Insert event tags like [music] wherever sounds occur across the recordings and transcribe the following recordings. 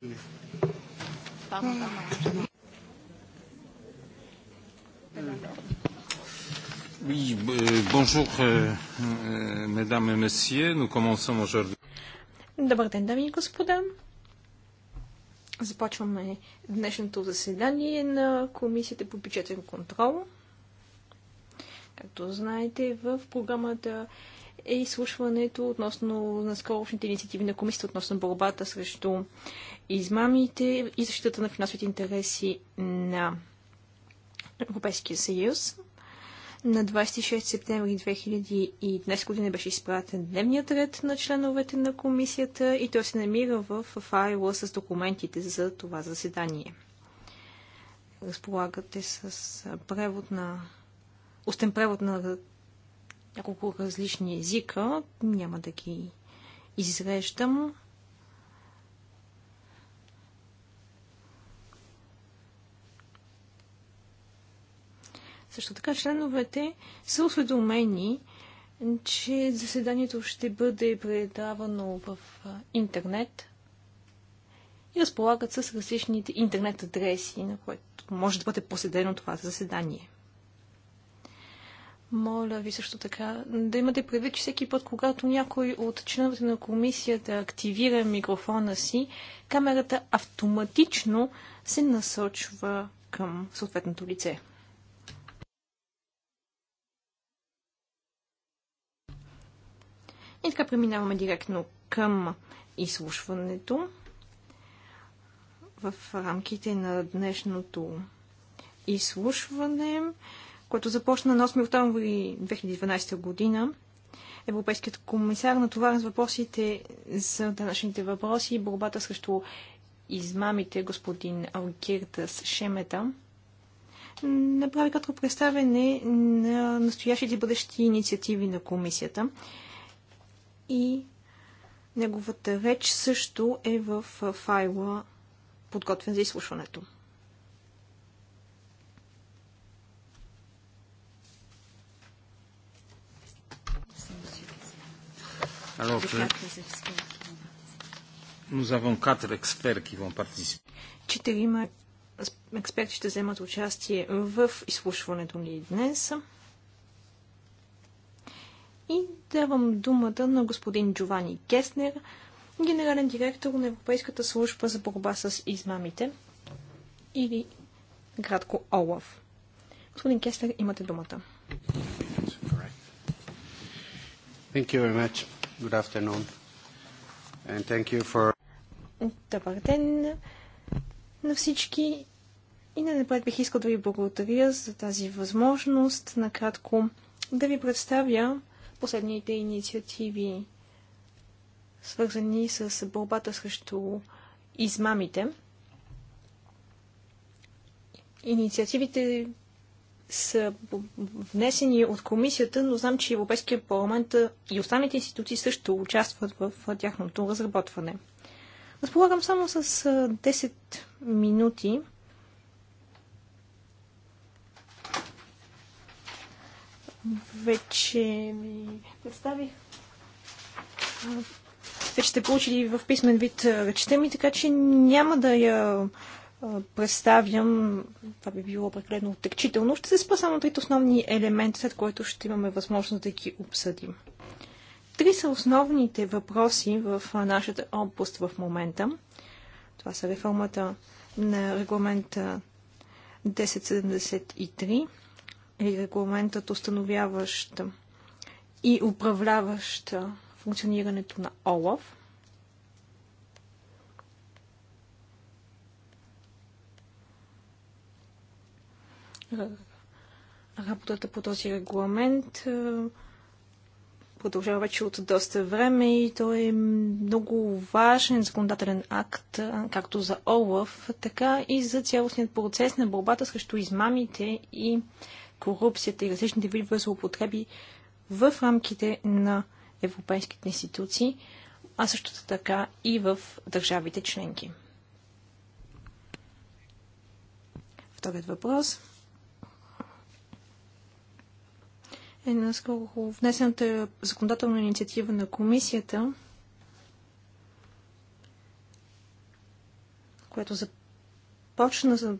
Oui, euh, bonjour, euh, euh, mesdames et messieurs. Nous commençons aujourd'hui. Добър ден, дами и господа. Започваме днешното заседание на Комисията по бюджетен контрол. Както знаете, в програмата е изслушването относно на скорошните инициативи на комисията относно борбата срещу измамите и защитата на финансовите интереси на Европейския съюз. На 26 септември 2010 година беше изпратен дневният ред на членовете на комисията и той се намира в файла с документите за това заседание. Разполагате с превод на устен превод на няколко различни езика, няма да ги изрещам. Също така членовете са осведомени, че заседанието ще бъде предавано в интернет и разполагат с различните интернет адреси, на които може да бъде поседено това заседание. Моля ви също така да имате предвид, че всеки път, когато някой от членовете на комисията активира микрофона си, камерата автоматично се насочва към съответното лице. И така преминаваме директно към изслушването в рамките на днешното изслушване което започна на 8 октомври 2012 година. Европейският комисар това с въпросите за данъчните въпроси и борбата срещу измамите господин Алгиртас Шемета направи като представене на настоящите бъдещи инициативи на комисията и неговата реч също е в файла подготвен за изслушването. Alors, je... Nous avons quatre experts qui vont participer. Четирима експерти ще вземат участие в изслушването ни днес. И давам думата на господин Джовани Кеснер, генерален директор на Европейската служба за борба с измамите или градко ОЛАФ. Господин Кеснер, имате думата. Thank you very much. Good afternoon. And thank you for... Добър ден на всички. И на непред бих искал да ви благодаря за тази възможност накратко да ви представя последните инициативи, свързани с борбата срещу измамите. Инициативите са внесени от комисията, но знам, че Европейския парламент и останалите институции също участват в тяхното разработване. Разполагам само с 10 минути. Вече ми представих. Вече сте получили в писмен вид речта ми, така че няма да я представям, това би било прекалено отекчително, ще се спра само трите основни елементи, след което ще имаме възможност да ги обсъдим. Три са основните въпроси в нашата област в момента. Това са реформата на регламента 1073 или регламентът установяващ и управляващ функционирането на ОЛАВ. работата по този регламент продължава вече от доста време и той е много важен законодателен акт, както за ОЛАФ, така и за цялостният процес на борбата срещу измамите и корупцията и различните видове злоупотреби в рамките на европейските институции, а също така и в държавите членки. Вторият въпрос – е наскоро внесената законодателна инициатива на комисията, която започна за...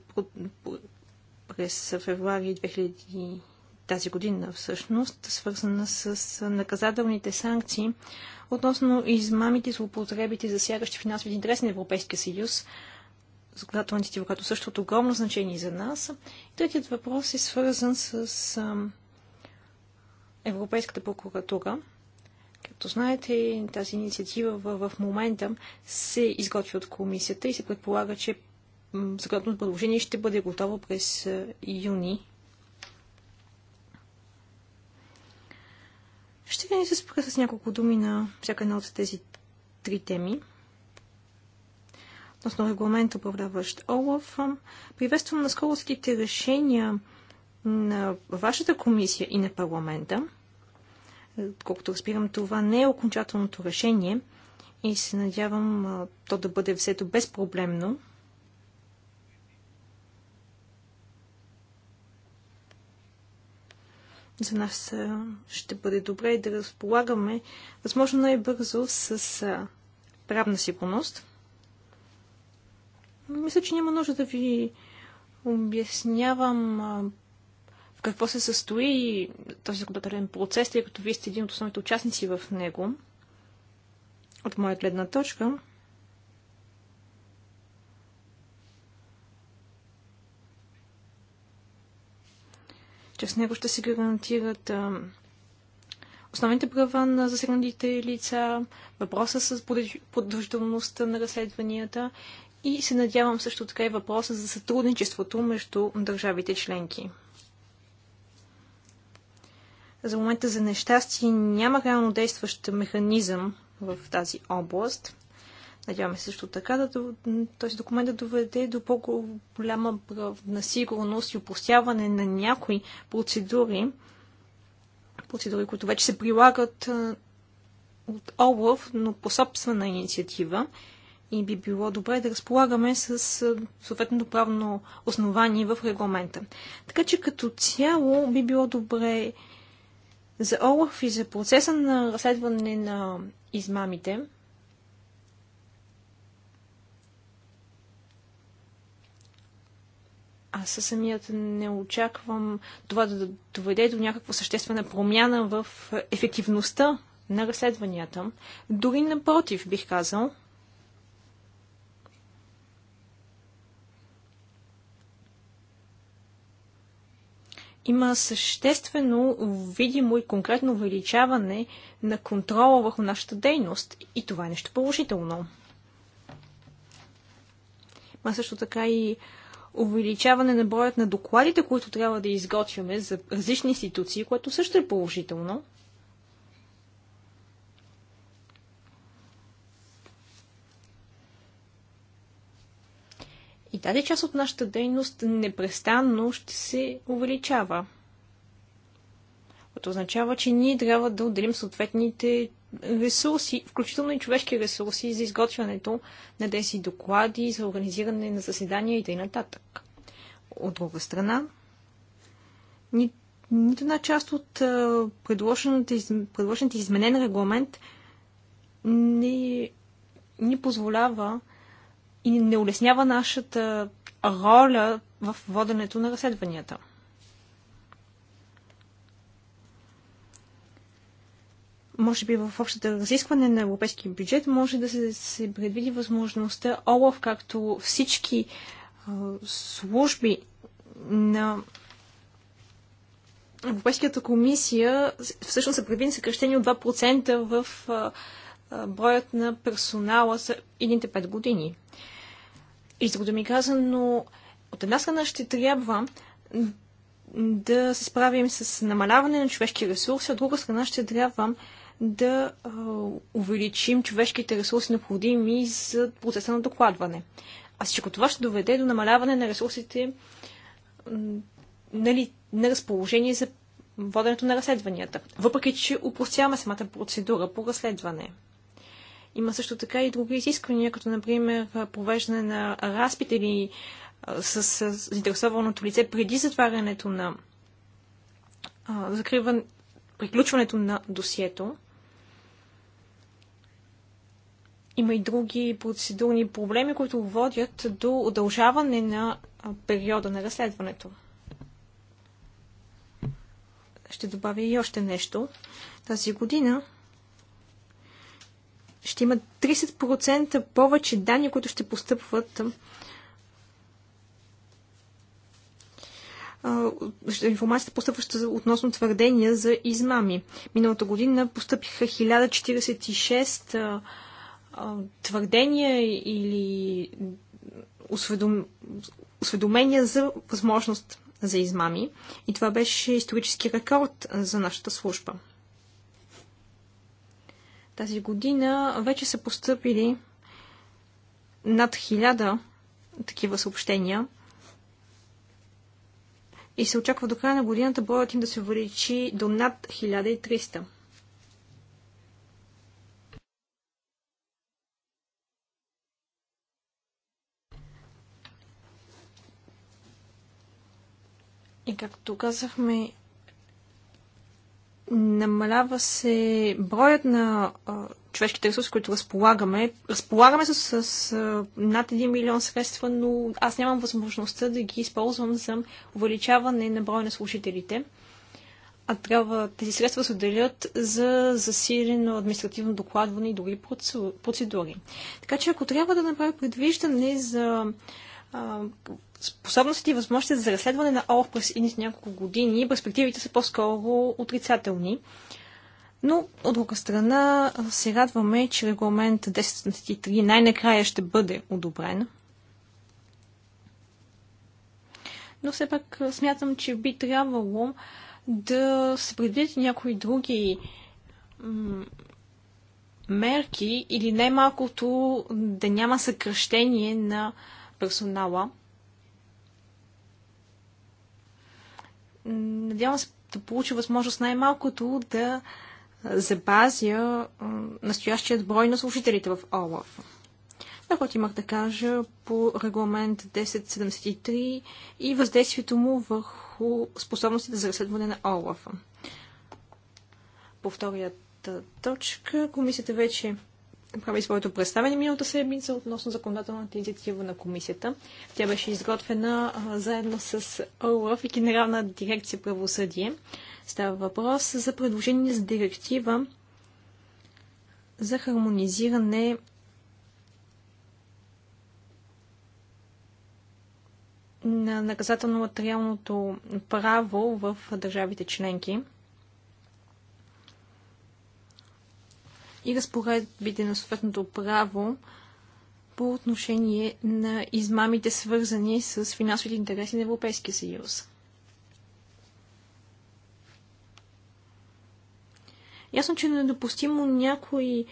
през февруари 2000 тази година всъщност, свързана с наказателните санкции относно измамите и злоупотребите, засягащи финансовите интереси на Европейския съюз, законодателна инициатива, която също е от огромно значение за нас. третият въпрос е свързан с Европейската прокуратура. Както знаете, тази инициатива в, момента се изготви от комисията и се предполага, че съгласно предложение ще бъде готово през е, юни. Ще ви се спра с няколко думи на всяка една от тези три теми. Относно регламент, управляващ ОЛАФ, приветствам на скоростите решения на вашата комисия и на парламента – Колкото разбирам, това не е окончателното решение и се надявам то да бъде взето безпроблемно. за нас ще бъде добре да разполагаме възможно най-бързо с правна сигурност. Мисля, че няма нужда да ви обяснявам в какво се състои този законодателен процес, тъй като вие сте един от основните участници в него, от моя гледна точка. Чрез него ще се гарантират основните права на засегнатите лица, въпроса с продължителността на разследванията и се надявам също така и въпроса за сътрудничеството между държавите членки. За момента за нещастие няма реално действащ механизъм в тази област. Надяваме също така да този документ да доведе до по-голяма правна сигурност и опростяване на някои процедури, процедури, които вече се прилагат от облав, но по собствена инициатива и би било добре да разполагаме с съответното правно основание в регламента. Така че като цяло би било добре за Олаф и за процеса на разследване на измамите, аз самият не очаквам това да доведе до някаква съществена промяна в ефективността на разследванията. Дори напротив, бих казал, има съществено видимо и конкретно увеличаване на контрола върху нашата дейност. И това е нещо положително. Ма също така и увеличаване на броят на докладите, които трябва да изготвяме за различни институции, което също е положително. И тази част от нашата дейност непрестанно ще се увеличава. Което означава, че ние трябва да отделим съответните ресурси, включително и човешки ресурси за изготвянето на тези доклади, за организиране на заседания и т.н. От друга страна, нито една част от предложените, изменен регламент не ни позволява и не улеснява нашата роля в воденето на разследванията. може би в общата разискване на европейския бюджет може да се, се предвиди възможността ОЛАВ, както всички е, служби на Европейската комисия, всъщност са предвидени съкрещени от 2% в е, броят на персонала за едните 5 години. И да ми но от една страна ще трябва да се справим с намаляване на човешки ресурси, от друга страна ще трябва да увеличим човешките ресурси необходими за процеса на докладване. А всичко това ще доведе до намаляване на ресурсите нали, на разположение за воденето на разследванията, въпреки че упростяваме самата процедура по разследване. Има също така и други изисквания, като например провеждане на разпит или с заинтересованото лице преди затварянето на закриване, приключването на досието. Има и други процедурни проблеми, които водят до удължаване на периода на разследването. Ще добавя и още нещо. Тази година ще има 30% повече данни, които ще постъпват информацията постъпваща относно твърдения за измами. Миналата година постъпиха 1046 твърдения или осведомения за възможност за измами. И това беше исторически рекорд за нашата служба. Тази година вече са поступили над хиляда такива съобщения и се очаква до края на годината броят им да се увеличи до над 1300. И както казахме Намалява се броят на а, човешките ресурси, които разполагаме. Разполагаме се с, с а, над 1 милион средства, но аз нямам възможността да ги използвам за увеличаване на броя на служителите. А трябва тези средства се отделят за засилено административно докладване и други процедури. Така че ако трябва да направя предвиждане за а, способностите и възможности за разследване на ОЛАФ през едни няколко години, перспективите са по-скоро отрицателни. Но, от друга страна, се радваме, че регламент 1073 най-накрая ще бъде одобрен. Но все пак смятам, че би трябвало да се предвидят някои други мерки или най-малкото да няма съкръщение на персонала – надявам се да получа възможност най-малкото да запазя настоящият брой на служителите в ОЛАФ. Това, което имах да кажа по регламент 1073 и въздействието му върху способностите за разследване на ОЛАФ. По вторият точка комисията вече направи своето представене миналата седмица относно законодателната инициатива на комисията. Тя беше изготвена а, заедно с ОЛАФ и Генерална дирекция правосъдие. Става въпрос за предложение за директива за хармонизиране на наказателно-материалното право в държавите членки. и разпоредбите на съответното право по отношение на измамите, свързани с финансовите интереси на Европейския съюз. Ясно, че е недопустимо някои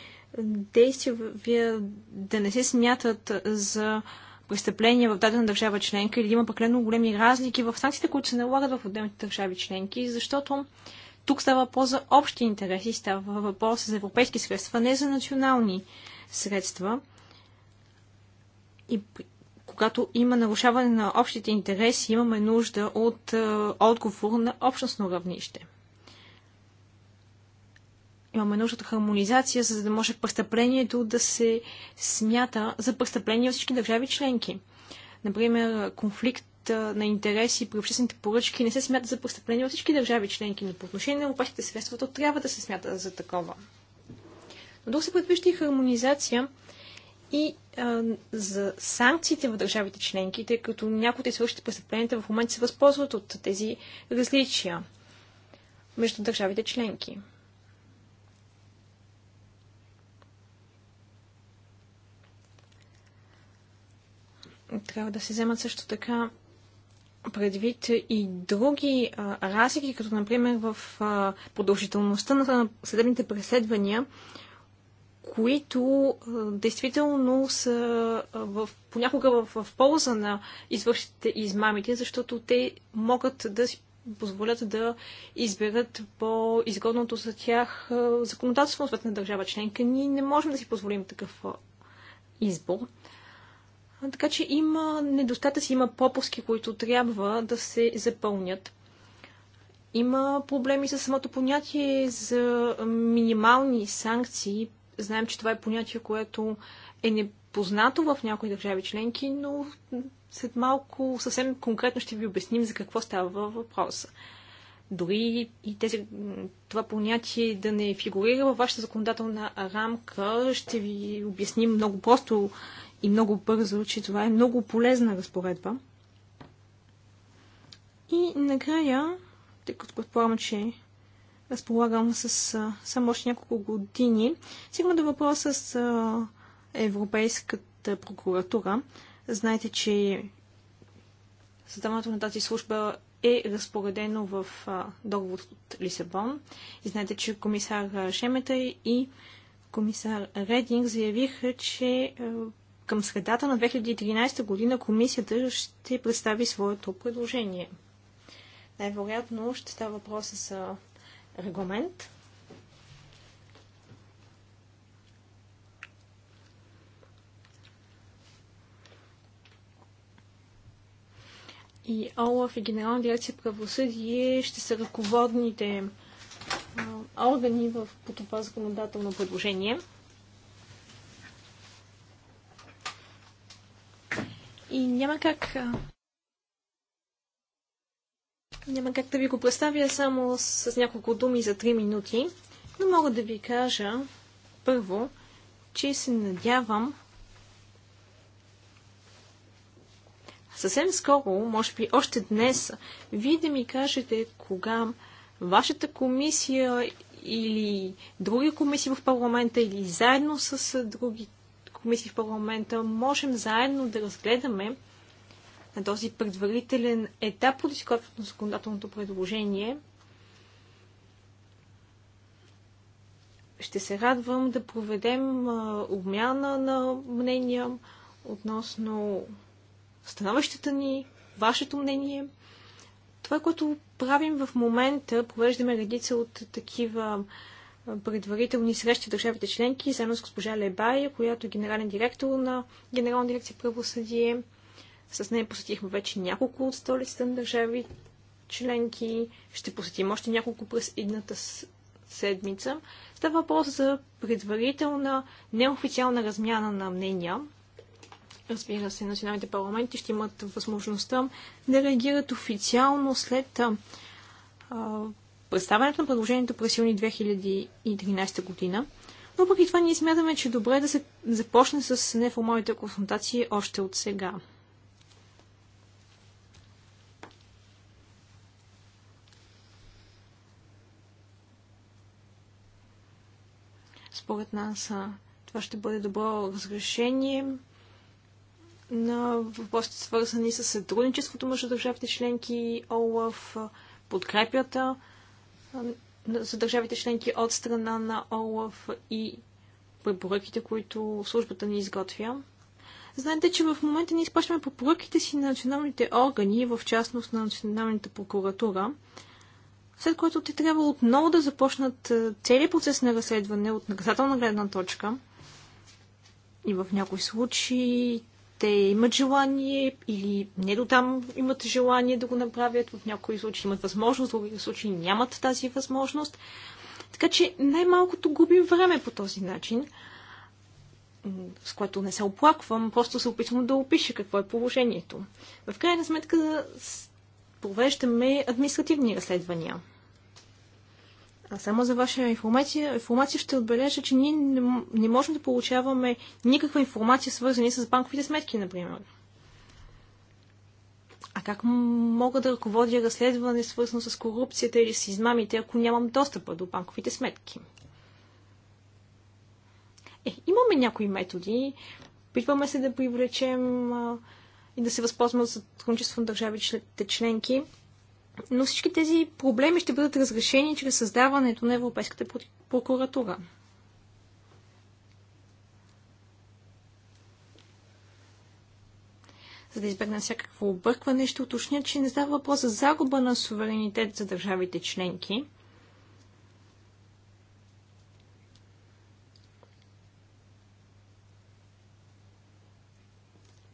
действия да не се смятат за престъпления в дадена държава членка или да има прекалено големи разлики в санкциите, които се налагат в отделните държави членки, защото тук става въпрос за общи интереси, става въпрос за европейски средства, не за национални средства. И когато има нарушаване на общите интереси, имаме нужда от е, отговор на общностно равнище. Имаме нужда от хармонизация, за да може престъплението да се смята за престъпление от всички държави членки. Например, конфликт на интереси при обществените поръчки не се смята за престъпление във всички държави членки, но по отношение на опасните средства то трябва да се смята за такова. Но друг се предвижда и хармонизация и а, за санкциите в държавите членки, тъй като някои от извършите престъпленията в момента се възползват от тези различия между държавите членки. Трябва да се вземат също така предвид и други разлики, като например в продължителността на съдебните преследвания, които действително са в, понякога в, в полза на извършите измамите, защото те могат да си позволят да изберат по-изгодното за тях законодателство на държава членка. Ние не можем да си позволим такъв избор. Така че има недостатъци, има пропуски, които трябва да се запълнят. Има проблеми с самото понятие за минимални санкции. Знаем, че това е понятие, което е непознато в някои държави членки, но след малко съвсем конкретно ще ви обясним за какво става въпроса. Дори и тези, това понятие да не фигурира във вашата законодателна рамка, ще ви обясним много просто и много бързо, че това е много полезна разпоредба. И накрая, тъй като предполагам, че разполагам с само още няколко години, сигурно до въпроса с Европейската прокуратура. Знаете, че създаването на тази служба е разпоредено в договор от Лисабон. И знаете, че комисар Шемета и комисар Рединг заявиха, че към средата на 2013 година комисията ще представи своето предложение. Най-вероятно ще става въпрос с регламент. И ОЛАФ и Генерална дирекция правосъдие ще са ръководните органи в, по това законодателно предложение. и няма как няма как да ви го представя само с няколко думи за 3 минути, но мога да ви кажа първо, че се надявам съвсем скоро, може би още днес, вие да ми кажете кога вашата комисия или други комисии в парламента или заедно с други комисии в парламента можем заедно да разгледаме на този предварителен етап от изготвянето на законодателното предложение. Ще се радвам да проведем обмяна на мнения относно становищата ни, вашето мнение. Това, което правим в момента, провеждаме редица от такива предварителни срещи в държавите членки, заедно с госпожа Лебая, която е генерален директор на Генерална дирекция правосъдие. С нея посетихме вече няколко от столицата на държави членки. Ще посетим още няколко през едната седмица. Става въпрос за предварителна, неофициална размяна на мнения. Разбира се, националните парламенти ще имат възможността да реагират официално след а, представянето на предложението през юни 2013 година, но въпреки това ние смятаме, че добре е да се започне с неформалните консултации още от сега. Според нас това ще бъде добро разрешение на въпросите, свързани с сътрудничеството между държавите членки, ОЛАФ, подкрепята за държавите членки от страна на ОЛАФ и препоръките, които службата ни изготвя. Знаете, че в момента ние изплащаме препоръките си на националните органи, в частност на националната прокуратура, след което те трябва отново да започнат е, целият процес на разследване от наказателна гледна точка. И в някои случаи те имат желание или не до там имат желание да го направят, в някои случаи имат възможност, в други случаи нямат тази възможност. Така че най-малкото губим време по този начин, с което не се оплаквам, просто се опитвам да опиша какво е положението. В крайна сметка провеждаме административни разследвания. А само за ваша информация, информация ще отбележа, че ние не, не можем да получаваме никаква информация, свързани с банковите сметки, например. А как мога да ръководя разследване, свързано с корупцията или с измамите, ако нямам достъпа до банковите сметки? Е, имаме някои методи. Питваме се да привлечем и да се възползваме от сътрудничество на държавите членки но всички тези проблеми ще бъдат разрешени чрез създаването на Европейската прокуратура. За да избегна всякакво объркване, ще уточня, че не става въпрос за загуба на суверенитет за държавите членки.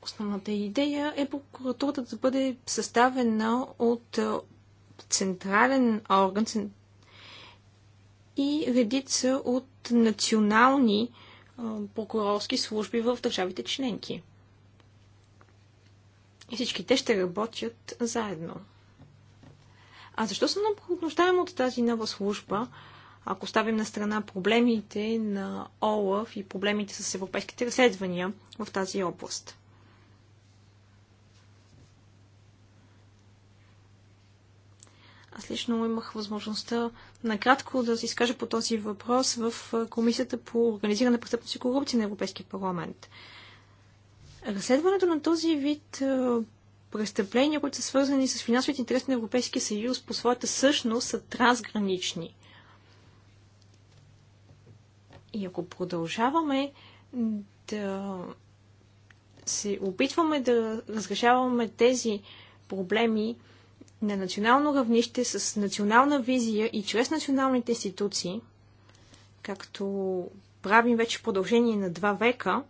Основната идея е прокуратурата да бъде съставена от централен орган и редица от национални прокурорски служби в държавите членки. И всички те ще работят заедно. А защо се нуждаем от тази нова служба, ако ставим на страна проблемите на ОЛАФ и проблемите с европейските разследвания в тази област? Аз лично имах възможността накратко да се изкажа по този въпрос в Комисията по организиране престъпност и корупция на Европейския парламент. Разследването на този вид престъпления, които са свързани с финансовите интереси на Европейския съюз, по своята същност са трансгранични. И ако продължаваме да се опитваме да разрешаваме тези проблеми на национално равнище с национална визия и чрез националните институции, както правим вече в продължение на два века,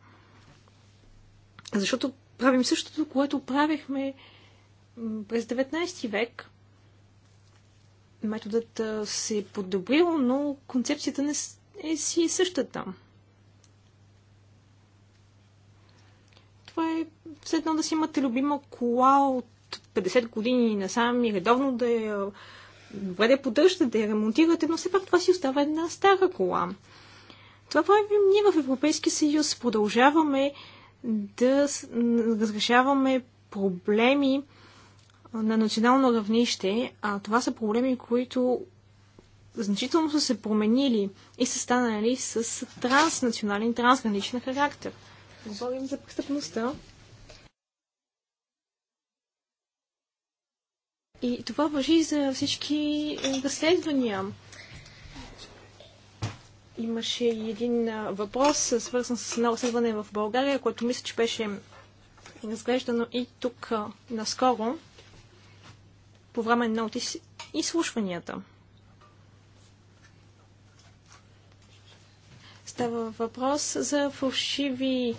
защото правим същото, което правихме през 19 век. Методът се е подобрил, но концепцията не е си е същата. Това е все едно да си имате любима кола от 50 години насам и редовно да я е, добре да я поддържате, да я ремонтирате, но все пак това си остава една стара кола. Това правим ние в Европейския съюз. Продължаваме да разрешаваме проблеми на национално равнище, а това са проблеми, които значително са се променили и са станали с транснационален, трансграничен характер. Говорим за престъпността, И това въжи за всички е, разследвания. Имаше и един въпрос, свързан с едно разследване в България, което мисля, че беше разглеждано и тук наскоро, по време на от изслушванията. Става въпрос за фалшиви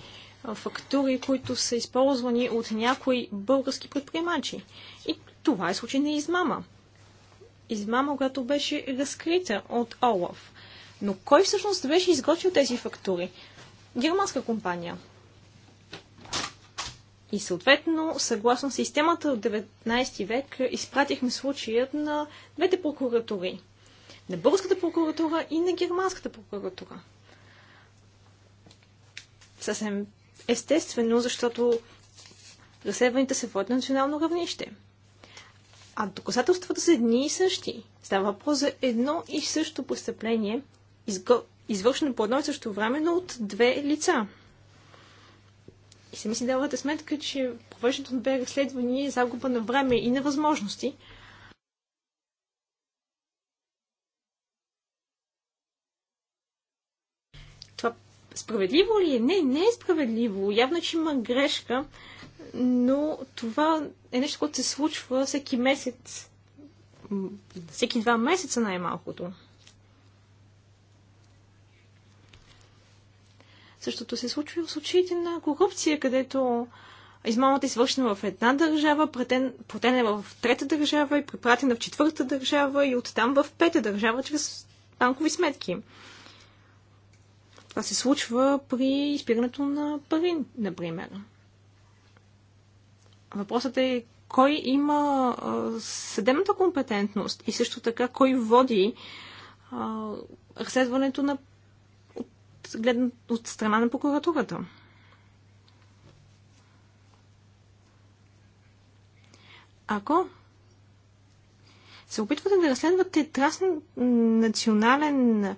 фактури, които са използвани от някои български предприемачи. И това е случай на измама. Измама, която беше разкрита от Олаф. Но кой всъщност беше изготвил тези фактури? Германска компания. И съответно, съгласно системата от 19 век, изпратихме случаят на двете прокуратури. На българската прокуратура и на германската прокуратура. Съвсем естествено, защото разследваните се водят на национално равнище. А доказателствата са едни и същи. Става въпрос за едно и също престъпление, извършено по едно и също време, но от две лица. И сами си давате сметка, че провеждането на бе разследване е загуба на време и на възможности. Това справедливо ли е? Не, не е справедливо. Явно, че има грешка но това е нещо, което се случва всеки месец, всеки два месеца най-малкото. Същото се случва и в случаите на корупция, където измамата е свършена в една държава, платена е в трета държава и препратена в четвърта държава и оттам в пета държава чрез банкови сметки. Това се случва при изпирането на пари, например. Въпросът е кой има съдебната компетентност и също така кой води разследването на от, от страна на прокуратурата. Ако се опитвате да разследвате транснационален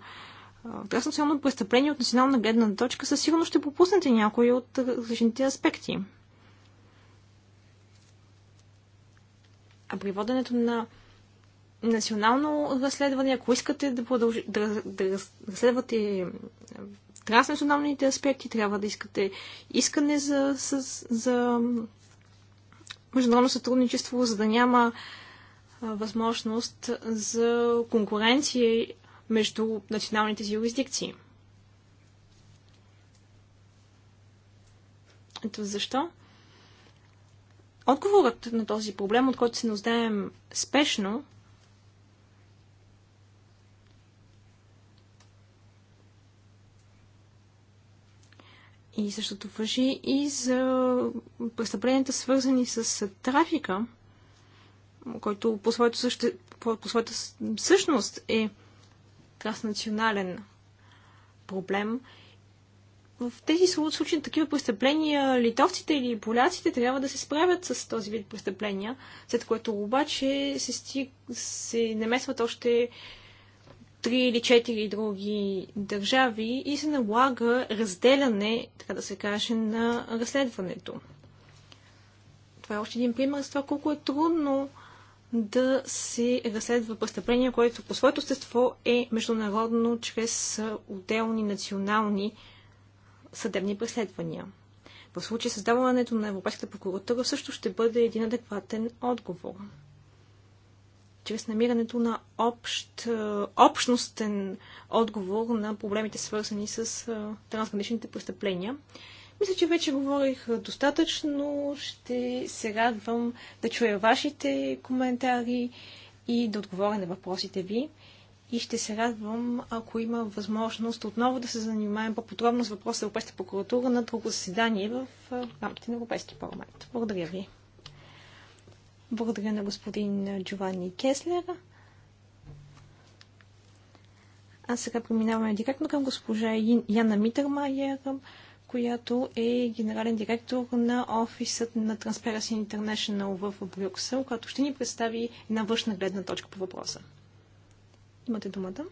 транснационално престъпление от национална гледна точка, със сигурност ще пропуснете някои от различните аспекти. А при воденето на национално разследване, ако искате да, продължи, да, да разследвате транснационалните аспекти, трябва да искате искане за, за, за международно сътрудничество, за да няма а, възможност за конкуренция между националните си юрисдикции. Ето защо Отговорът на този проблем, от който се нуждаем спешно, И същото въжи и за престъпленията, свързани с трафика, който по своята, съще... по своята същност е транснационален проблем в тези случаи на такива престъпления литовците или поляците трябва да се справят с този вид престъпления, след което обаче се, стиг... се намесват още три или четири други държави и се налага разделяне, така да се каже, на разследването. Това е още един пример за това колко е трудно да се разследва престъпление, което по своето естество е международно чрез отделни национални съдебни преследвания. В случай създаването на Европейската прокуратура също ще бъде един адекватен отговор. Чрез намирането на общ, е, общностен отговор на проблемите, свързани с е, трансграничните престъпления. Мисля, че вече говорих достатъчно. Ще се радвам да чуя вашите коментари и да отговоря на въпросите ви и ще се радвам, ако има възможност отново да се занимаем по-подробно с въпроса за Европейската прокуратура на друго заседание в рамките на Европейския парламент. Благодаря ви. Благодаря на господин Джованни Кеслер. А сега преминаваме директно към госпожа Яна Митермайер, която е генерален директор на офисът на Transparency International в Брюксел, която ще ни представи една външна гледна точка по въпроса. Имате думата.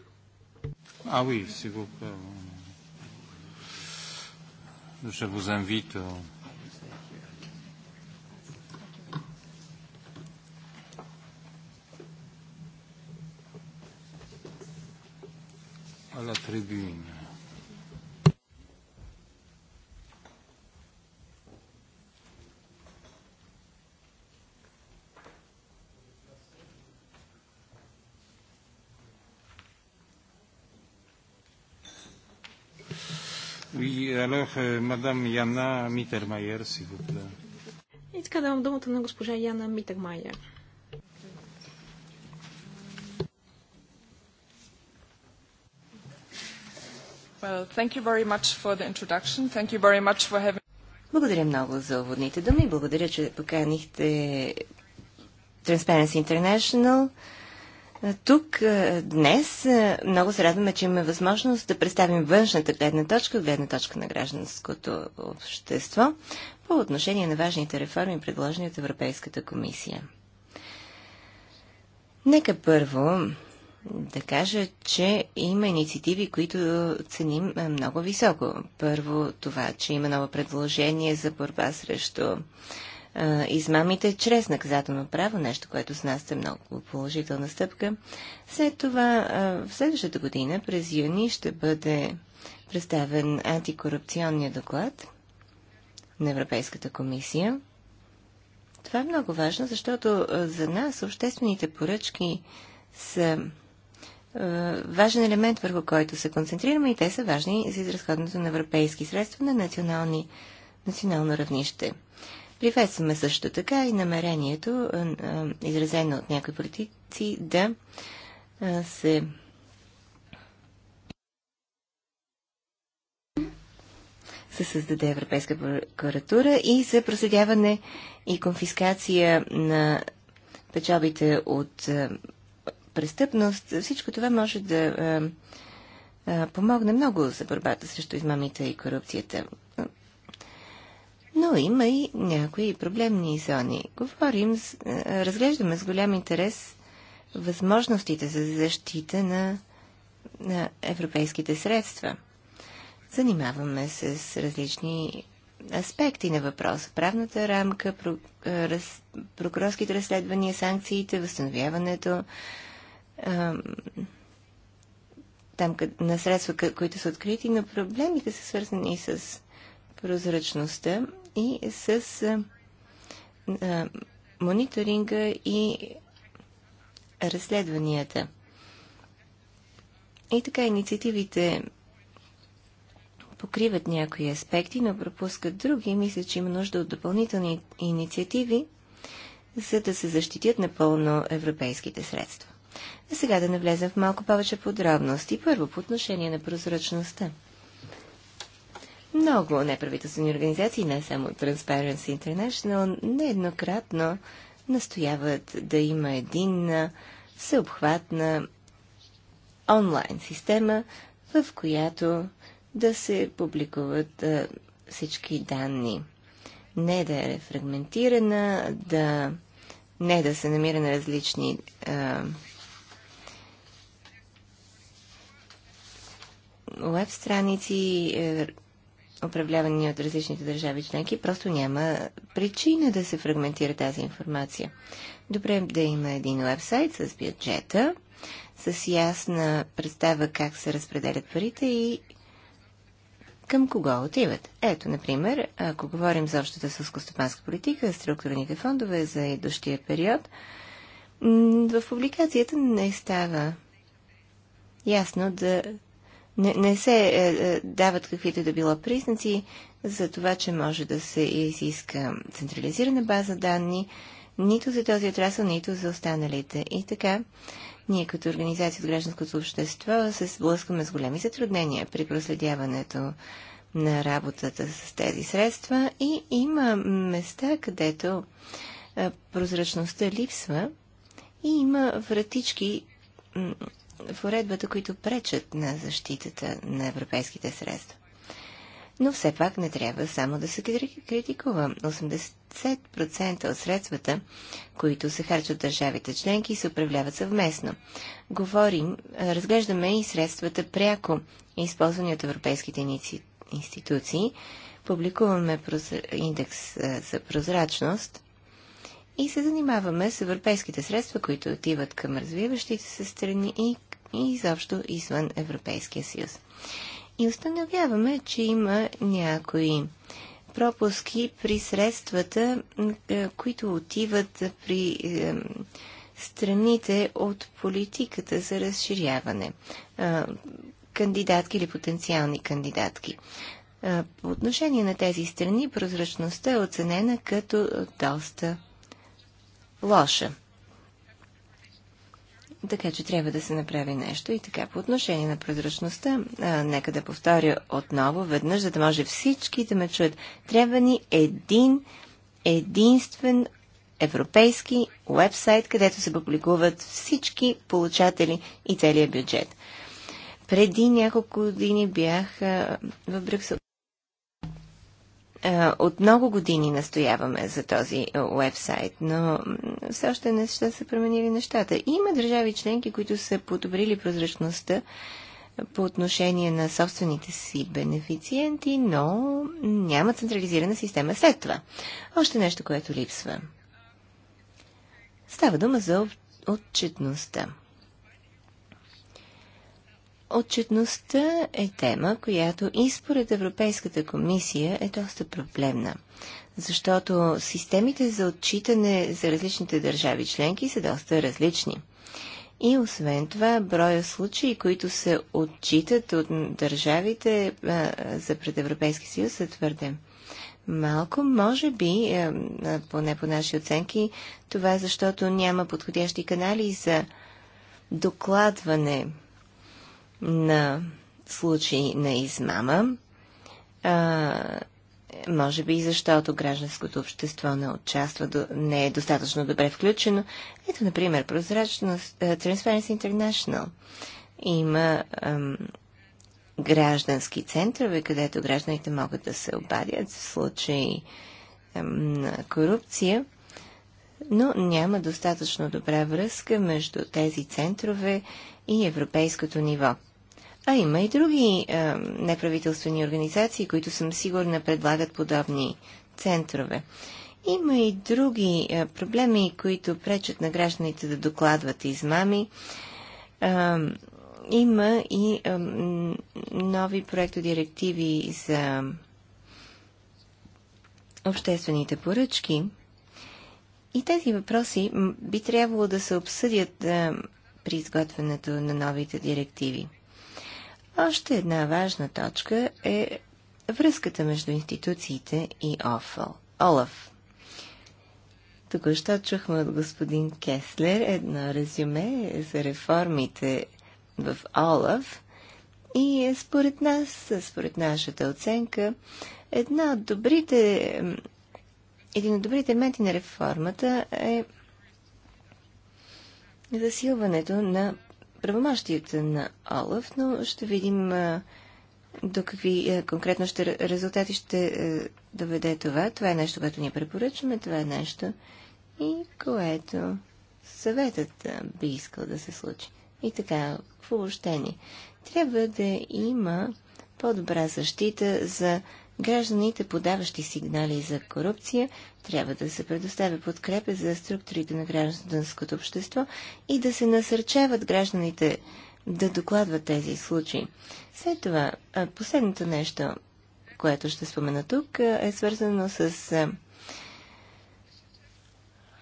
А, oui, s'il vous plaît. Je vous invite. à la tribune. мадам Яна Митермайер, си да. И така давам думата на госпожа Яна Митермайер. Well, thank you very much for the introduction. Thank you very much for having... Благодаря много за уводните думи. Благодаря, че поканихте Transparency International. Тук днес много се радваме, че имаме възможност да представим външната гледна точка, гледна точка на гражданското общество по отношение на важните реформи, предложени от Европейската комисия. Нека първо да кажа, че има инициативи, които ценим много високо. Първо това, че има ново предложение за борба срещу а, измамите чрез наказателно право, нещо, което с нас е много положителна стъпка. След това а, в следващата година, през юни, ще бъде представен антикорупционния доклад на Европейската комисия. Това е много важно, защото за нас обществените поръчки са важен елемент, върху който се концентрираме и те са важни за изразходното на европейски средства на национални, национално равнище. Приветстваме също така и намерението, е, е, изразено от някои политици, да е, се се създаде Европейска прокуратура и за проследяване и конфискация на печалбите от престъпност. Всичко това може да помогне много за борбата срещу измамите и корупцията но има и някои проблемни зони. Говорим, е, разглеждаме с голям интерес възможностите за защита на, на европейските средства. Занимаваме се с различни аспекти на въпроса. Правната рамка, е, раз, прокурорските разследвания, санкциите, възстановяването а, там на средства, които са открити, но проблемите са свързани с прозрачността и с а, мониторинга и разследванията. И така инициативите покриват някои аспекти, но пропускат други. Мисля, че има нужда от допълнителни инициативи, за да се защитят напълно европейските средства. А сега да навлезем в малко повече подробности. Първо, по отношение на прозрачността. Много неправителствени организации, не само Transparency International, нееднократно настояват да има единна, всеобхватна онлайн система, в която да се публикуват а, всички данни. Не да е фрагментирана, да не да се намира на различни а, веб страници, е, управлявани от различните държави членки, просто няма причина да се фрагментира тази информация. Добре да има един вебсайт с бюджета, с ясна представа как се разпределят парите и към кого отиват. Ето, например, ако говорим за общата сълскостопанска политика, структурните фондове за идущия период, в публикацията не става ясно да не, не се е, е дават каквито да било признаци за това, че може да се изиска централизирана база данни, нито за този отрасъл, нито за останалите. И така, ние като организация от гражданското общество се сблъскваме с големи затруднения при проследяването на работата с тези средства и има места, където е, прозрачността липсва и има вратички в уредбата, които пречат на защитата на европейските средства. Но все пак не трябва само да се критикува. 80% от средствата, които се харчат държавите членки, се управляват съвместно. Говорим, разглеждаме и средствата пряко, използвани от европейските институции. Публикуваме индекс е, за прозрачност и се занимаваме с европейските средства, които отиват към развиващите се страни и и изобщо извън Европейския съюз. И установяваме, че има някои пропуски при средствата, е, които отиват при е, страните от политиката за разширяване. Кандидатки или потенциални кандидатки. По отношение на тези страни, прозрачността е оценена като доста лоша. Така че трябва да се направи нещо и така. По отношение на прозрачността, а, нека да повторя отново веднъж, за да може всички да ме чуят. Трябва ни един единствен европейски уебсайт, където се публикуват всички получатели и целият бюджет. Преди няколко години бях в Брюксел. Е, от много години настояваме за този е, уебсайт, но все още не ще са променили нещата. Има държави членки, които са подобрили прозрачността е, по отношение на собствените си бенефициенти, но няма централизирана система след това. Още нещо, което липсва. Става дума за отчетността. Отчетността е тема, която и според Европейската комисия е доста проблемна, защото системите за отчитане за различните държави членки са доста различни. И освен това, броя случаи, които се отчитат от държавите за пред Европейски съюз е твърде малко. Може би, поне по наши оценки, това е защото няма подходящи канали за докладване на случаи на измама. А, може би и защото гражданското общество не участва, не е достатъчно добре включено. Ето, например, прозрачност, Transparency International има ам, граждански центрове, където гражданите могат да се обадят в случаи ам, на корупция, но няма достатъчно добра връзка между тези центрове и европейското ниво. А има и други е, неправителствени организации, които съм сигурна предлагат подобни центрове. Има и други е, проблеми, които пречат на гражданите да докладват измами. Е, има и е, нови директиви за обществените поръчки. И тези въпроси би трябвало да се обсъдят е, при изготвянето на новите директиви. Още една важна точка е връзката между институциите и ОФЛ. ОЛАФ. Току-що чухме от господин Кеслер едно резюме за реформите в ОЛАФ и е според нас, според нашата оценка, една от добрите, един от добрите мети на реформата е засилването на правомощията на Олаф, но ще видим до какви конкретно ще, резултати ще доведе това. Това е нещо, което ние препоръчваме, това е нещо и което съветът би искал да се случи. И така, в обобщение, трябва да има по-добра защита за Гражданите, подаващи сигнали за корупция, трябва да се предоставя подкрепа за структурите на гражданското общество и да се насърчават гражданите да докладват тези случаи. След това, последното нещо, което ще спомена тук, е свързано с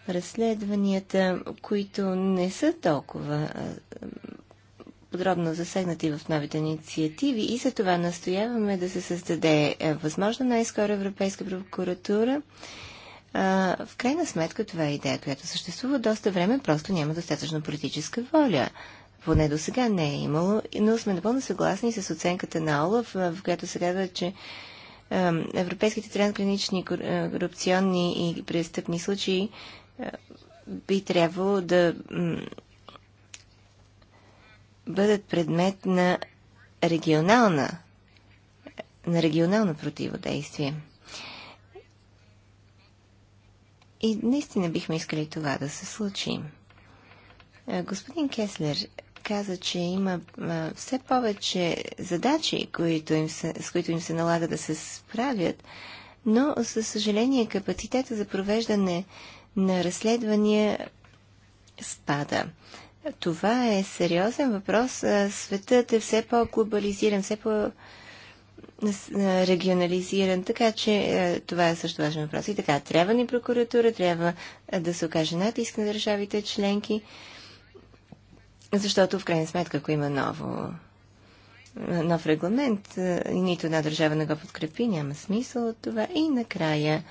разследванията, които не са толкова подробно засегнати в новите инициативи и за това настояваме да се създаде е, възможно най-скоро Европейска прокуратура. в крайна сметка това е идея, която съществува доста време, просто няма достатъчно политическа воля. Поне до сега не е имало, но сме напълно съгласни с оценката на Олаф, в която се казва, че европейските трансгранични корупционни и престъпни случаи би трябвало да бъдат предмет на регионална, на регионално противодействие. И наистина бихме искали това да се случи. Е, господин Кеслер каза, че има все повече задачи, които им се, с които им се налага да се справят, но, със съжаление, капацитета за провеждане на разследвания спада. Това е сериозен въпрос. Светът е все по-глобализиран, все по-регионализиран, така че това е също важен въпрос. И така, трябва ни прокуратура, трябва да се окаже натиск на държавите членки, защото в крайна сметка, ако има ново, нов регламент нито една държава не го подкрепи, няма смисъл от това. И накрая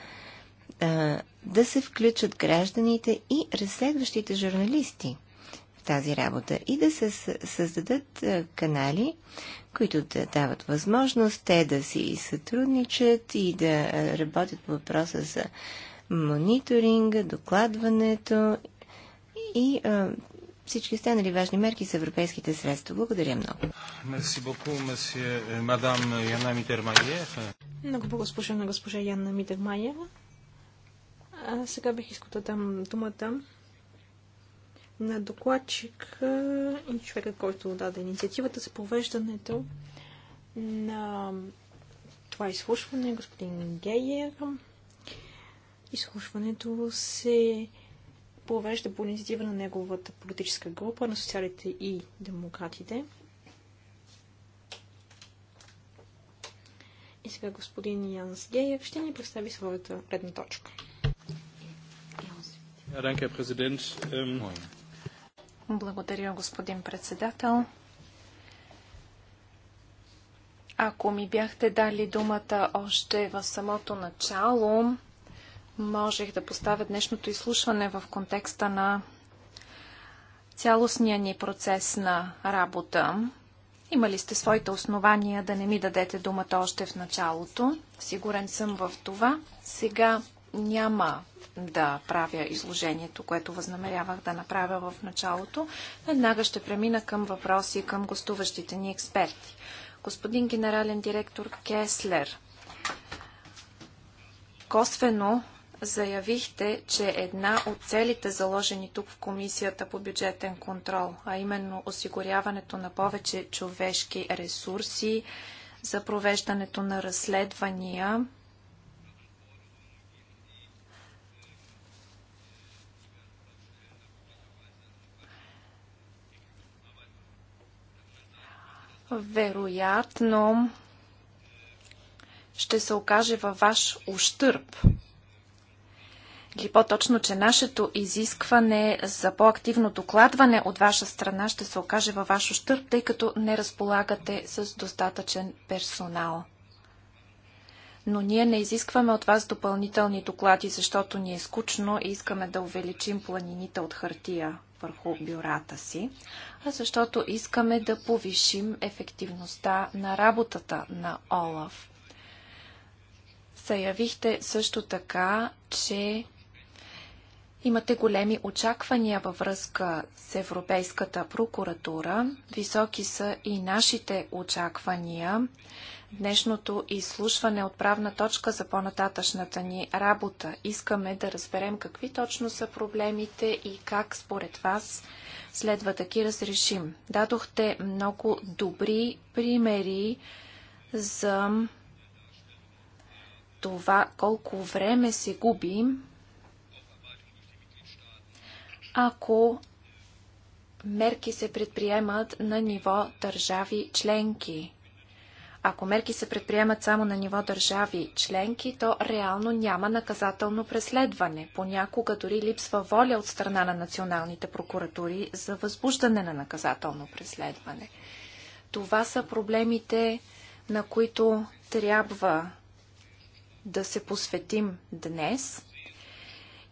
да се включат гражданите и разследващите журналисти – тази работа и да се създадат канали, които да дават възможност те да си сътрудничат и да работят по въпроса за мониторинга, докладването и а, всички останали важни мерки с европейските средства. Благодаря много. Мерси боку, мерси, мадам Яна Митермайер. Много благослужена госпожа Яна Митермайева. А сега бих искал да дам думата на докладчик и човека, който даде инициативата за провеждането на това изслушване, господин Гейер. Изслушването се провежда по инициатива на неговата политическа група на социалите и демократите. И сега господин Янс Гейер ще ни представи своята предна точка. Ja, danke, Herr Präsident. Ähm, благодаря, господин председател. Ако ми бяхте дали думата още в самото начало, можех да поставя днешното изслушване в контекста на цялостния ни процес на работа. Имали сте своите основания да не ми дадете думата още в началото. Сигурен съм в това. Сега няма да правя изложението, което възнамерявах да направя в началото. Веднага ще премина към въпроси към гостуващите ни експерти. Господин генерален директор Кеслер, косвено заявихте, че една от целите заложени тук в Комисията по бюджетен контрол, а именно осигуряването на повече човешки ресурси за провеждането на разследвания, вероятно ще се окаже във ваш ущърп. Или по-точно, че нашето изискване за по-активно докладване от ваша страна ще се окаже във ваш ущърп, тъй като не разполагате с достатъчен персонал. Но ние не изискваме от вас допълнителни доклади, защото ни е скучно и искаме да увеличим планините от хартия върху бюрата си, а защото искаме да повишим ефективността на работата на ОЛАФ. Заявихте също така, че Имате големи очаквания във връзка с Европейската прокуратура. Високи са и нашите очаквания днешното изслушване от правна точка за по-нататъчната ни работа. Искаме да разберем какви точно са проблемите и как според вас следва да ги разрешим. Дадохте много добри примери за това колко време се губи, ако мерки се предприемат на ниво държави членки. Ако мерки се предприемат само на ниво държави членки, то реално няма наказателно преследване. Понякога дори липсва воля от страна на националните прокуратури за възбуждане на наказателно преследване. Това са проблемите, на които трябва да се посветим днес –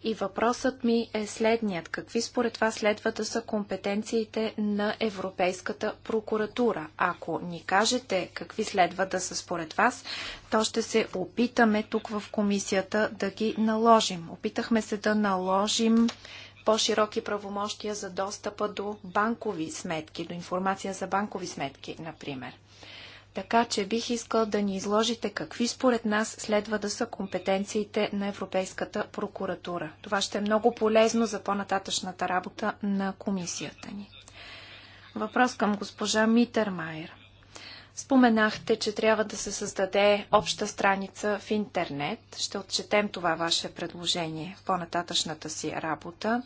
и въпросът ми е следният. Какви според вас следва да са компетенциите на Европейската прокуратура? Ако ни кажете какви следва да са според вас, то ще се опитаме тук в комисията да ги наложим. Опитахме се да наложим по-широки правомощия за достъпа до банкови сметки, до информация за банкови сметки, например. Така че бих искал да ни изложите какви според нас следва да са компетенциите на Европейската прокуратура. Това ще е много полезно за по-нататъчната работа на комисията ни. Въпрос към госпожа Митермайер. Споменахте, че трябва да се създаде обща страница в интернет. Ще отчетем това ваше предложение в по-нататъчната си работа.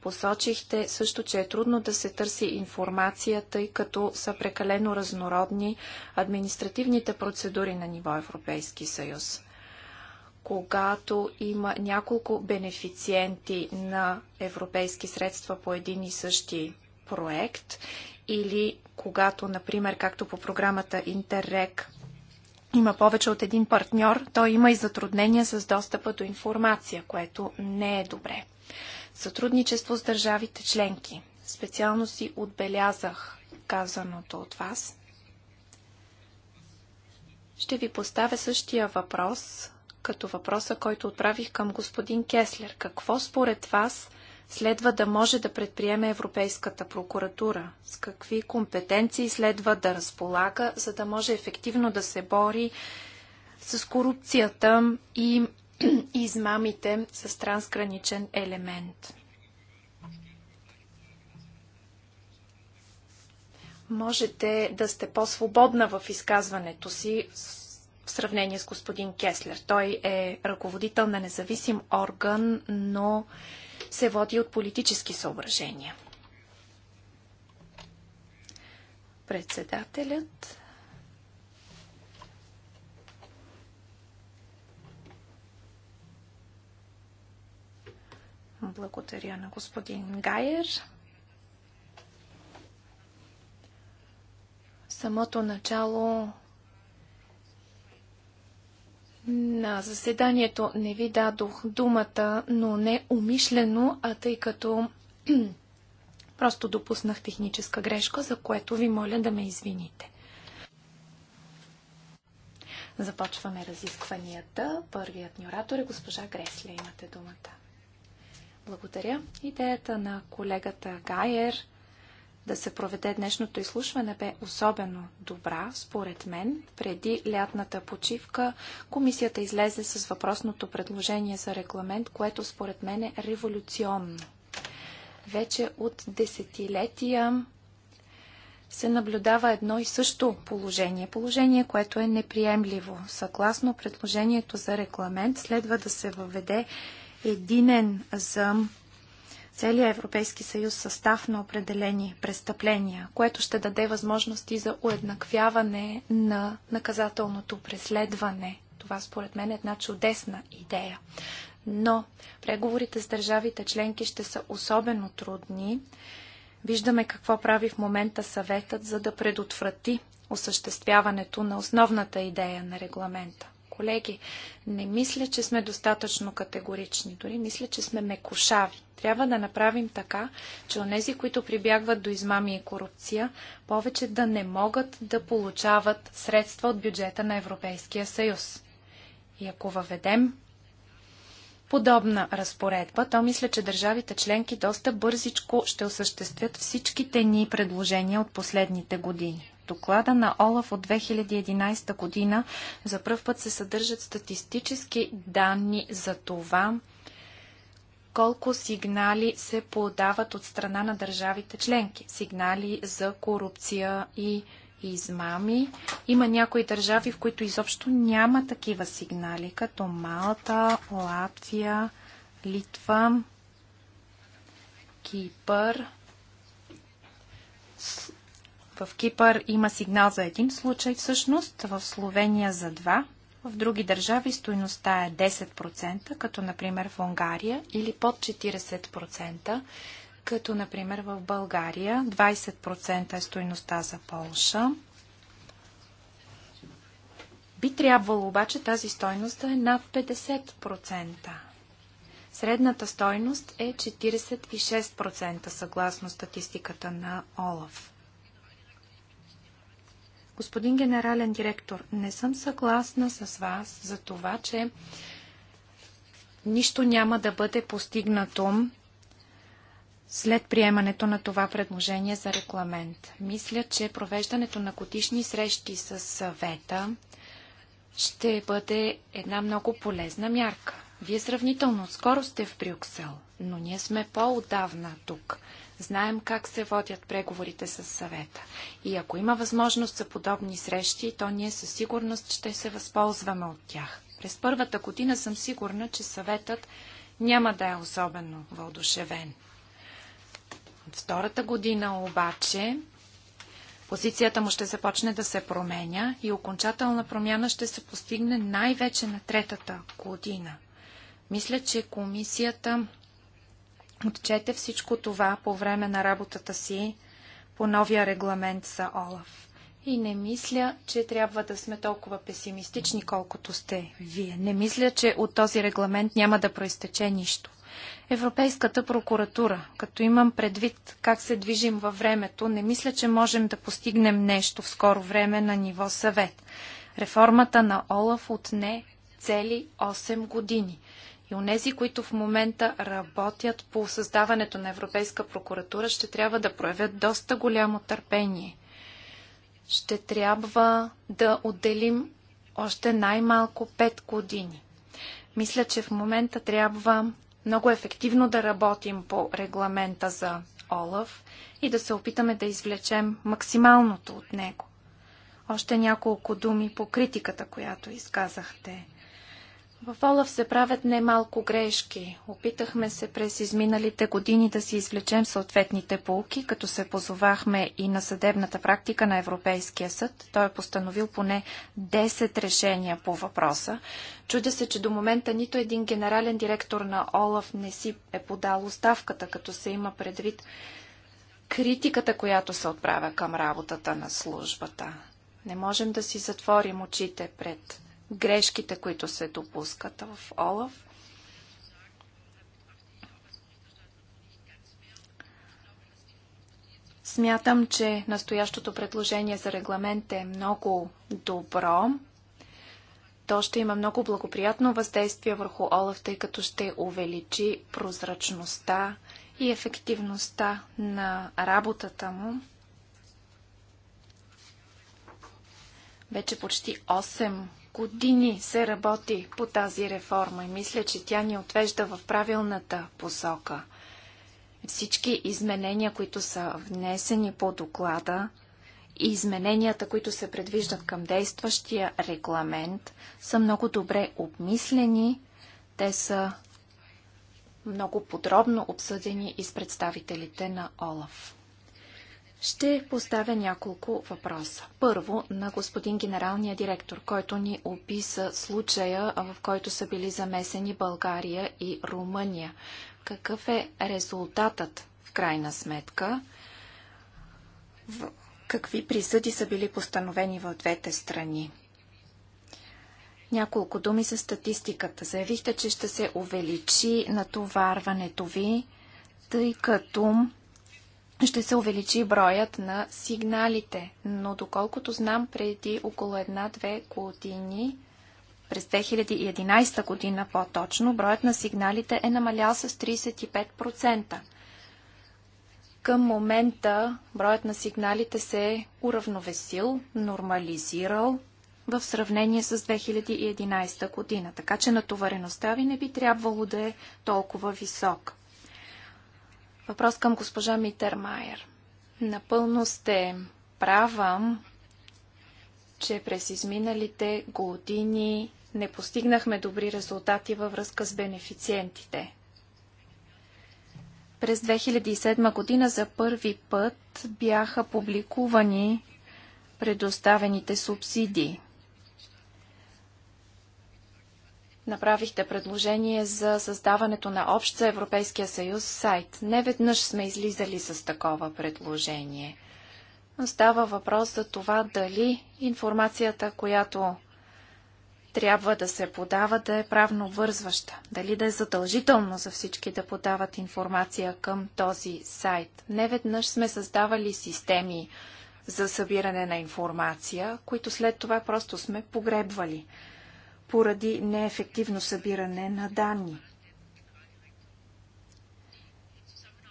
Посочихте също, че е трудно да се търси информация, тъй като са прекалено разнородни административните процедури на ниво Европейски съюз когато има няколко бенефициенти на европейски средства по един и същи проект или когато, например, както по програмата Интеррек, има повече от един партньор, той има и затруднения с достъпа до информация, което не е добре. Сътрудничество с държавите членки. Специално си отбелязах казаното от вас. Ще ви поставя същия въпрос, като въпроса, който отправих към господин Кеслер. Какво според вас следва да може да предприеме Европейската прокуратура? С какви компетенции следва да разполага, за да може ефективно да се бори с корупцията и измамите с трансграничен елемент. Можете да сте по-свободна в изказването си в сравнение с господин Кеслер. Той е ръководител на независим орган, но се води от политически съображения. Председателят Благодаря на господин Гайер. В самото начало на заседанието не ви дадох думата, но не умишлено, а тъй като [clears throat] просто допуснах техническа грешка, за което ви моля да ме извините. Започваме разискванията. Първият ни оратор е госпожа Гресли. Имате думата. Благодаря. Идеята на колегата Гайер да се проведе днешното изслушване бе особено добра, според мен. Преди лятната почивка комисията излезе с въпросното предложение за регламент, което според мен е революционно. Вече от десетилетия се наблюдава едно и също положение. Положение, което е неприемливо. Съгласно предложението за регламент, следва да се въведе единен за целия Европейски съюз състав на определени престъпления, което ще даде възможности за уеднаквяване на наказателното преследване. Това според мен е една чудесна идея. Но преговорите с държавите членки ще са особено трудни. Виждаме какво прави в момента съветът, за да предотврати осъществяването на основната идея на регламента колеги, не мисля, че сме достатъчно категорични. Дори мисля, че сме мекошави. Трябва да направим така, че онези, които прибягват до измами и корупция, повече да не могат да получават средства от бюджета на Европейския съюз. И ако въведем подобна разпоредба, то мисля, че държавите членки доста бързичко ще осъществят всичките ни предложения от последните години доклада на Олаф от 2011 година за първ път се съдържат статистически данни за това, колко сигнали се подават от страна на държавите членки. Сигнали за корупция и измами. Има някои държави, в които изобщо няма такива сигнали, като Малта, Латвия, Литва, Кипър, в Кипър има сигнал за един случай всъщност, в Словения за два. В други държави стоеността е 10%, като например в Унгария, или под 40%, като например в България. 20% е стоеността за Полша. Би трябвало обаче тази стойност да е над 50%. Средната стойност е 46% съгласно статистиката на ОЛАФ. Господин генерален директор, не съм съгласна с вас за това, че нищо няма да бъде постигнато след приемането на това предложение за регламент. Мисля, че провеждането на годишни срещи с съвета ще бъде една много полезна мярка. Вие сравнително скоро сте в Брюксел, но ние сме по-отдавна тук. Знаем как се водят преговорите с съвета. И ако има възможност за подобни срещи, то ние със сигурност ще се възползваме от тях. През първата година съм сигурна, че съветът няма да е особено вълдушевен. От втората година обаче позицията му ще започне да се променя и окончателна промяна ще се постигне най-вече на третата година. Мисля, че комисията отчете всичко това по време на работата си по новия регламент за ОЛАФ. И не мисля, че трябва да сме толкова песимистични, колкото сте вие. Не мисля, че от този регламент няма да проистече нищо. Европейската прокуратура, като имам предвид как се движим във времето, не мисля, че можем да постигнем нещо в скоро време на ниво съвет. Реформата на Олаф отне цели 8 години. И онези, които в момента работят по създаването на Европейска прокуратура, ще трябва да проявят доста голямо търпение. Ще трябва да отделим още най-малко 5 години. Мисля, че в момента трябва много ефективно да работим по регламента за Олаф и да се опитаме да извлечем максималното от него. Още няколко думи по критиката, която изказахте. В Олаф се правят немалко грешки. Опитахме се през изминалите години да си извлечем съответните полки, като се позовахме и на съдебната практика на Европейския съд. Той е постановил поне 10 решения по въпроса. Чудя се, че до момента нито един генерален директор на Олаф не си е подал оставката, като се има предвид критиката, която се отправя към работата на службата. Не можем да си затворим очите пред грешките, които се допускат в ОЛАФ. Смятам, че настоящото предложение за регламент е много добро. То ще има много благоприятно въздействие върху ОЛАФ, тъй като ще увеличи прозрачността и ефективността на работата му. Вече почти 8 години се работи по тази реформа и мисля, че тя ни отвежда в правилната посока. Всички изменения, които са внесени по доклада и измененията, които се предвиждат към действащия регламент, са много добре обмислени. Те са много подробно обсъдени и с представителите на ОЛАФ. Ще поставя няколко въпроса. Първо, на господин генералния директор, който ни описа случая, в който са били замесени България и Румъния. Какъв е резултатът в крайна сметка? В... Какви присъди са били постановени в двете страни? Няколко думи за статистиката. Заявихте, че ще се увеличи натоварването ви, тъй като ще се увеличи броят на сигналите. Но доколкото знам, преди около една-две години, през 2011 година по-точно, броят на сигналите е намалял с 35%. Към момента броят на сигналите се е уравновесил, нормализирал в сравнение с 2011 година, така че натовареността ви не би трябвало да е толкова висока. Въпрос към госпожа Митермайер. Напълно сте права, че през изминалите години не постигнахме добри резултати във връзка с бенефициентите. През 2007 година за първи път бяха публикувани предоставените субсидии. направихте предложение за създаването на общ Европейския съюз сайт. Не веднъж сме излизали с такова предложение. Но става въпрос за това дали информацията, която трябва да се подава, да е правно вързваща. Дали да е задължително за всички да подават информация към този сайт. Не веднъж сме създавали системи за събиране на информация, които след това просто сме погребвали – поради неефективно събиране на данни.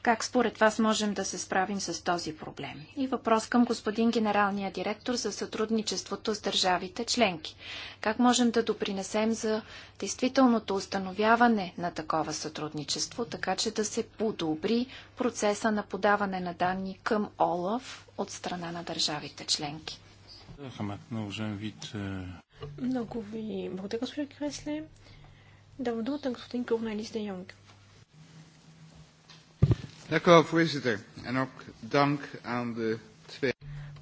Как според вас можем да се справим с този проблем? И въпрос към господин генералния директор за сътрудничеството с държавите членки. Как можем да допринесем за действителното установяване на такова сътрудничество, така че да се подобри процеса на подаване на данни към ОЛАВ от страна на държавите членки? на вид. Е, много ви благодаря, госпожа Кресле. Давам думата на господин Корнелис де Йонг.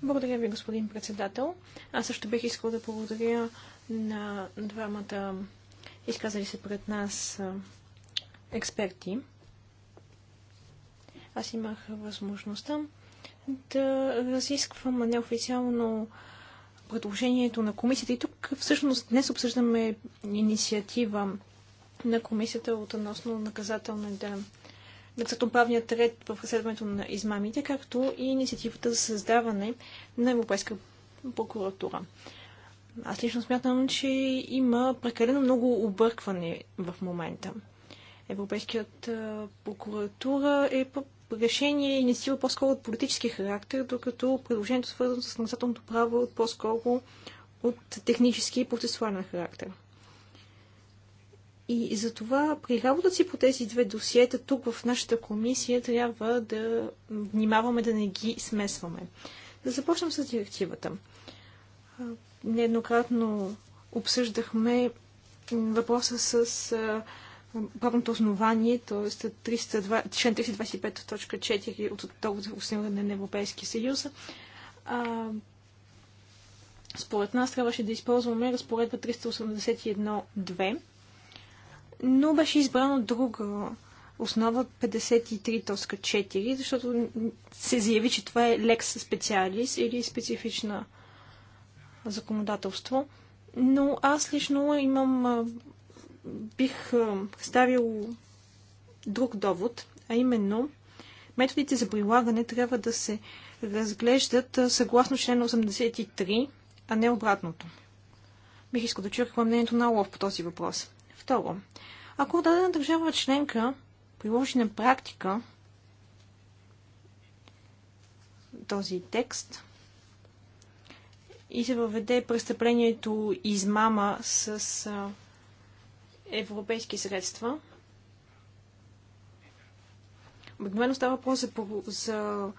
Благодаря ви, господин председател. Аз също бих искал да благодаря на двамата изказали се пред нас експерти. Аз имах възможността да разисквам неофициално предложението на комисията. И тук всъщност днес обсъждаме инициатива на комисията относно наказателната наказателноправният ред в разследването на измамите, както и инициативата за създаване на Европейска прокуратура. Аз лично смятам, че има прекалено много объркване в момента. Европейският прокуратура е решение и инициатива по-скоро от политически характер, докато предложението свързано с наказателното право е по-скоро от технически и процесуален характер. И затова при работа си по тези две досиета тук в нашата комисия трябва да внимаваме да не ги смесваме. Да започнем с директивата. Нееднократно обсъждахме въпроса с правното основание, т.е. член 325.4 от договор за функциониране на Европейския съюз. А, според нас трябваше да използваме разпоредба 381.2, но беше избрано друга основа 53.4, защото се заяви, че това е лекс специалис или специфична законодателство. Но аз лично имам бих представил друг довод, а именно методите за прилагане трябва да се разглеждат съгласно член 83, а не обратното. Бих искал да чуя какво е мнението на Олов по този въпрос. Второ, ако дадена държава членка приложи на практика този текст и се въведе престъплението измама с европейски средства. Обикновено става въпрос за, за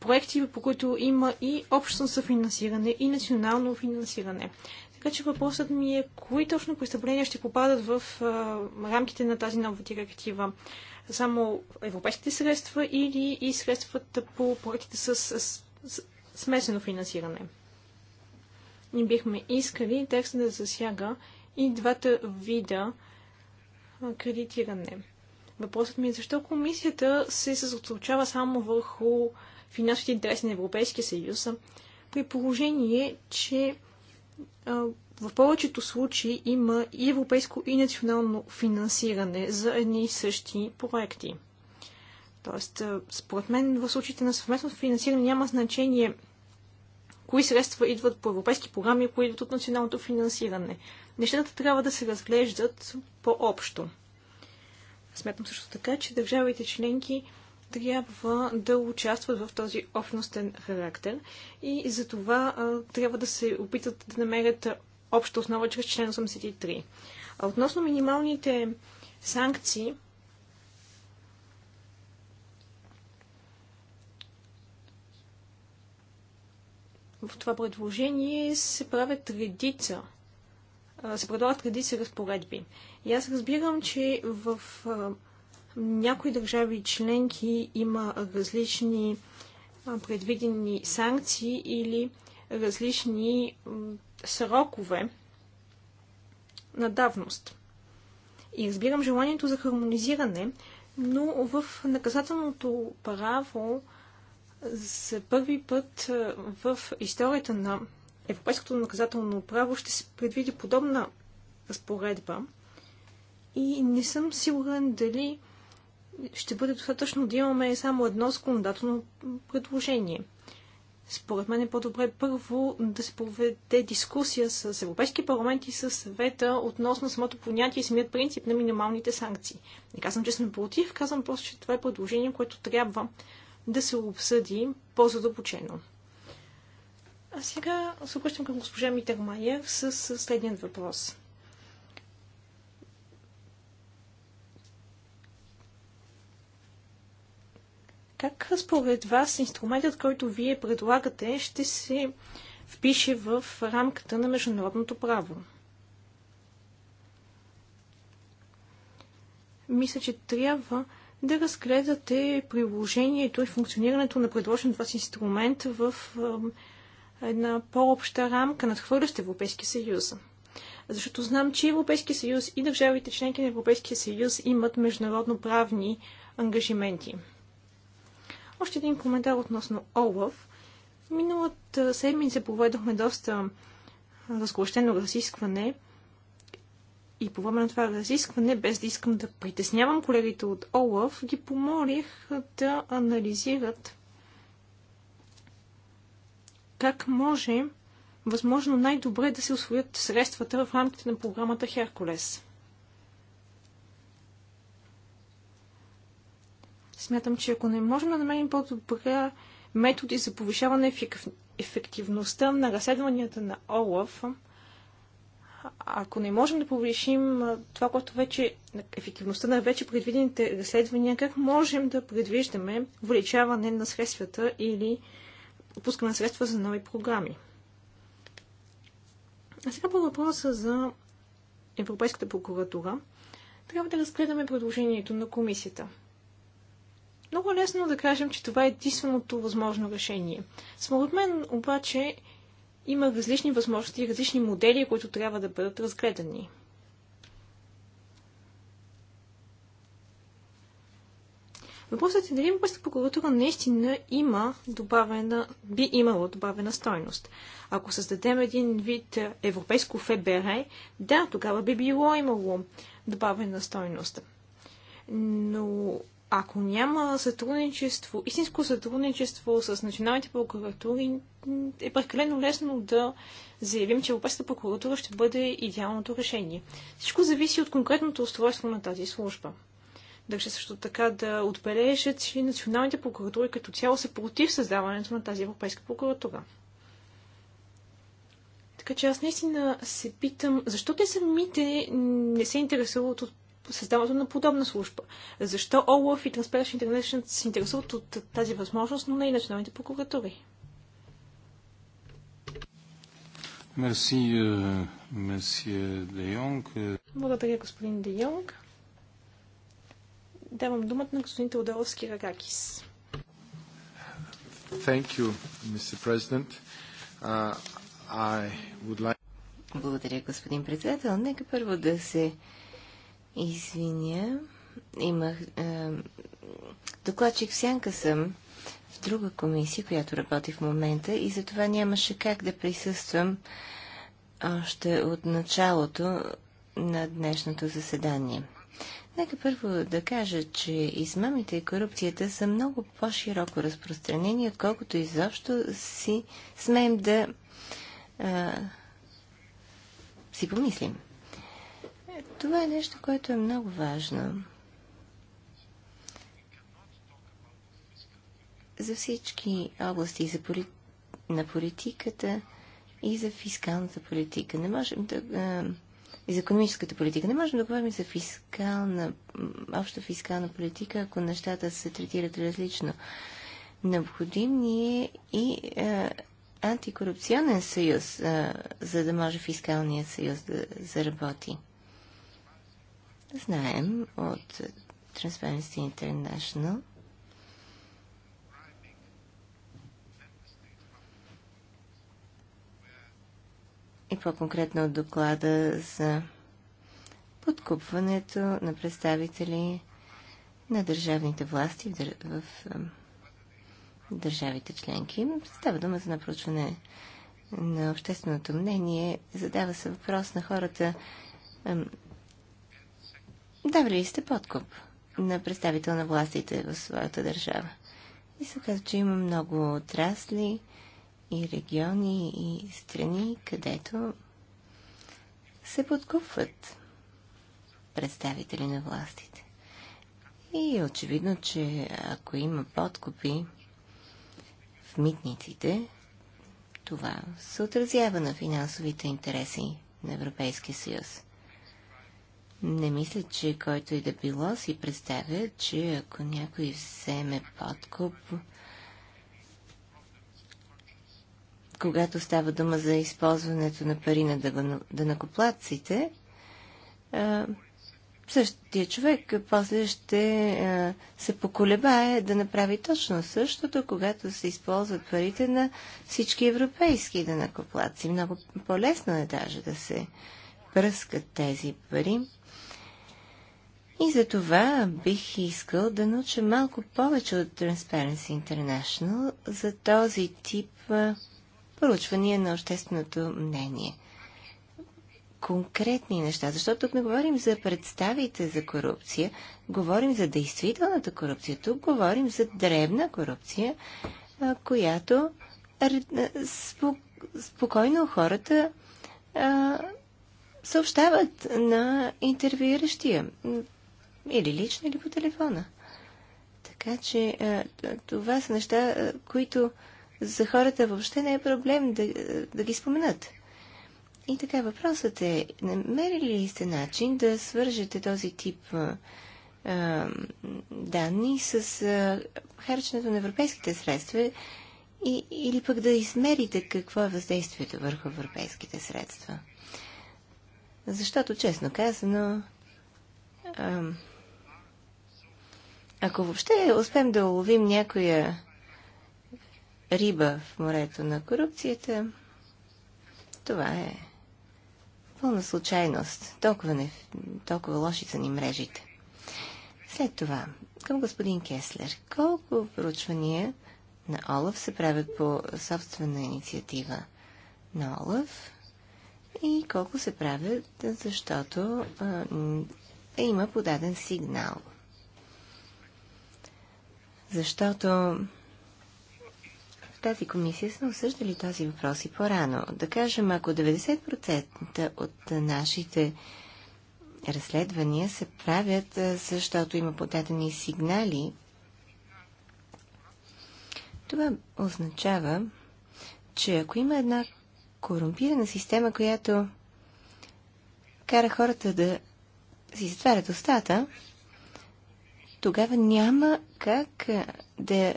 проекти, по които има и общностно съфинансиране, и национално финансиране. Така че въпросът ми е, кои точно престъпления ще попадат в а, рамките на тази нова директива? Само европейските средства или и средствата по проектите с, с, с смесено финансиране? Ние бихме искали текста да засяга и двата вида кредитиране. Въпросът ми е защо комисията се съсредоточава само върху финансовите интереси на Европейския съюз, при положение, че в повечето случаи има и европейско и национално финансиране за едни и същи проекти. Тоест, според мен в случаите на съвместно финансиране няма значение кои средства идват по европейски програми, кои идват от националното финансиране нещата трябва да се разглеждат по-общо. Сметам също така, че държавите членки трябва да участват в този общностен характер и за това трябва да се опитат да намерят обща основа чрез член 83. А относно минималните санкции, в това предложение се правят редица се предлагат редици разпоредби. И аз разбирам, че в някои държави членки има различни предвидени санкции или различни срокове на давност. И разбирам желанието за хармонизиране, но в наказателното право за първи път в историята на европейското наказателно право ще се предвиди подобна разпоредба и не съм сигурен дали ще бъде достатъчно да имаме само едно законодателно предложение. Според мен е по-добре първо да се проведе дискусия с Европейски парламент и с съвета относно самото понятие и самият принцип на минималните санкции. Не казвам, че сме против, казвам просто, че това е предложение, което трябва да се обсъди по-задълбочено. А сега се обръщам към госпожа Митермайя с следният въпрос. Как според вас инструментът, който вие предлагате, ще се впише в рамката на международното право? Мисля, че трябва да разгледате приложението и функционирането на предложен от вас инструмент в една по-обща рамка, надхвърляща Европейския съюз. Защото знам, че Европейския съюз и държавите членки на Европейския съюз имат международно правни ангажименти. Още един коментар относно ОЛАВ. Миналата седмица проведохме доста разгощено разискване и по време на това разискване, без да искам да притеснявам колегите от ОЛАВ, ги помолих да анализират как може възможно най-добре да се освоят средствата в рамките на програмата Херкулес. Смятам, че ако не можем да намерим по-добра методи за повишаване ефективността на разследванията на ОЛАФ, ако не можем да повишим това, което вече, ефективността на вече предвидените разследвания, как можем да предвиждаме увеличаване на средствата или отпускаме средства за нови програми. А сега по въпроса за Европейската прокуратура, трябва да разгледаме предложението на комисията. Много лесно да кажем, че това е единственото възможно решение. Според мен обаче има различни възможности и различни модели, които трябва да бъдат разгледани. Въпросът е дали мобилната прокуратура наистина има добавена, би имала добавена стойност. Ако създадем един вид европейско ФБР, да, тогава би било имало добавена стойност. Но ако няма сътрудничество, истинско сътрудничество с националните прокуратури, е прекалено лесно да заявим, че Европейската прокуратура ще бъде идеалното решение. Всичко зависи от конкретното устройство на тази служба. Държа също така да отбележа, че националните прокуратури като цяло са против създаването на тази Европейска прокуратура. Така че аз наистина се питам, защо те самите не се интересуват от създаването на подобна служба? Защо ОЛАФ и Transparency International се интересуват от тази възможност, но не и националните прокуратури? Мерси, мерси Де Йонг. Благодаря, господин Де Йонг. Давам думата на господин Теодоровски Рагакис. Thank you, Mr. President. Uh, I would like... Благодаря, господин председател. Нека първо да се извиня. Имах... Е, докладчик в сянка съм в друга комисия, която работи в момента и затова нямаше как да присъствам още от началото на днешното заседание. Нека първо да кажа, че измамите и корупцията са много по-широко разпространени, отколкото изобщо си смеем да а, си помислим. Това е нещо, което е много важно. За всички области за поли... на политиката и за фискалната политика. Не можем да и за економическата политика. Не можем да говорим за фискална, обща фискална политика, ако нещата се третират различно. Необходим ни е и а, е, антикорупционен съюз, а, е, за да може фискалният съюз да заработи. Знаем от Transparency International – и по-конкретно от доклада за подкупването на представители на държавните власти в, в, в държавите членки. Става дума за напрочване на общественото мнение. Задава се въпрос на хората. Дава ли сте подкуп на представител на властите в своята държава? И се казва, че има много отрасли, и региони и страни, където се подкупват представители на властите. И е очевидно, че ако има подкупи в митниците, това се отразява на финансовите интереси на Европейския съюз. Не мисля, че който и да било си представя, че ако някой вземе подкуп, когато става дума за използването на пари на дънакоплаците, същия човек после ще се поколебае да направи точно същото, когато се използват парите на всички европейски дънакоплаци. Много по-лесно е даже да се пръскат тези пари. И за това бих искал да науча малко повече от Transparency International за този тип проучвания на общественото мнение. Конкретни неща, защото тук не говорим за представите за корупция, говорим за действителната корупция. Тук говорим за древна корупция, която спокойно хората съобщават на интервюиращия. Или лично, или по телефона. Така че това са неща, които за хората въобще не е проблем да, да ги споменат. И така въпросът е, намерили ли сте начин да свържете този тип а, а, данни с а, харченето на европейските средства и, или пък да измерите какво е въздействието върху европейските средства? Защото, честно казано, а, ако въобще успеем да уловим някоя риба в морето на корупцията, това е пълна случайност. Толкова, не, толкова лоши са ни мрежите. След това, към господин Кеслер. Колко проучвания на Олаф се правят по собствена инициатива на Олаф и колко се правят, защото а, е, има подаден сигнал. Защото в тази комисия сме осъждали този въпрос и по-рано. Да кажем, ако 90% от нашите разследвания се правят, защото има подадени сигнали, това означава, че ако има една корумпирана система, която кара хората да си затварят устата, тогава няма как да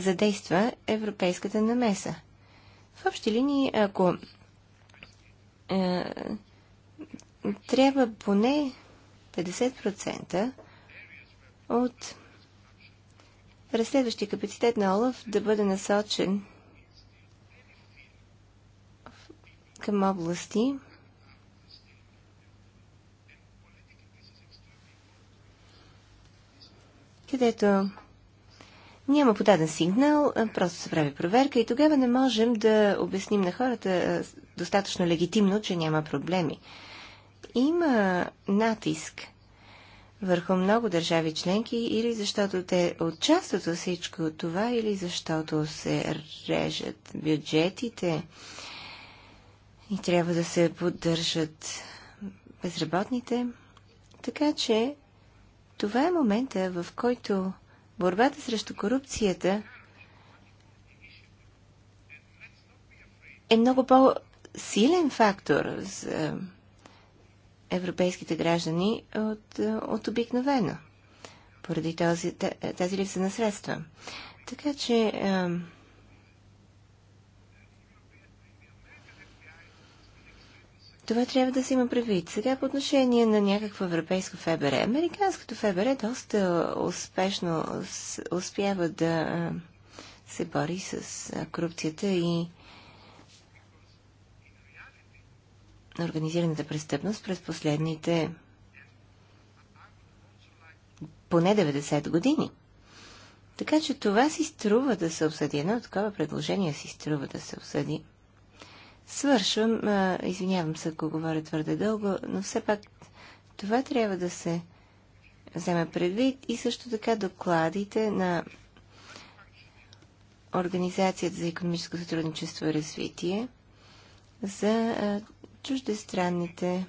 задейства европейската намеса. В общи линии, ако е, трябва поне 50% от разследващия капацитет на Олаф да бъде насочен към области, където няма подаден сигнал, просто се прави проверка и тогава не можем да обясним на хората достатъчно легитимно, че няма проблеми. Има натиск върху много държави членки или защото те участват във всичко това, или защото се режат бюджетите и трябва да се поддържат безработните. Така че това е момента, в който борбата срещу корупцията е много по-силен фактор за европейските граждани от, от обикновено, поради този, тази липса на средства. Така че Това трябва да се има предвид. Сега по отношение на някакво европейско ФБР. Американското ФБР доста успешно успява да се бори с корупцията и организираната престъпност през последните поне 90 години. Така че това си струва да се обсъди. Едно такова предложение си струва да се обсъди. Свършвам. Извинявам се, ако говоря твърде дълго, но все пак това трябва да се вземе предвид и също така докладите на Организацията за економическо сътрудничество и развитие за чуждестранните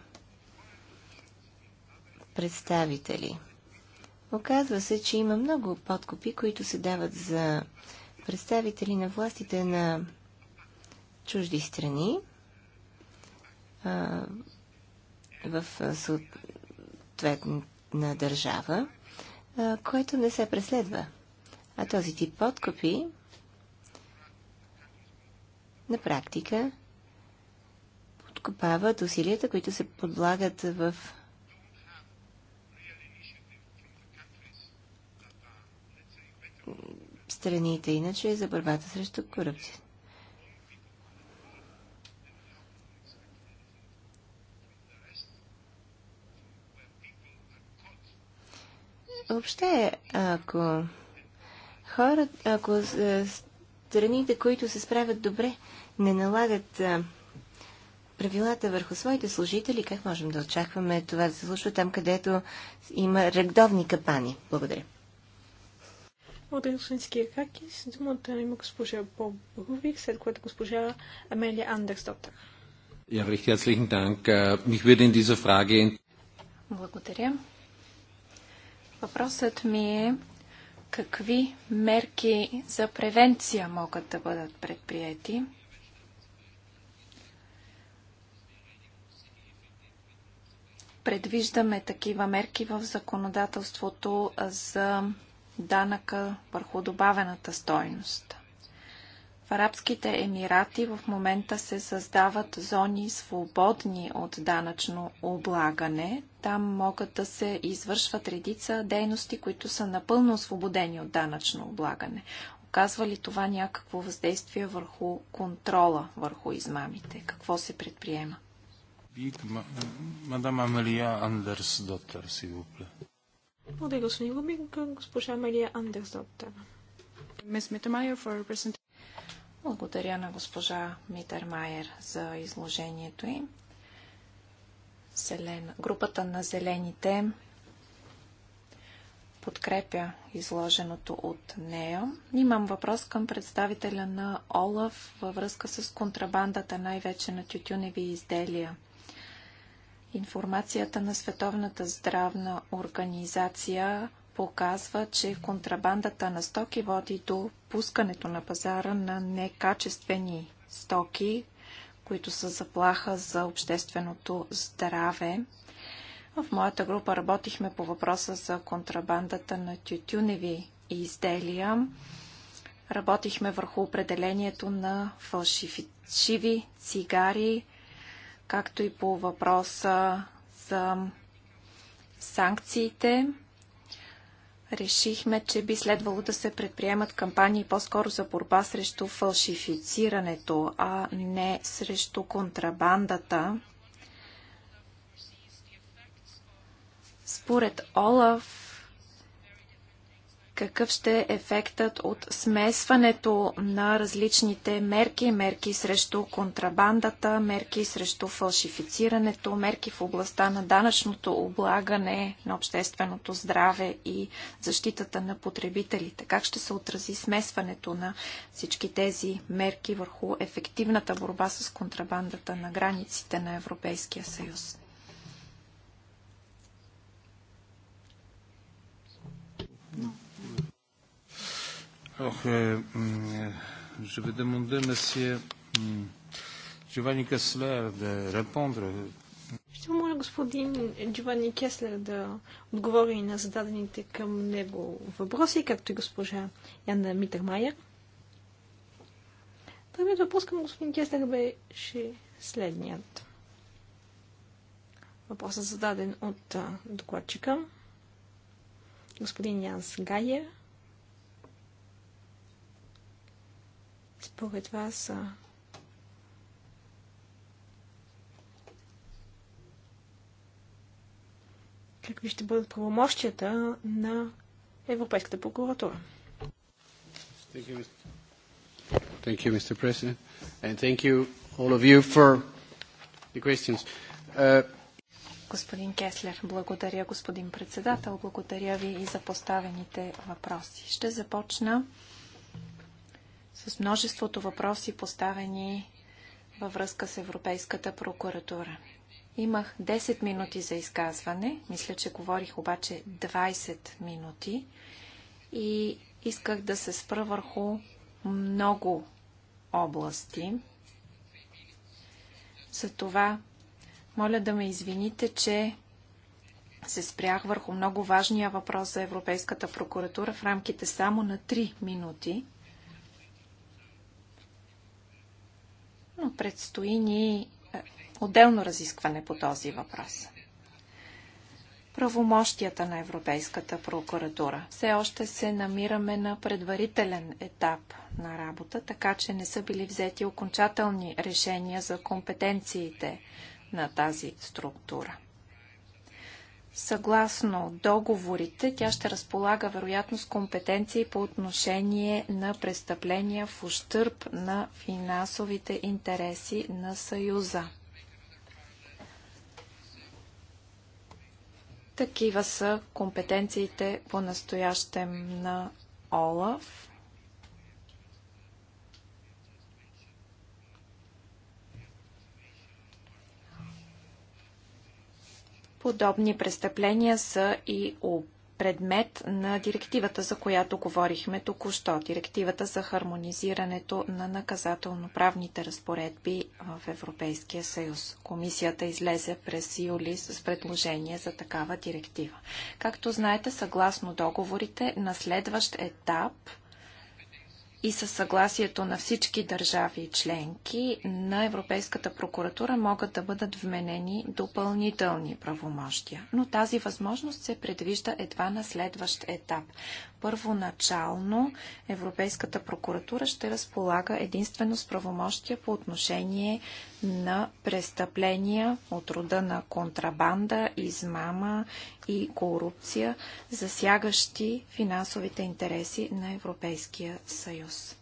представители. Оказва се, че има много подкопи, които се дават за представители на властите на чужди страни в съответна държава, което не се преследва. А този тип подкопи на практика подкопават усилията, които се подлагат в страните иначе за борбата срещу корупцията. Въобще, ако хора, ако страните, които се справят добре, не налагат правилата върху своите служители, как можем да очакваме това да се случва там, където има редовни капани? Благодаря. От Благодаря, господин с Думата има госпожа Боб Рубик, след което госпожа Амелия Андерсдоттер. Ja, recht herzlichen Dank. Äh, mich würde in dieser Frage... Благодаря. Въпросът ми е какви мерки за превенция могат да бъдат предприяти? Предвиждаме такива мерки в законодателството за данъка върху добавената стойност. Арабските емирати в момента се създават зони свободни от данъчно облагане. Там могат да се извършват редица дейности, които са напълно освободени от данъчно облагане. Оказва ли това някакво въздействие върху контрола върху измамите? Какво се предприема? Мадам Амелия Андерс, доктор, си Благодаря, господин Рубик. Госпожа Амелия Андерс, доктор. Благодаря на госпожа Митермайер за изложението им. Зелен... Групата на зелените подкрепя изложеното от нея. Имам въпрос към представителя на Олаф във връзка с контрабандата най-вече на тютюневи изделия. Информацията на Световната здравна организация показва, че контрабандата на стоки води до пускането на пазара на некачествени стоки, които са заплаха за общественото здраве. В моята група работихме по въпроса за контрабандата на тютюневи изделия. Работихме върху определението на фалшиви цигари, както и по въпроса за санкциите решихме, че би следвало да се предприемат кампании по-скоро за борба срещу фалшифицирането, а не срещу контрабандата. Според Олаф, какъв ще е ефектът от смесването на различните мерки, мерки срещу контрабандата, мерки срещу фалшифицирането, мерки в областта на данъчното облагане на общественото здраве и защитата на потребителите. Как ще се отрази смесването на всички тези мерки върху ефективната борба с контрабандата на границите на Европейския съюз? E, mm, je vais demander monsieur mm, Giovanni Kessler de répondre. Ще моля господин Джованни Кеслер да отговори на зададените към него въпроси, както и госпожа Яна Митермайер. Първият въпрос към господин Кеслер беше следният. Въпросът е зададен от докладчика господин Янс Гайер – Според вас а... какви ще бъдат правомощията на Европейската прокуратура? Thank you, Mr. President. And thank you, all of you, for the questions. Uh... Господин Кеслер, благодаря, господин председател. Благодаря ви и за поставените въпроси. Ще започна с множеството въпроси поставени във връзка с Европейската прокуратура. Имах 10 минути за изказване, мисля, че говорих обаче 20 минути и исках да се спра върху много области. Затова моля да ме извините, че се спрях върху много важния въпрос за Европейската прокуратура в рамките само на 3 минути. но предстои ни е, отделно разискване по този въпрос. Правомощията на Европейската прокуратура. Все още се намираме на предварителен етап на работа, така че не са били взети окончателни решения за компетенциите на тази структура. Съгласно договорите, тя ще разполага вероятно с компетенции по отношение на престъпления в ущърп на финансовите интереси на Съюза. Такива са компетенциите по настоящем на ОЛАФ. Подобни престъпления са и предмет на директивата, за която говорихме току-що. Директивата за хармонизирането на наказателно-правните разпоредби в Европейския съюз. Комисията излезе през юли с предложение за такава директива. Както знаете, съгласно договорите, на следващ етап – и със съгласието на всички държави и членки на Европейската прокуратура могат да бъдат вменени допълнителни правомощия. Но тази възможност се предвижда едва на следващ етап. Първоначално Европейската прокуратура ще разполага единствено с правомощия по отношение на престъпления от рода на контрабанда, измама и корупция, засягащи финансовите интереси на Европейския съюз.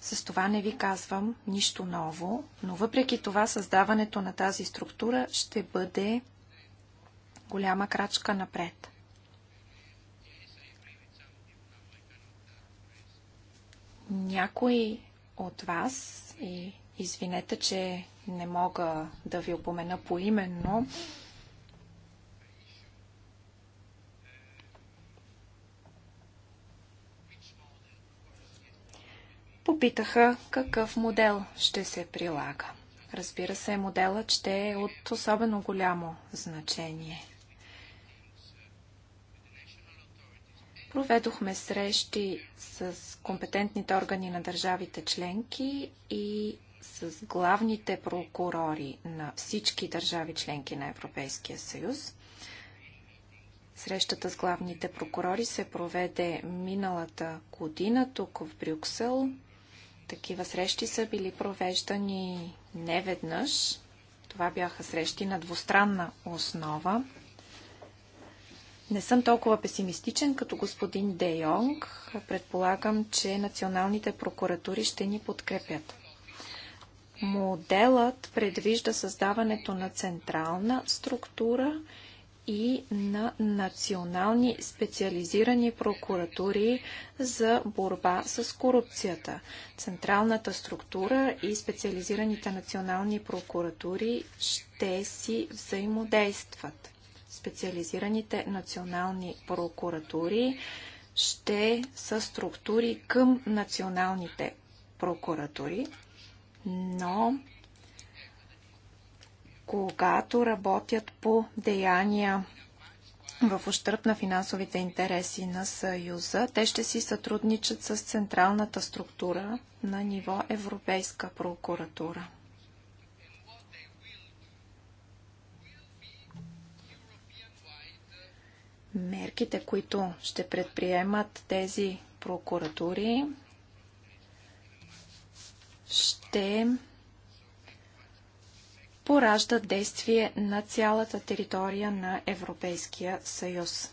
С това не ви казвам нищо ново, но въпреки това създаването на тази структура ще бъде голяма крачка напред. Някои от вас, и извинете, че не мога да ви опомена поименно, попитаха какъв модел ще се прилага. Разбира се, моделът ще е от особено голямо значение. Проведохме срещи с компетентните органи на държавите членки и с главните прокурори на всички държави членки на Европейския съюз. Срещата с главните прокурори се проведе миналата година тук в Брюксел. Такива срещи са били провеждани неведнъж. Това бяха срещи на двустранна основа. Не съм толкова песимистичен като господин Де Йонг. Предполагам, че националните прокуратури ще ни подкрепят. Моделът предвижда създаването на централна структура и на национални специализирани прокуратури за борба с корупцията. Централната структура и специализираните национални прокуратури ще си взаимодействат специализираните национални прокуратури ще са структури към националните прокуратури, но когато работят по деяния в ущърп на финансовите интереси на Съюза, те ще си сътрудничат с централната структура на ниво Европейска прокуратура. мерките, които ще предприемат тези прокуратури, ще пораждат действие на цялата територия на Европейския съюз.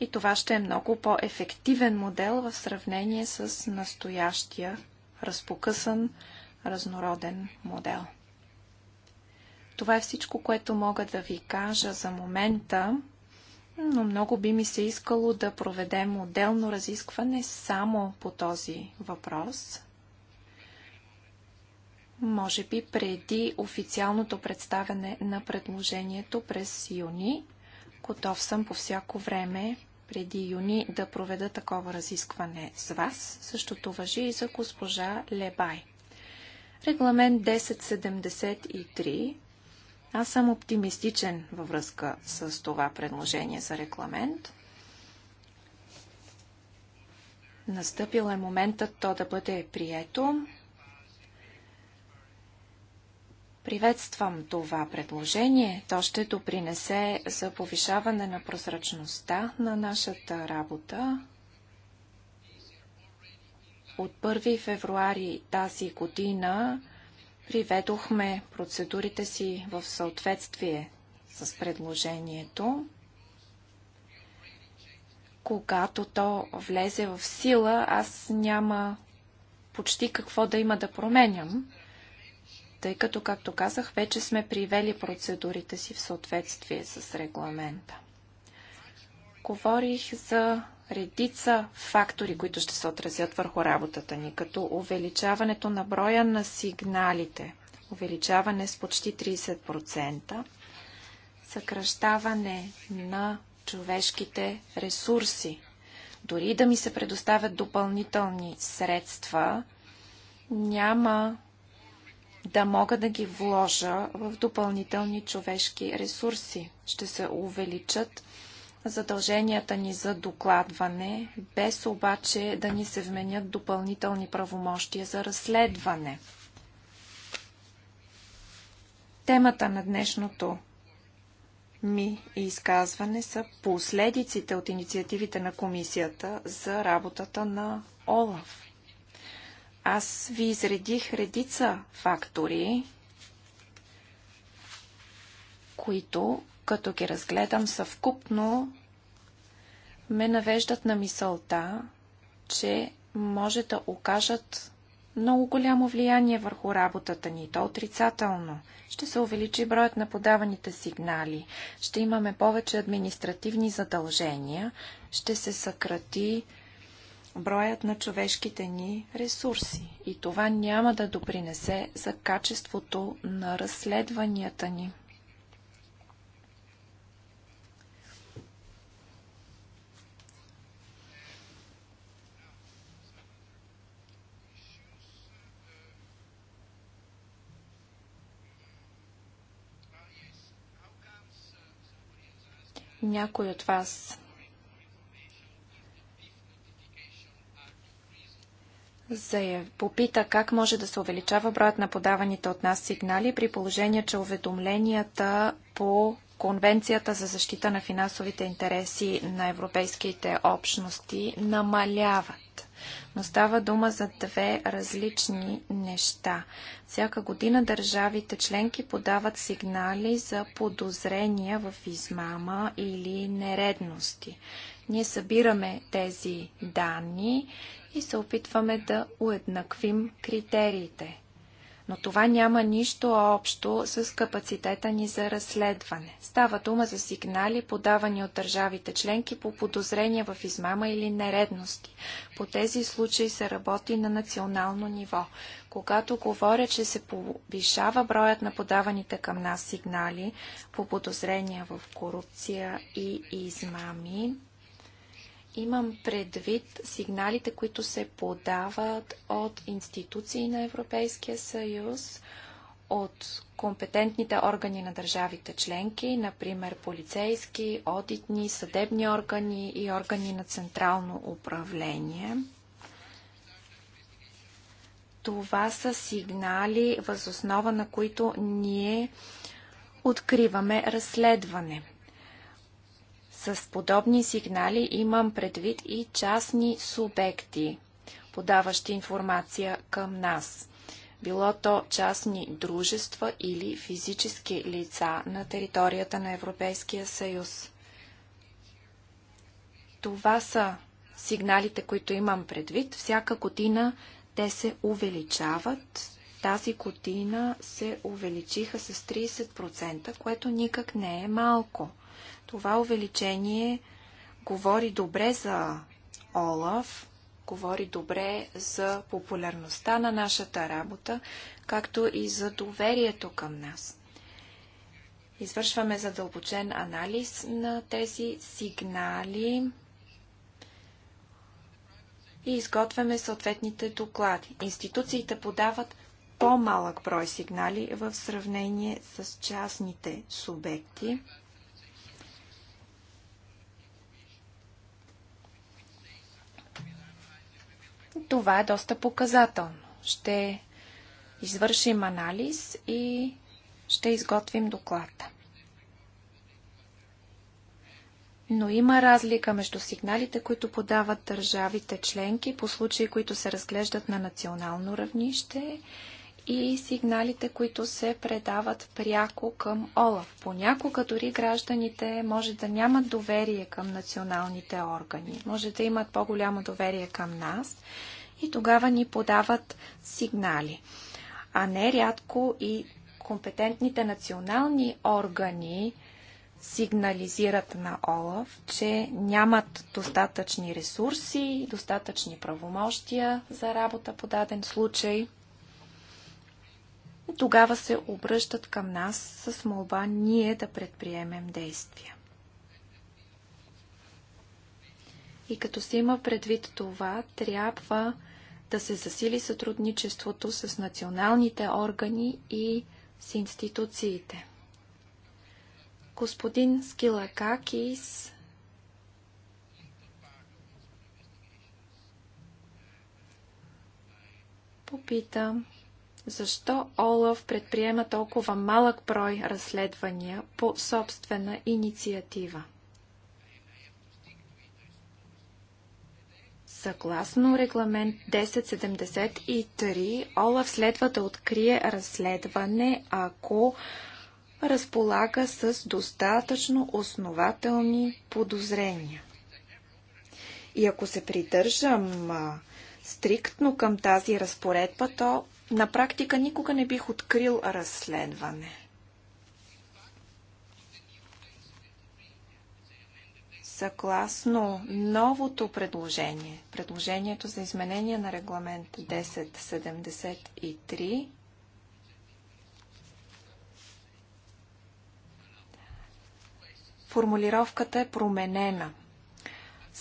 И това ще е много по-ефективен модел в сравнение с настоящия разпокъсан, разнороден модел. Това е всичко, което мога да ви кажа за момента но много би ми се искало да проведем отделно разискване само по този въпрос. Може би преди официалното представяне на предложението през юни. Готов съм по всяко време преди юни да проведа такова разискване с вас. Същото въжи и за госпожа Лебай. Регламент 1073 аз съм оптимистичен във връзка с това предложение за регламент. Настъпил е моментът то да бъде прието. Приветствам това предложение. То ще допринесе за повишаване на прозрачността на нашата работа. От 1 февруари тази година Приведохме процедурите си в съответствие с предложението. Когато то влезе в сила, аз няма почти какво да има да променям, тъй като, както казах, вече сме привели процедурите си в съответствие с регламента. Говорих за редица фактори, които ще се отразят върху работата ни, като увеличаването на броя на сигналите, увеличаване с почти 30%, съкръщаване на човешките ресурси. Дори да ми се предоставят допълнителни средства, няма да мога да ги вложа в допълнителни човешки ресурси. Ще се увеличат задълженията ни за докладване, без обаче да ни се вменят допълнителни правомощия за разследване. Темата на днешното ми и изказване са последиците от инициативите на комисията за работата на ОЛАФ. Аз ви изредих редица фактори, които като ги разгледам съвкупно, ме навеждат на мисълта, че може да окажат много голямо влияние върху работата ни, то отрицателно. Ще се увеличи броят на подаваните сигнали, ще имаме повече административни задължения, ще се съкрати броят на човешките ни ресурси. И това няма да допринесе за качеството на разследванията ни. Някой от вас заяв... попита как може да се увеличава броят на подаваните от нас сигнали при положение, че уведомленията по Конвенцията за защита на финансовите интереси на европейските общности намаляват. Но става дума за две различни неща. Всяка година държавите членки подават сигнали за подозрения в измама или нередности. Ние събираме тези данни и се опитваме да уеднаквим критериите но това няма нищо общо с капацитета ни за разследване. Става дума за сигнали, подавани от държавите членки по подозрения в измама или нередности. По тези случаи се работи на национално ниво. Когато говоря, че се повишава броят на подаваните към нас сигнали по подозрения в корупция и измами, Имам предвид сигналите, които се подават от институции на Европейския съюз, от компетентните органи на държавите членки, например полицейски, одитни, съдебни органи и органи на централно управление. Това са сигнали, възоснова на които ние откриваме разследване. С подобни сигнали имам предвид и частни субекти, подаващи информация към нас. Било то частни дружества или физически лица на територията на Европейския съюз. Това са сигналите, които имам предвид. Всяка година те се увеличават. Тази година се увеличиха с 30%, което никак не е малко – това увеличение говори добре за Олаф, говори добре за популярността на нашата работа, както и за доверието към нас. Извършваме задълбочен анализ на тези сигнали и изготвяме съответните доклади. Институциите подават по-малък брой сигнали в сравнение с частните субекти. Това е доста показателно. Ще извършим анализ и ще изготвим доклада. Но има разлика между сигналите, които подават държавите членки по случаи, които се разглеждат на национално равнище и сигналите, които се предават пряко към ОЛАФ. Понякога дори гражданите може да нямат доверие към националните органи, може да имат по-голямо доверие към нас и тогава ни подават сигнали. А не рядко и компетентните национални органи сигнализират на ОЛАФ, че нямат достатъчни ресурси, достатъчни правомощия за работа по даден случай – тогава се обръщат към нас с молба ние да предприемем действия. И като се има предвид това, трябва да се засили сътрудничеството с националните органи и с институциите. Господин Скилакакис попита защо Олаф предприема толкова малък брой разследвания по собствена инициатива. Съгласно регламент 1073, Олаф следва да открие разследване, ако разполага с достатъчно основателни подозрения. И ако се придържам стриктно към тази разпоредба, то на практика никога не бих открил разследване. Съгласно новото предложение, предложението за изменение на регламент 1073, формулировката е променена.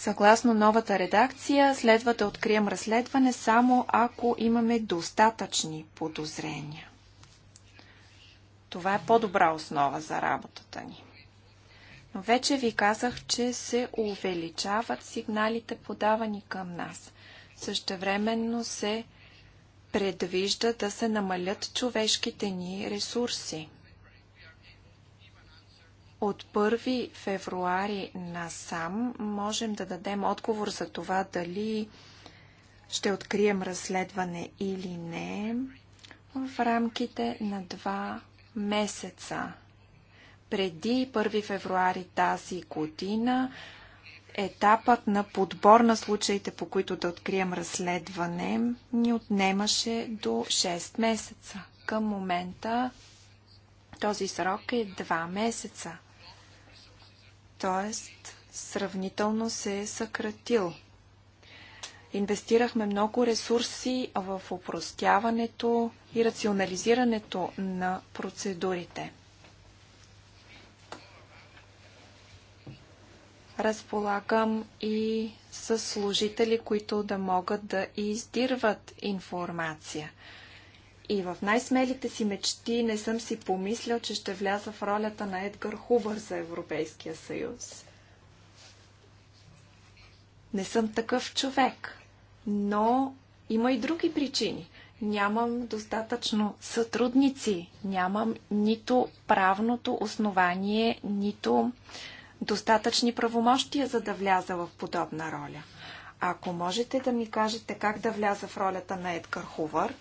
Съгласно новата редакция, следва да открием разследване само ако имаме достатъчни подозрения. Това е по-добра основа за работата ни. Но вече ви казах, че се увеличават сигналите подавани към нас. Същевременно се предвижда да се намалят човешките ни ресурси. От 1 февруари насам можем да дадем отговор за това дали ще открием разследване или не в рамките на два месеца. Преди 1 февруари тази година етапът на подбор на случаите, по които да открием разследване, ни отнемаше до 6 месеца. Към момента този срок е 2 месеца т.е. сравнително се е съкратил. Инвестирахме много ресурси в упростяването и рационализирането на процедурите. разполагам и с служители, които да могат да издирват информация. И в най-смелите си мечти не съм си помислял, че ще вляза в ролята на Едгар Хувър за Европейския съюз. Не съм такъв човек, но има и други причини. Нямам достатъчно сътрудници, нямам нито правното основание, нито достатъчни правомощия, за да вляза в подобна роля. Ако можете да ми кажете как да вляза в ролята на Едгар Хувър,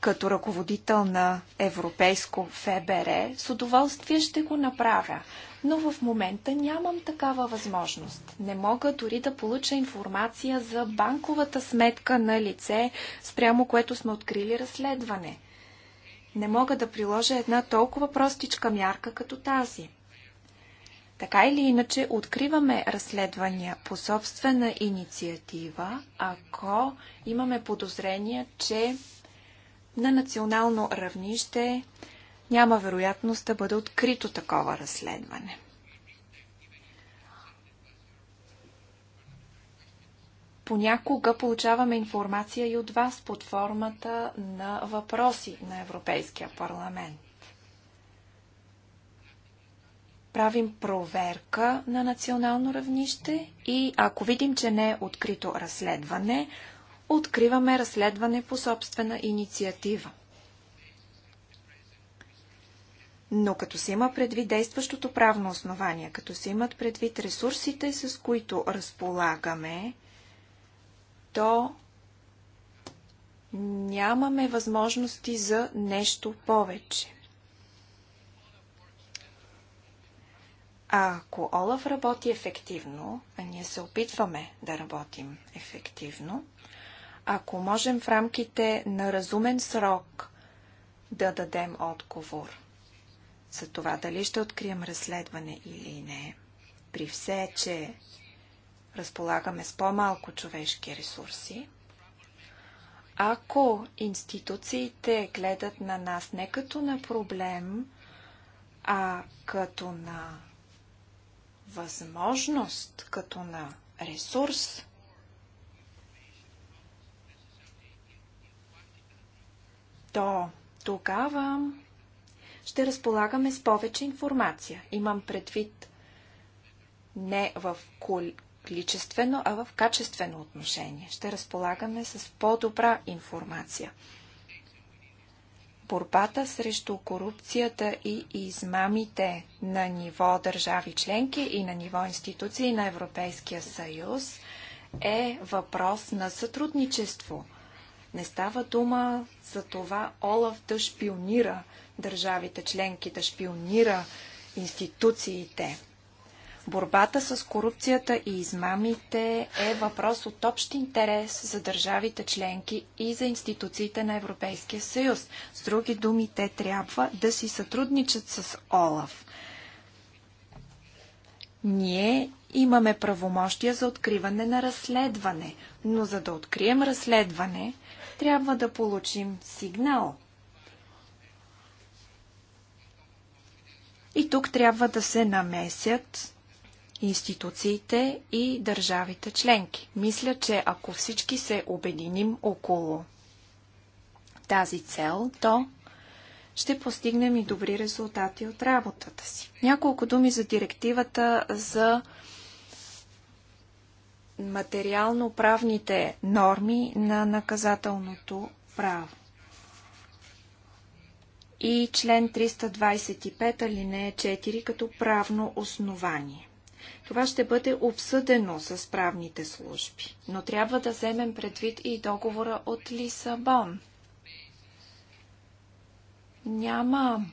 като ръководител на Европейско ФБР, с удоволствие ще го направя. Но в момента нямам такава възможност. Не мога дори да получа информация за банковата сметка на лице, спрямо което сме открили разследване. Не мога да приложа една толкова простичка мярка като тази. Така или иначе, откриваме разследвания по собствена инициатива, ако имаме подозрение, че на национално равнище няма вероятност да бъде открито такова разследване. Понякога получаваме информация и от вас под формата на въпроси на Европейския парламент. Правим проверка на национално равнище и ако видим, че не е открито разследване, откриваме разследване по собствена инициатива. Но като се има предвид действащото правно основание, като се имат предвид ресурсите, с които разполагаме, то нямаме възможности за нещо повече. А ако Олаф работи ефективно, а ние се опитваме да работим ефективно, ако можем в рамките на разумен срок да дадем отговор за това дали ще открием разследване или не, при все, че разполагаме с по-малко човешки ресурси, ако институциите гледат на нас не като на проблем, а като на възможност, като на ресурс, то тогава ще разполагаме с повече информация. Имам предвид не в количествено, а в качествено отношение. Ще разполагаме с по-добра информация. Борбата срещу корупцията и измамите на ниво държави членки и на ниво институции на Европейския съюз е въпрос на сътрудничество – не става дума за това Олаф да шпионира държавите членки, да шпионира институциите. Борбата с корупцията и измамите е въпрос от общ интерес за държавите членки и за институциите на Европейския съюз. С други думи, те трябва да си сътрудничат с ОЛАФ. Ние имаме правомощия за откриване на разследване, но за да открием разследване, трябва да получим сигнал. И тук трябва да се намесят институциите и държавите членки. Мисля, че ако всички се обединим около тази цел, то ще постигнем и добри резултати от работата си. Няколко думи за директивата за материално-правните норми на наказателното право. И член 325 алинея 4 като правно основание. Това ще бъде обсъдено с правните служби, но трябва да вземем предвид и договора от Лисабон. Няма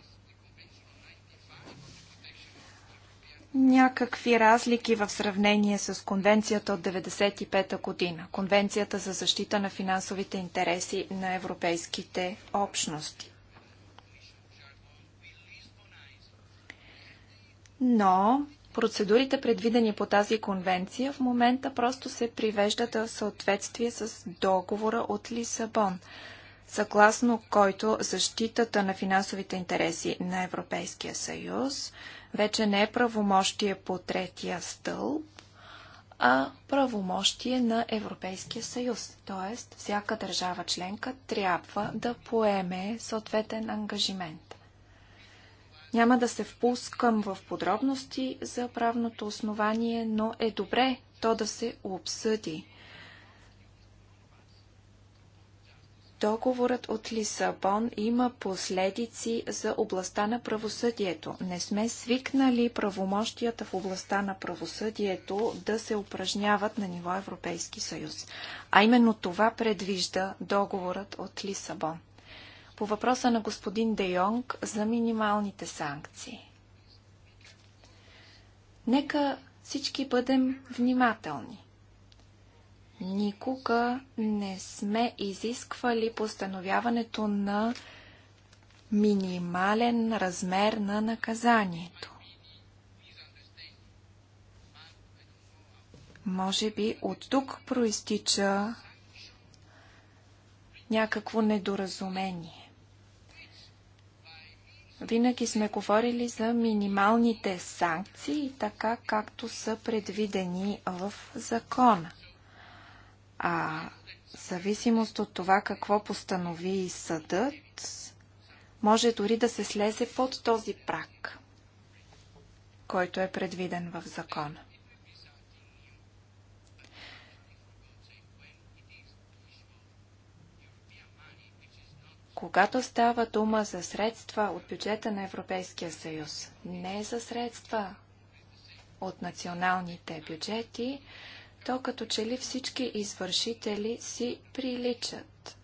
някакви разлики в сравнение с конвенцията от 1995 година, конвенцията за защита на финансовите интереси на европейските общности. Но процедурите, предвидени по тази конвенция, в момента просто се привеждат в съответствие с договора от Лисабон, съгласно който защитата на финансовите интереси на Европейския съюз – вече не е правомощие по третия стълб, а правомощие на Европейския съюз. Тоест, всяка държава членка трябва да поеме съответен ангажимент. Няма да се впускам в подробности за правното основание, но е добре то да се обсъди Договорът от Лисабон има последици за областта на правосъдието. Не сме свикнали правомощията в областта на правосъдието да се упражняват на ниво Европейски съюз. А именно това предвижда договорът от Лисабон. По въпроса на господин Де Йонг за минималните санкции. Нека всички бъдем внимателни. Никога не сме изисквали постановяването на минимален размер на наказанието. Може би от тук проистича някакво недоразумение. Винаги сме говорили за минималните санкции, така както са предвидени в закона. А в зависимост от това какво постанови съдът, може дори да се слезе под този прак, който е предвиден в закона. Когато става дума за средства от бюджета на Европейския съюз, не за средства от националните бюджети, то като че ли всички извършители си приличат.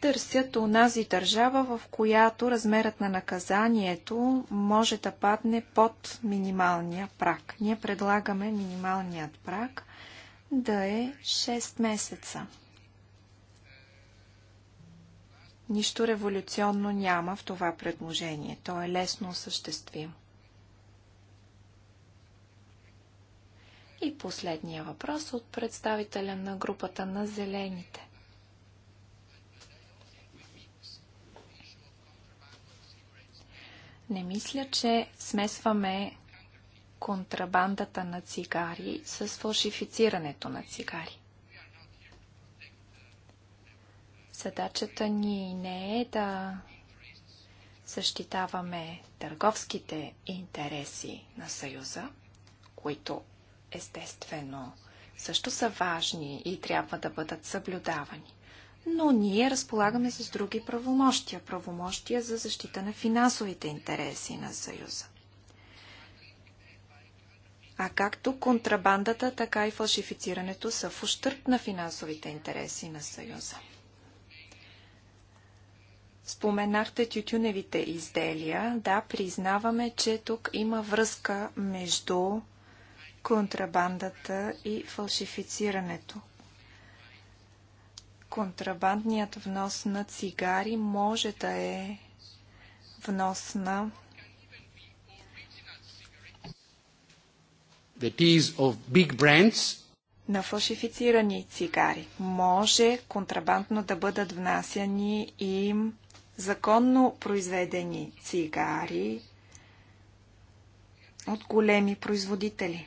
Търсят унази държава, в която размерът на наказанието може да падне под минималния прак. Ние предлагаме минималният прак да е 6 месеца. Нищо революционно няма в това предложение. То е лесно осъществимо. И последния въпрос от представителя на групата на зелените. Не мисля, че смесваме контрабандата на цигари с фалшифицирането на цигари. Задачата ни не е да защитаваме търговските интереси на Съюза, които естествено, също са важни и трябва да бъдат съблюдавани. Но ние разполагаме с други правомощия. Правомощия за защита на финансовите интереси на Съюза. А както контрабандата, така и фалшифицирането са в ущърп на финансовите интереси на Съюза. Споменахте тютюневите изделия. Да, признаваме, че тук има връзка между контрабандата и фалшифицирането. Контрабандният внос на цигари може да е внос на of big brands, на фалшифицирани цигари. Може контрабандно да бъдат внасяни и законно произведени цигари от големи производители.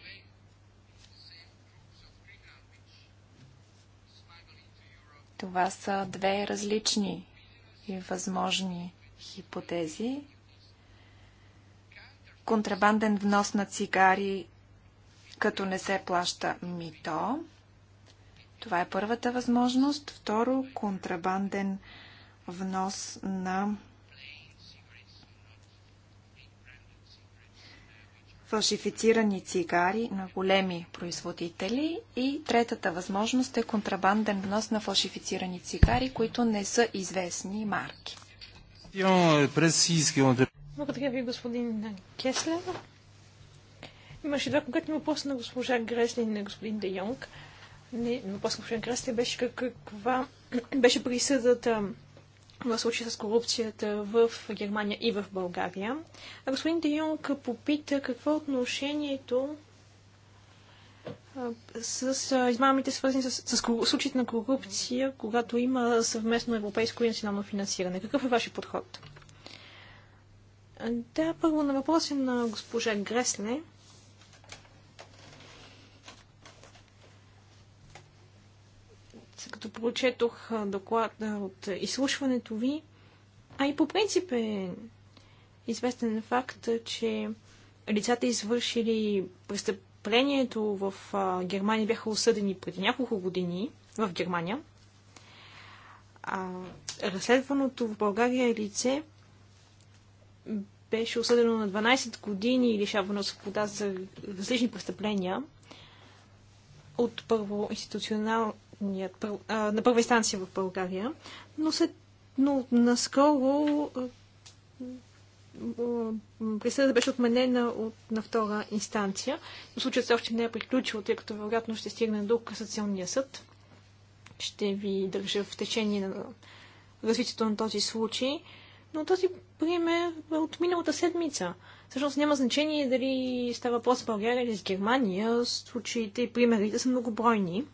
Това са две различни и възможни хипотези. Контрабанден внос на цигари, като не се плаща мито. Това е първата възможност. Второ, контрабанден внос на фалшифицирани цигари на големи производители и третата възможност е контрабанден внос на фалшифицирани цигари, които не са известни марки. Благодаря ви, господин Кеслер. Имаше два конкретни въпроса на госпожа Гресли и на господин Де Йонг. Не, въпрос на госпожа Гресли беше каква беше присъдата в случай с корупцията в Германия и в България. А господин Де Йонг попита какво е отношението с измамите, свързани с, с, случаите на корупция, когато има съвместно европейско и национално финансиране. Какъв е вашия подход? Да, първо на въпроси на госпожа Гресне. като прочетох доклада от изслушването ви, а и по принцип е известен факт, че лицата извършили престъплението в Германия бяха осъдени преди няколко години в Германия. А разследваното в България лице беше осъдено на 12 години и лишавано свобода за различни престъпления от първо институционал, първият, на първа инстанция в България, но, се, но наскоро присъдата беше отменена от, на втора инстанция, но случаят все още не е приключил, тъй като вероятно ще стигне до касационния съд. Ще ви държа в течение на развитието на този случай. Но този пример е от миналата седмица. Всъщност няма значение дали става въпрос за България или с Германия. Случаите и примерите са многобройни.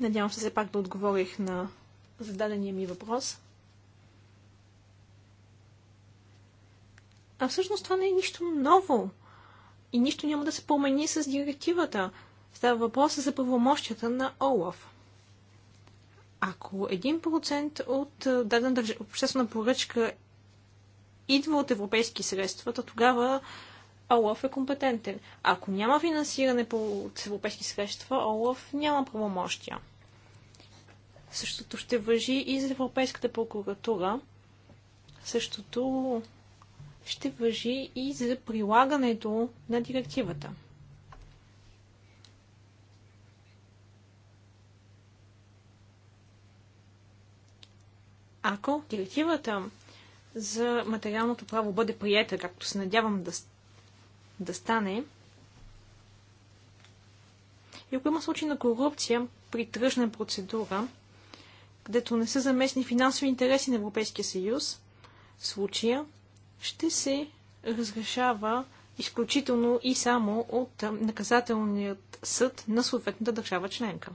Надявам се все пак да отговорих на зададения ми въпрос. А всъщност това не е нищо ново. И нищо няма да се промени с директивата. Става въпрос за правомощията на ОЛАФ. Ако 1% от дадена обществена поръчка идва от европейски средства, то тогава ОЛАФ е компетентен. Ако няма финансиране по европейски средства, ОЛАФ няма правомощия. Същото ще въжи и за Европейската прокуратура. Същото ще въжи и за прилагането на директивата. Ако директивата за материалното право бъде приета, както се надявам да да стане. И ако има случай на корупция при тръжна процедура, където не са заместни финансови интереси на Европейския съюз, случая ще се разрешава изключително и само от наказателният съд на съответната държава членка.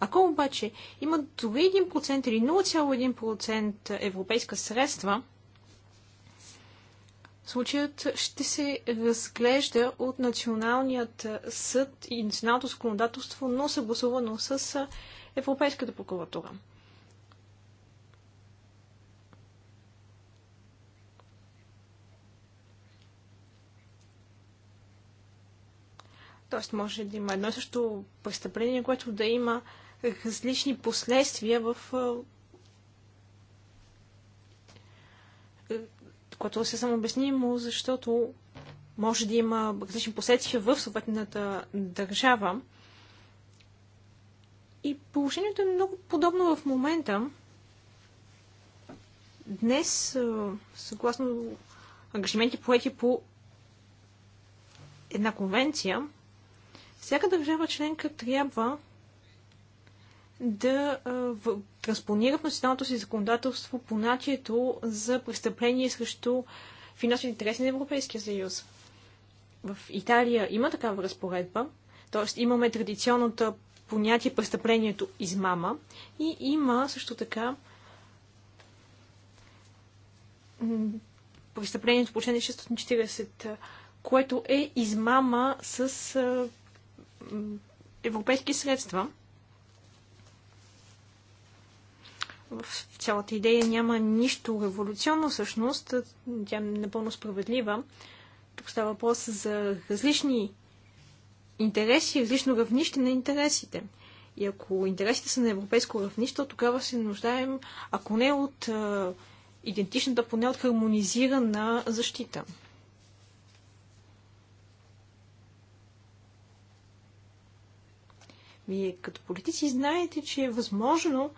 Ако обаче има дори 1% или 0,1% европейска средства, случаят ще се разглежда от Националният съд и националното законодателство, но съгласувано с Европейската прокуратура. Тоест може да има едно и също престъпление, което да има различни последствия в което се съвсем обяснимо, защото може да има различни последствия в съответната държава. И положението е много подобно в момента. Днес, съгласно ангажименти поети по една конвенция, всяка държава членка трябва да транспонират националното си законодателство понятието за престъпление срещу финансови интереси на Европейския съюз. В Италия има такава разпоредба, т.е. имаме традиционното понятие престъплението измама и има също така престъплението по член 640, което е измама с европейски средства. в цялата идея няма нищо революционно всъщност. Тя е напълно справедлива. Тук става въпрос за различни интереси, различно равнище на интересите. И ако интересите са на европейско равнище, тогава се нуждаем, ако не от а, идентичната, поне от хармонизирана защита. Вие като политици знаете, че е възможно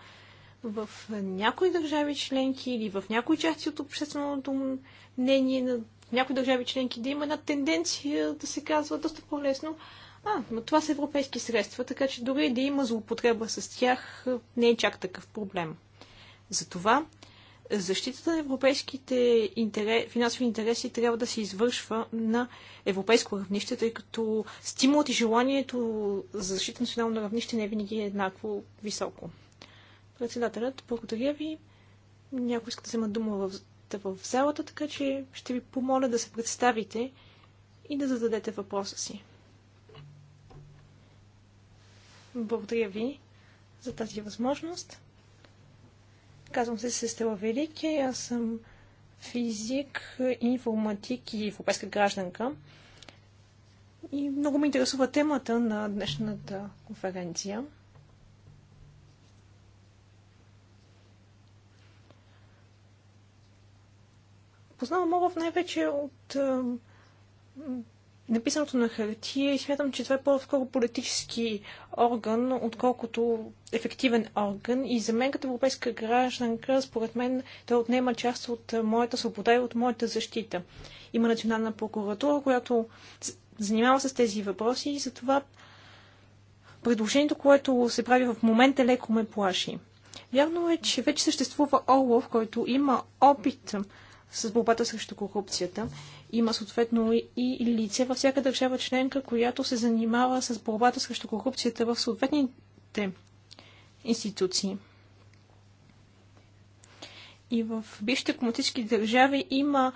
в някои държави членки или в някои части от общественото мнение на някои държави членки да има една тенденция да се казва доста по-лесно, а, но това са европейски средства, така че дори да има злоупотреба с тях, не е чак такъв проблем. Затова защитата на европейските интерес, финансови интереси трябва да се извършва на европейско равнище, тъй като стимулът и желанието за защита на национално равнище не е винаги еднакво високо. Председателят, благодаря ви. Някой иска да взема дума в, в залата, така че ще ви помоля да се представите и да зададете въпроса си. Благодаря ви за тази възможност. Казвам се Сестела Велики, аз съм физик, информатик и европейска гражданка. И много ме интересува темата на днешната конференция. Познавам Олаф най-вече от а, написаното на хартия и смятам, че това е по-скоро политически орган, отколкото ефективен орган. И за мен като европейска гражданка, според мен, той отнема част от моята свобода и от моята защита. Има национална прокуратура, която занимава с тези въпроси и затова предложението, което се прави в момента, леко ме плаши. Вярно е, че вече съществува Олов, който има опит с борбата срещу корупцията. Има съответно и лице във всяка държава членка, която се занимава с борбата срещу корупцията в съответните институции. И в бившите комунистически държави има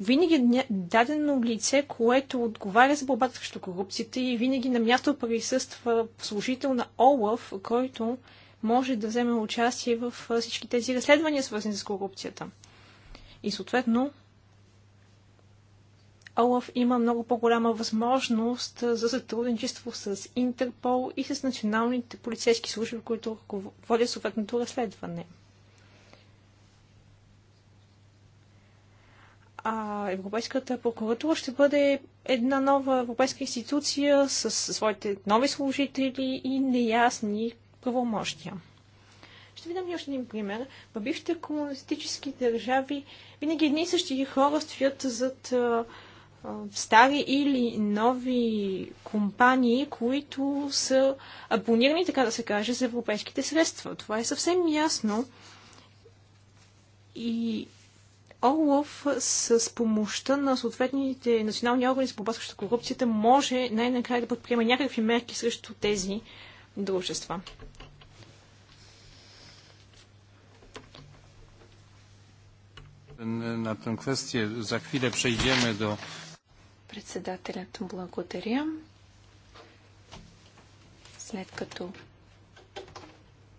винаги дадено лице, което отговаря за борбата срещу корупцията и винаги на място присъства служител на ОЛАВ, който може да вземе участие в всички тези разследвания, свързани с корупцията. И съответно, Олаф има много по-голяма възможност за сътрудничество с Интерпол и с националните полицейски служби, които водят съответното разследване. а Европейската прокуратура ще бъде една нова европейска институция с своите нови служители и неясни правомощия. Ще ви дам още един пример. В бившите комунистически държави винаги едни и същи хора стоят зад а, а, стари или нови компании, които са абонирани, така да се каже, за европейските средства. Това е съвсем ясно. И Олов с помощта на съответните национални органи за борба срещу корупцията може най-накрая да подприема някакви мерки срещу тези дружества. на тази квестия За chwilę przejdziemy до... Председателят благодаря. След като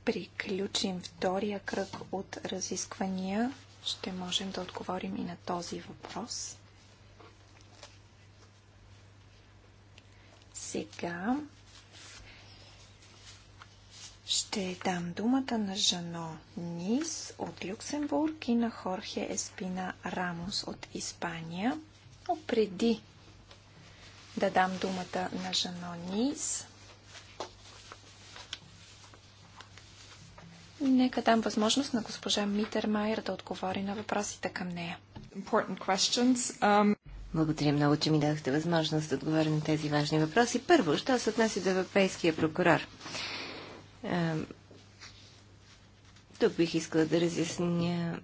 приключим втория кръг от разисквания, ще можем да отговорим и на този въпрос. Сега ще дам думата на Жано Нис от Люксембург и на Хорхе Еспина Рамос от Испания. Но преди да дам думата на Жано Нис, нека дам възможност на госпожа Митермайер да отговори на въпросите към нея. Um... Благодаря много, че ми дадохте възможност да отговоря на тези важни въпроси. Първо, що се отнася до европейския прокурор? Uh, тук бих искала да разясня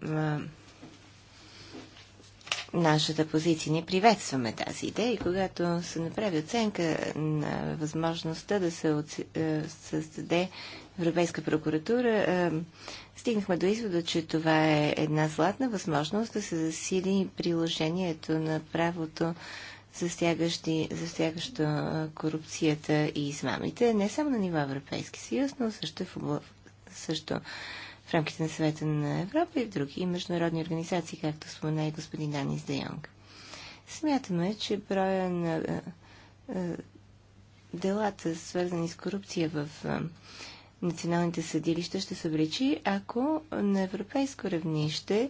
нашата позиция. Не приветстваме тази идея и когато се направи оценка на възможността да се е, създаде Европейска прокуратура, е, стигнахме до извода, че това е една златна възможност да се засили приложението на правото засягащи, засягаща корупцията и измамите, не само на ниво Европейски съюз, но също в, обла... също в рамките на съвета на Европа и в други международни организации, както спомена и господин Данис Де Йонг. Смятаме, че броя на делата, свързани с корупция в националните съдилища, ще се обличи, ако на европейско равнище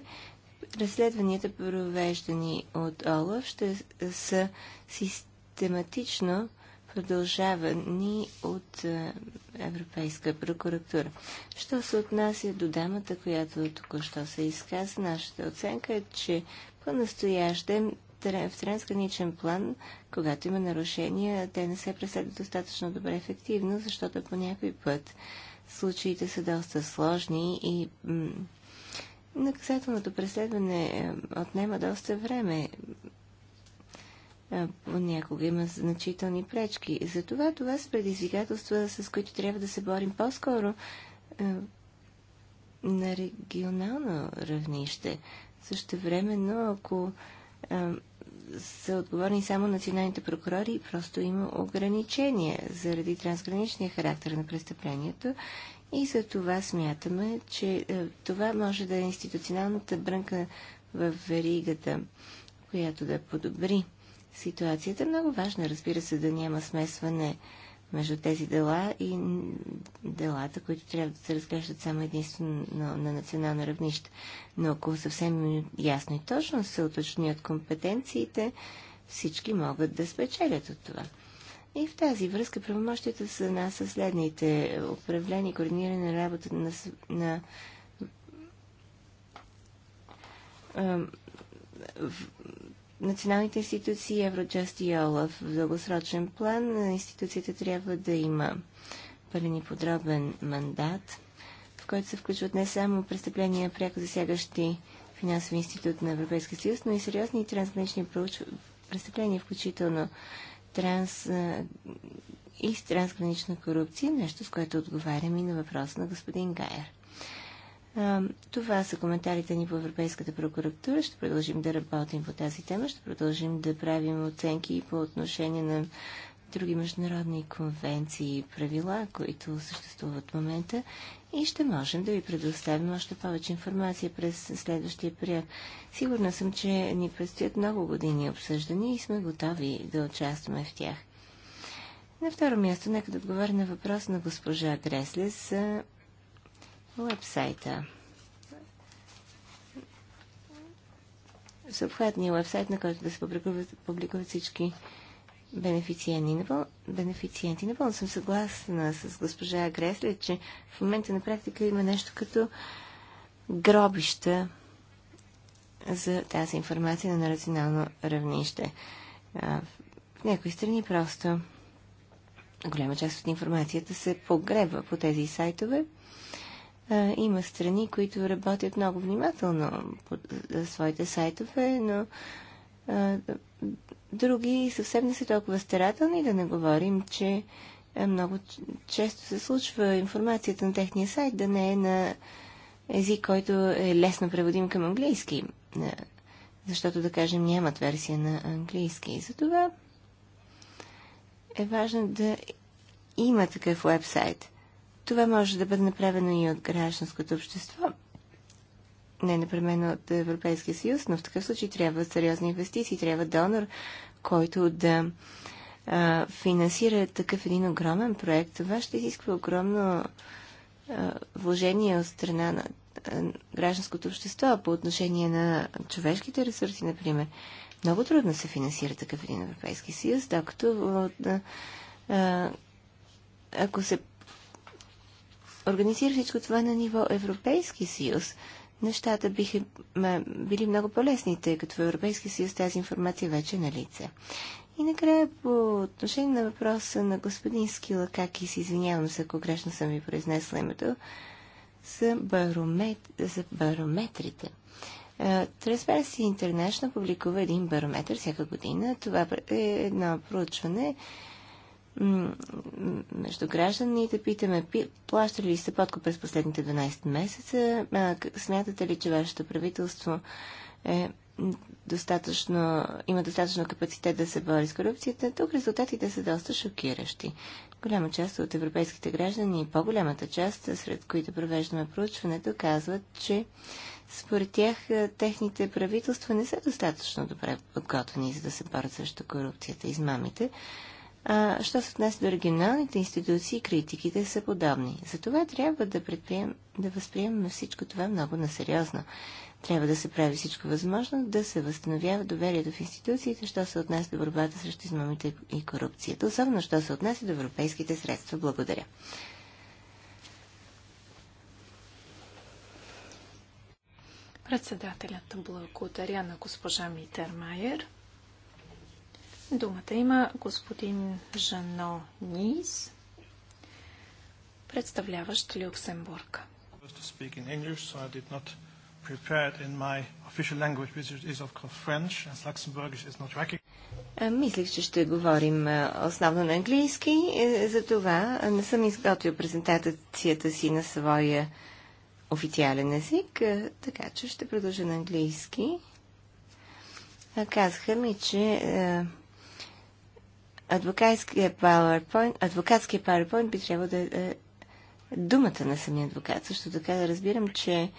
разследванията, провеждани от ОЛАФ, ще са систематично продължавани от е, Европейска прокуратура. Що се отнася до дамата, която току-що се изказа, нашата оценка е, че по-настоящем в трансграничен план, когато има нарушения, те не се преследват достатъчно добре ефективно, защото по някой път случаите са доста сложни и Наказателното преследване е, отнема доста време. Е, понякога има значителни пречки. Затова това са предизвикателства, с които трябва да се борим по-скоро е, на регионално равнище. Също време, но ако са отговорни само националните прокурори, просто има ограничения заради трансграничния характер на престъплението и за това смятаме, че е, това може да е институционалната брънка в веригата, която да подобри ситуацията. Много важно, разбира се, да няма смесване между тези дела и делата, които трябва да се разглеждат само единствено на, на национално равнище. Но ако съвсем ясно и точно се уточнят компетенциите, всички могат да спечелят от това. И в тази връзка правомощията са нас следните. Управление, координиране на работа на, на в, националните институции, Евроджаст и ОЛАФ в дългосрочен план. Институцията трябва да има пълен и подробен мандат, в който се включват не само престъпления, пряко засягащи финансови институт на Европейския съюз, но и сериозни трансгранични престъпления, включително транс, и с трансгранична корупция, нещо с което отговарям и на въпрос на господин Гайер. Това са коментарите ни по Европейската прокуратура. Ще продължим да работим по тази тема. Ще продължим да правим оценки и по отношение на други международни конвенции и правила, които съществуват в момента и ще можем да ви предоставим още повече информация през следващия период. Сигурна съм, че ни предстоят много години обсъждани и сме готови да участваме в тях. На второ място, нека да отговоря на въпрос на госпожа Дресле с вебсайта. Съобхватния вебсайт, на който да се публикуват, публикуват всички бенефициенти. Напълно, бенефициенти. съм съгласна с госпожа Гресле, че в момента на практика има нещо като гробища за тази информация на национално равнище. В някои страни просто голяма част от информацията се погребва по тези сайтове. Има страни, които работят много внимателно по своите сайтове, но други съвсем не са толкова старателни, да не говорим, че е, много често се случва информацията на техния сайт да не е на език, който е лесно преводим към английски, е, защото, да кажем, нямат версия на английски. И затова е важно да има такъв вебсайт. Това може да бъде направено и от гражданското общество – не непременно от Европейския съюз, но в такъв случай трябва сериозни инвестиции, трябва донор, който да а, финансира такъв един огромен проект. Това ще изисква огромно а, вложение от страна на а, гражданското общество по отношение на човешките ресурси, например. Много трудно се финансира такъв един Европейски съюз, докато от, а, а, ако се организира всичко това на ниво Европейски съюз, нещата биха били много по-лесни, тъй като в Европейския съюз тази информация вече е на лице. И накрая по отношение на въпроса на господин Скила, как и се извинявам се, ако грешно съм ви произнесла името, за, баромет, за барометрите. Transparency International публикува един барометр всяка година. Това е едно проучване, между гражданите питаме, плащали ли сте подкуп през последните 12 месеца? Смятате ли, че вашето правителство е достатъчно, има достатъчно капацитет да се бори с корупцията? Тук резултатите са доста шокиращи. Голяма част от европейските граждани и по-голямата част, сред които провеждаме проучването, казват, че според тях техните правителства не са достатъчно добре подготвени, за да се борят срещу корупцията и измамите. А, що се отнася до регионалните институции, критиките са подобни. Затова трябва да, предприем, да възприемем всичко това много насериозно. Трябва да се прави всичко възможно да се възстановява доверието в институциите, що се отнася до борбата срещу измамите и корупцията, особено що се отнася до европейските средства. Благодаря. Председателят благодаря на госпожа Митер Майер. Думата има господин Жано Нис, представляващ Люксембург. Е, Мислих, че ще говорим е, основно на английски, е, затова не съм изготвил презентацията си на своя официален език, така че ще продължа на английски. Казаха ми, че адвокатския PowerPoint, адвокатския PowerPoint би трябвало да е думата на самия адвокат. Също така да разбирам, че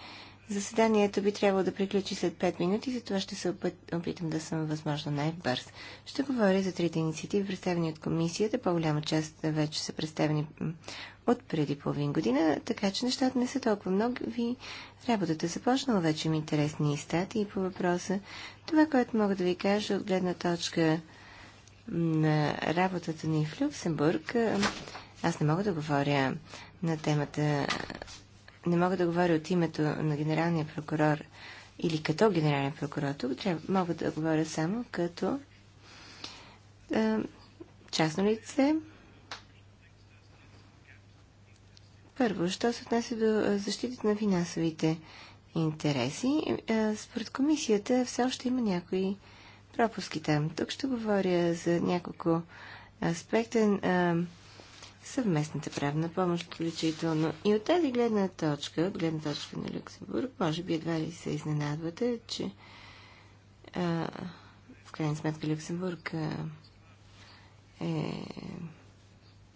заседанието би трябвало да приключи след 5 минути, затова ще се опитам да съм възможно най-бърз. Ще говоря за трите инициативи, представени от комисията. По-голяма част вече са представени от преди половин година, така че нещата не са толкова много. Ви работата е започнала, вече ми интересни и статии по въпроса. Това, което мога да ви кажа от гледна точка на работата ни в Люксембург, аз не мога да говоря на темата, не мога да говоря от името на генералния прокурор или като генерален прокурор. Тук трябва, мога да говоря само като е, частно лице. Първо, що се отнася до защитата на финансовите интереси, е, според комисията все още има някои пропуските. Тук ще говоря за няколко аспекта. А, съвместната правна помощ, включително. И от тази гледна точка, от гледна точка на Люксембург, може би едва ли се изненадвате, че а, в крайна сметка Люксембург а, е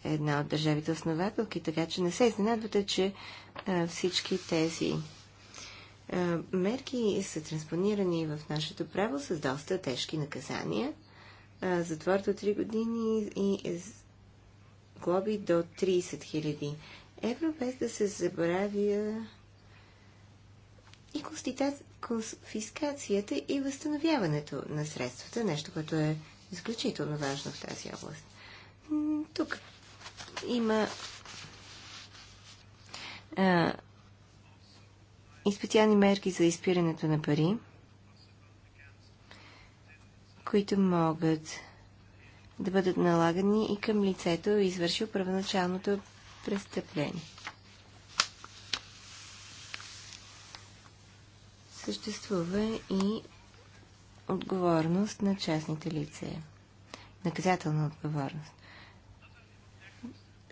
една от държавите основателки, така че не се изненадвате, че а, всички тези е, мерки са транспонирани в нашето право с доста тежки наказания. Е, Затвор до 3 години и глоби до 30 000 евро, без да се забравя и конфискацията и възстановяването на средствата, нещо, което е изключително важно в тази област. Тук има е, и специални мерки за изпирането на пари, които могат да бъдат налагани и към лицето, извършил първоначалното престъпление. Съществува и отговорност на частните лице. Наказателна отговорност.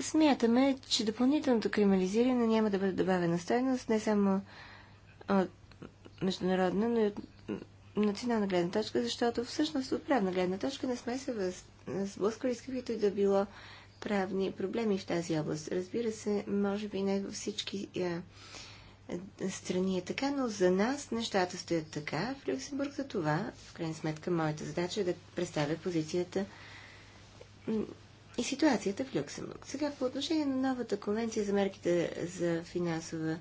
Смятаме, че допълнителното криминализиране няма да бъде добавена стоеност не само от международна, но и от национална гледна точка, защото всъщност от правна гледна точка не сме се възблъскали сблъскали с каквито и да било правни проблеми в тази област. Разбира се, може би не във всички е, е, страни е така, но за нас нещата стоят така в Люксембург. За това, в крайна сметка, моята задача е да представя позицията и ситуацията в Люксембург. Сега по отношение на новата конвенция за мерките за финансова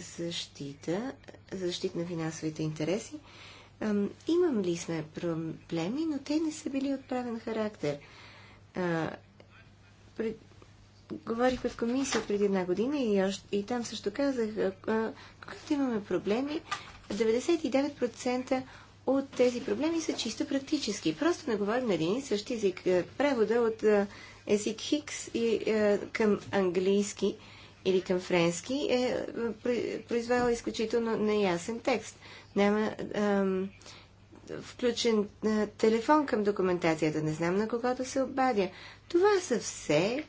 защита, защита на финансовите интереси. Имам ли сме проблеми, но те не са били отправен характер. Пред... Говорихме в комисия преди една година и, още... и там също казах, когато имаме проблеми, 99% от тези проблеми са чисто практически. Просто не говорим на един и същи език. Е, превода от език Хикс и, е, към английски или към френски, е, е произвела изключително неясен текст. Няма ам, включен а, телефон към документацията, не знам на кого да се обадя. Това са все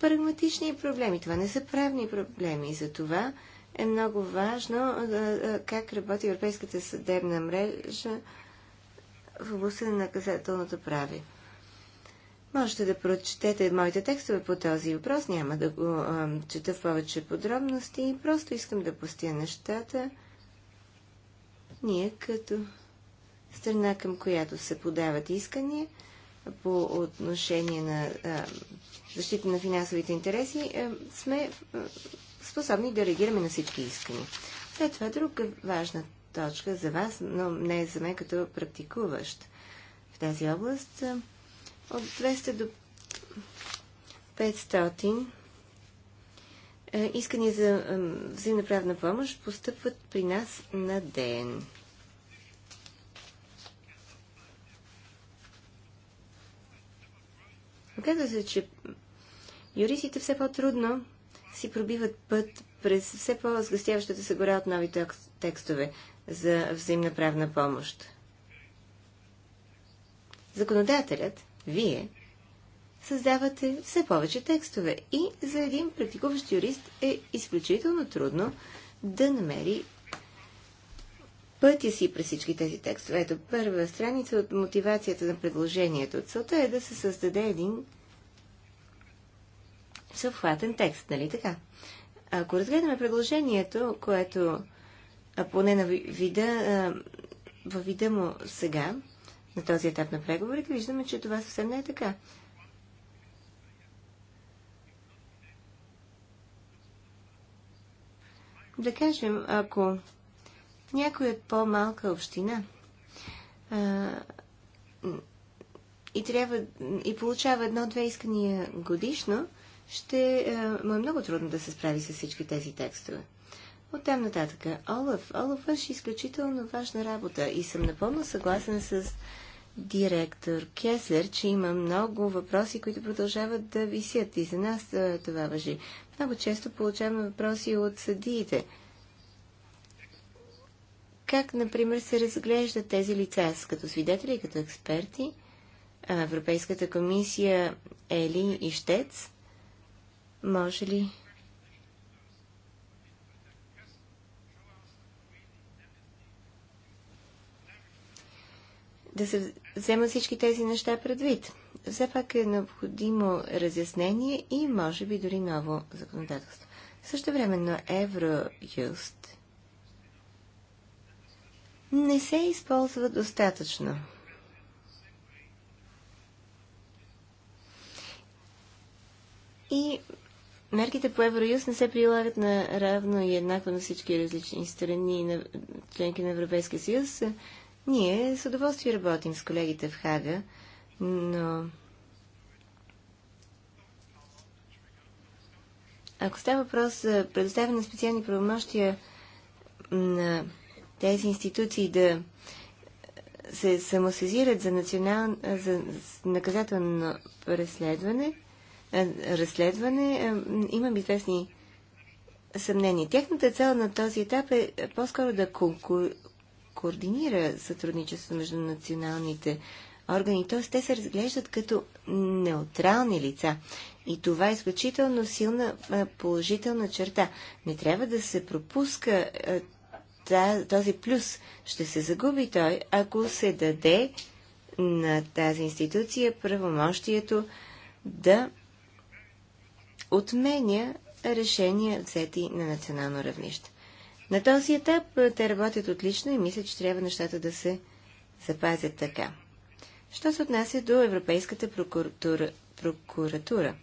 прагматични проблеми. Това не са правни проблеми. И за това е много важно а, как работи Европейската съдебна мрежа в областта на наказателното право. Можете да прочетете моите текстове по този въпрос, няма да го а, чета в повече подробности, просто искам да постия нещата. Ние като страна, към която се подават искания по отношение на а, защита на финансовите интереси, а, сме а, способни да реагираме на всички искания. След това друга важна точка за вас, но не за мен като практикуващ в тази област. А, от 200 до 500 е, искания за е, взаимна правна помощ постъпват при нас на ден. Оказва се, че юристите все по-трудно си пробиват път през все по-сгъстяващата се гора от нови текстове за взаимна правна помощ. Законодателят вие създавате все повече текстове и за един практикуващ юрист е изключително трудно да намери пътя си през всички тези текстове. Ето първа страница от мотивацията на предложението. Целта е да се създаде един съвхватен текст, нали така? Ако разгледаме предложението, което поне на вида, във вида му сега, на този етап на преговорите, виждаме, че това съвсем не е така. Да кажем, ако някой от по-малка община а, и, трябва, и получава едно-две искания годишно, ще а, му е много трудно да се справи с всички тези текстове. От там нататък, Олаф. Олаф върши изключително важна работа и съм напълно съгласен с директор Кеслер, че има много въпроси, които продължават да висят и за нас това въжи. Много често получаваме въпроси от съдиите. Как, например, се разглеждат тези лица като свидетели, като експерти? Европейската комисия е ли ищец? Може ли да се взема всички тези неща предвид. Все пак е необходимо разяснение и може би дори ново законодателство. Също времено Евроюст не се използва достатъчно. И мерките по Евроюст не се прилагат на равно и еднакво на всички различни страни на членки на Европейския съюз. Ние с удоволствие работим с колегите в Хага, но Ако става въпрос за предоставяне на специални правомощия на тези институции да се самосезират за, национал... за наказателно разследване, разследване, имам известни съмнения. Тяхната цел на този етап е по-скоро да конку координира сътрудничество между националните органи, т.е. те се разглеждат като неутрални лица. И това е изключително силна положителна черта. Не трябва да се пропуска този плюс. Ще се загуби той, ако се даде на тази институция правомощието да отменя решения взети на национално равнище. На този етап те работят отлично и мисля, че трябва нещата да се запазят така. Що се отнася до Европейската прокуратура? прокуратура?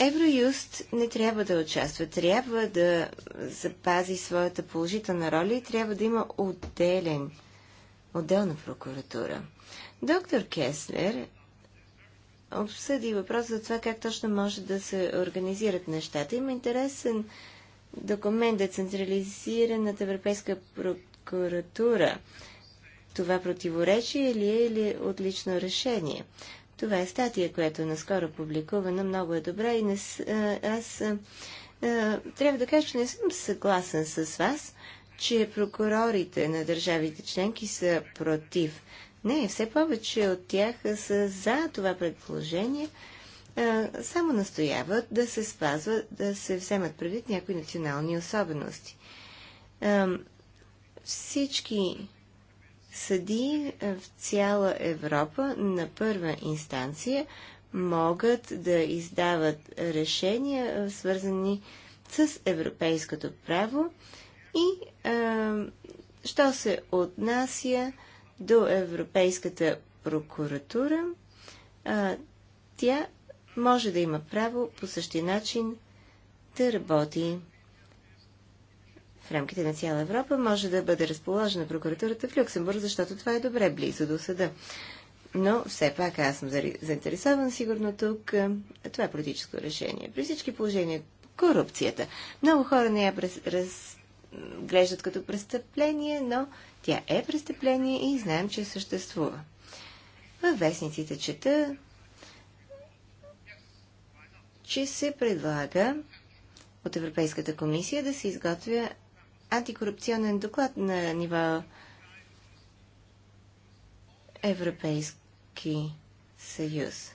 Евроюст не трябва да участва, трябва да запази своята положителна роля и трябва да има отделен, отделна прокуратура. Доктор Кеслер обсъди въпрос за това как точно може да се организират нещата. Има интересен документ, децентрализираната Европейска прокуратура. Това противоречие ли е или е отлично решение? Това е статия, която е наскоро публикувана. Много е добра и не с, аз трябва да кажа, че не съм съгласен с вас, че прокурорите на държавите членки са против не, все повече от тях са за това предположение, а, само настояват да се спазват, да се вземат предвид някои национални особености. А, всички съдии в цяла Европа на първа инстанция могат да издават решения, свързани с европейското право и а, що се отнася до Европейската прокуратура, а, тя може да има право по същия начин да работи в рамките на цяла Европа. Може да бъде разположена прокуратурата в Люксембург, защото това е добре близо до съда. Но все пак аз съм заинтересован сигурно тук. Това е политическо решение. При всички положения корупцията. Много хора не я разглеждат като престъпление, но тя е престъпление и знаем, че съществува. Във вестниците чета, че се предлага от Европейската комисия да се изготвя антикорупционен доклад на ниво Европейски съюз.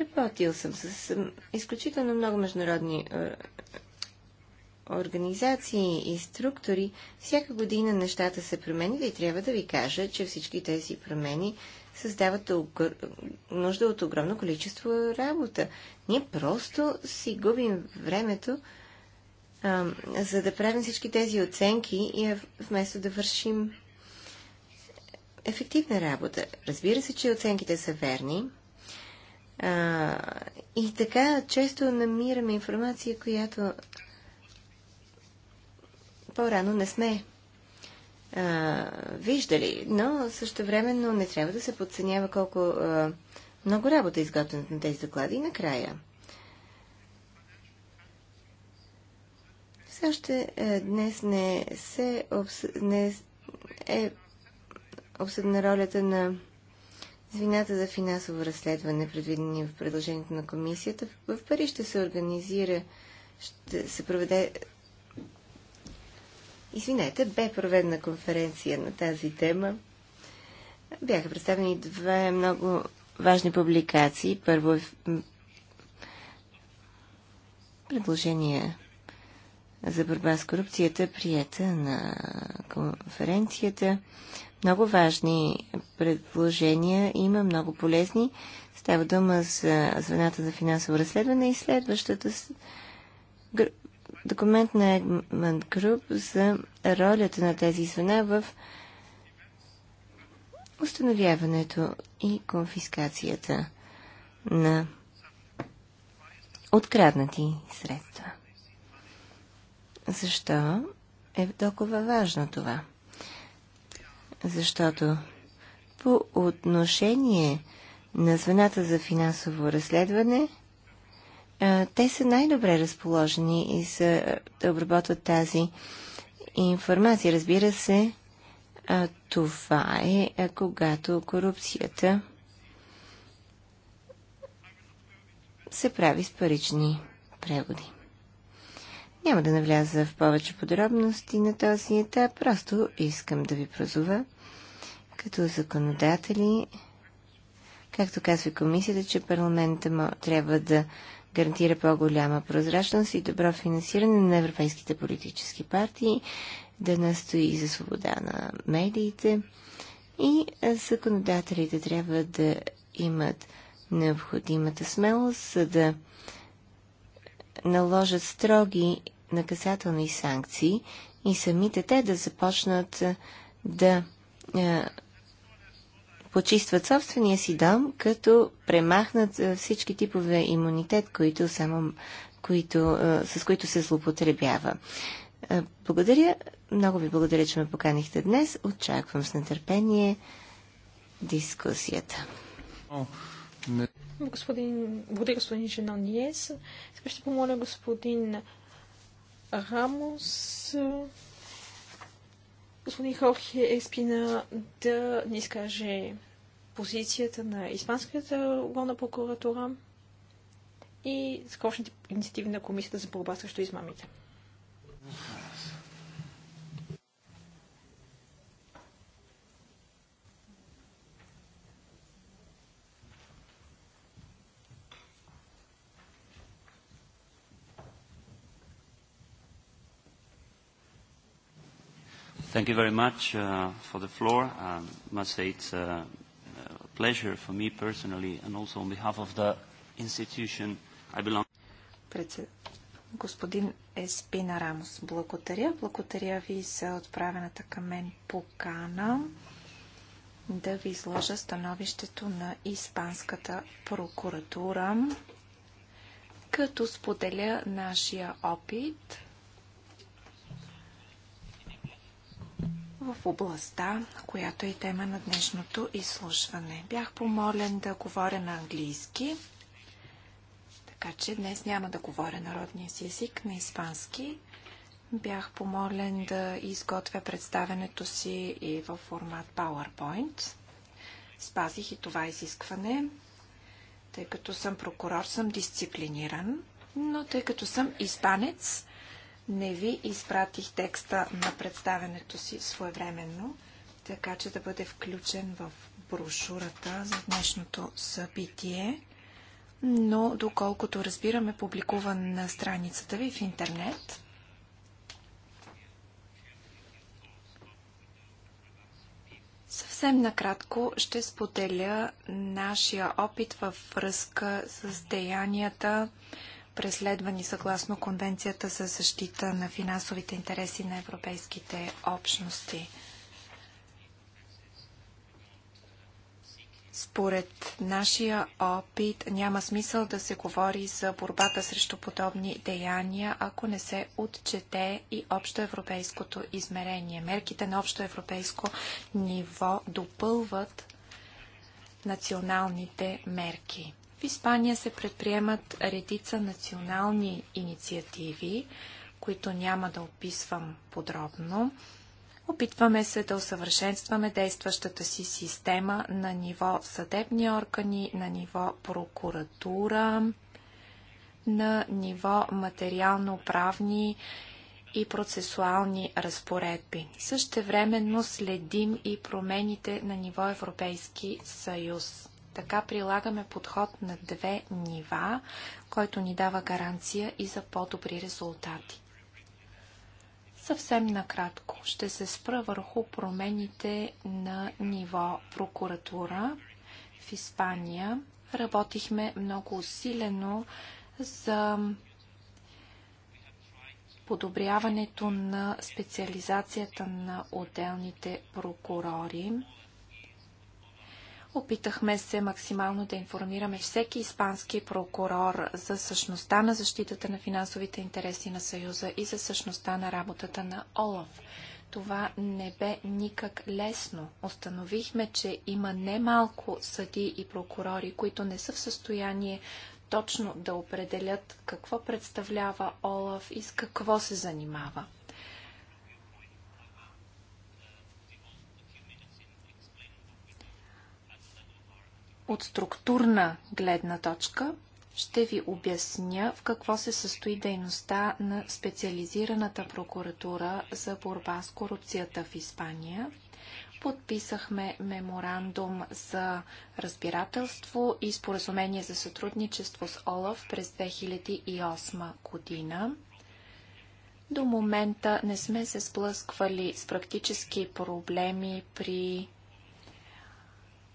Работил съм с изключително много международни е, организации и структури, всяка година нещата се променят и трябва да ви кажа, че всички тези промени създават огр... нужда от огромно количество работа. Ние просто си губим времето, а, за да правим всички тези оценки и вместо да вършим ефективна работа. Разбира се, че оценките са верни. А, и така често намираме информация, която по-рано не сме а, виждали, но също времено не трябва да се подценява колко а, много работа е изготвянето на тези доклади и накрая. Все още а, е, днес не, се обс... не е обсъдна ролята на звената за финансово разследване, предвидени в предложението на комисията. В Париж ще се организира, ще се проведе Извинете, бе проведена конференция на тази тема. Бяха представени две много важни публикации. Първо е предложение за борба с корупцията, приета на конференцията. Много важни предложения има, много полезни. Става дума за звената за финансово разследване и следващата документ на Едман Круп за ролята на тези звена в установяването и конфискацията на откраднати средства. Защо е толкова важно това? Защото по отношение на звената за финансово разследване – те са най-добре разположени и са, да обработват тази информация. Разбира се, това е когато корупцията се прави с парични преводи. Няма да навляза в повече подробности на този етап, просто искам да ви прозова като законодатели, както казва комисията, че парламента трябва да гарантира по-голяма прозрачност и добро финансиране на европейските политически партии, да настои за свобода на медиите и законодателите трябва да имат необходимата смелост, за да наложат строги наказателни санкции и самите те да започнат да почистват собствения си дом, като премахнат е, всички типове имунитет, които само, които, е, с които се злоупотребява. Е, благодаря. Много ви благодаря, че ме поканихте днес. Очаквам с нетърпение дискусията. Господин, благодаря, господин Женон Ниес. Сега ще помоля господин Рамос господин Хорхе Еспина да ни изкаже позицията на Испанската главна прокуратура и скорошните инициативи на Комисията за борба срещу измамите. Thank you very much uh, for the floor. I um, must say it's uh, a pleasure for me personally and also on behalf of the institution I belong господин Еспина Рамос. Благодаря. Благодаря ви за отправената към мен покана да ви изложа становището на Испанската прокуратура, като споделя нашия опит в областта, която е тема на днешното изслушване. Бях помолен да говоря на английски, така че днес няма да говоря народния си език на испански. Бях помолен да изготвя представенето си и във формат PowerPoint. Спазих и това изискване. Тъй като съм прокурор, съм дисциплиниран, но тъй като съм испанец, не ви изпратих текста на представенето си своевременно, така че да бъде включен в брошурата за днешното събитие, но доколкото разбираме, публикуван на страницата ви в интернет. Съвсем накратко ще споделя нашия опит във връзка с деянията, преследвани съгласно Конвенцията за защита на финансовите интереси на европейските общности. Според нашия опит няма смисъл да се говори за борбата срещу подобни деяния, ако не се отчете и общоевропейското измерение. Мерките на общоевропейско ниво допълват националните мерки. В Испания се предприемат редица национални инициативи, които няма да описвам подробно. Опитваме се да усъвършенстваме действащата си система на ниво съдебни органи, на ниво прокуратура, на ниво материално-правни и процесуални разпоредби. Същевременно следим и промените на ниво Европейски съюз. Така прилагаме подход на две нива, който ни дава гаранция и за по-добри резултати. Съвсем накратко ще се спра върху промените на ниво прокуратура в Испания. Работихме много усилено за подобряването на специализацията на отделните прокурори. Опитахме се максимално да информираме всеки испански прокурор за същността на защитата на финансовите интереси на Съюза и за същността на работата на ОЛАФ. Това не бе никак лесно. Установихме, че има немалко съди и прокурори, които не са в състояние точно да определят какво представлява ОЛАФ и с какво се занимава. От структурна гледна точка ще ви обясня в какво се състои дейността на специализираната прокуратура за борба с корупцията в Испания. Подписахме меморандум за разбирателство и споразумение за сътрудничество с ОЛАФ през 2008 година. До момента не сме се сблъсквали с практически проблеми при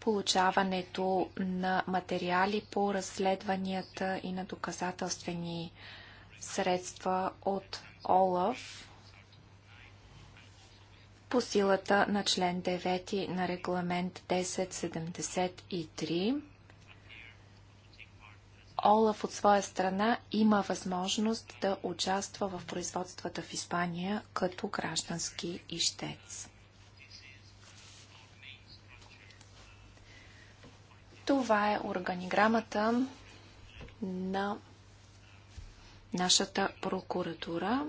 получаването на материали по разследванията и на доказателствени средства от ОЛАФ по силата на член 9 на регламент 1073. Олаф от своя страна има възможност да участва в производствата в Испания като граждански ищец. Това е органиграмата на нашата прокуратура.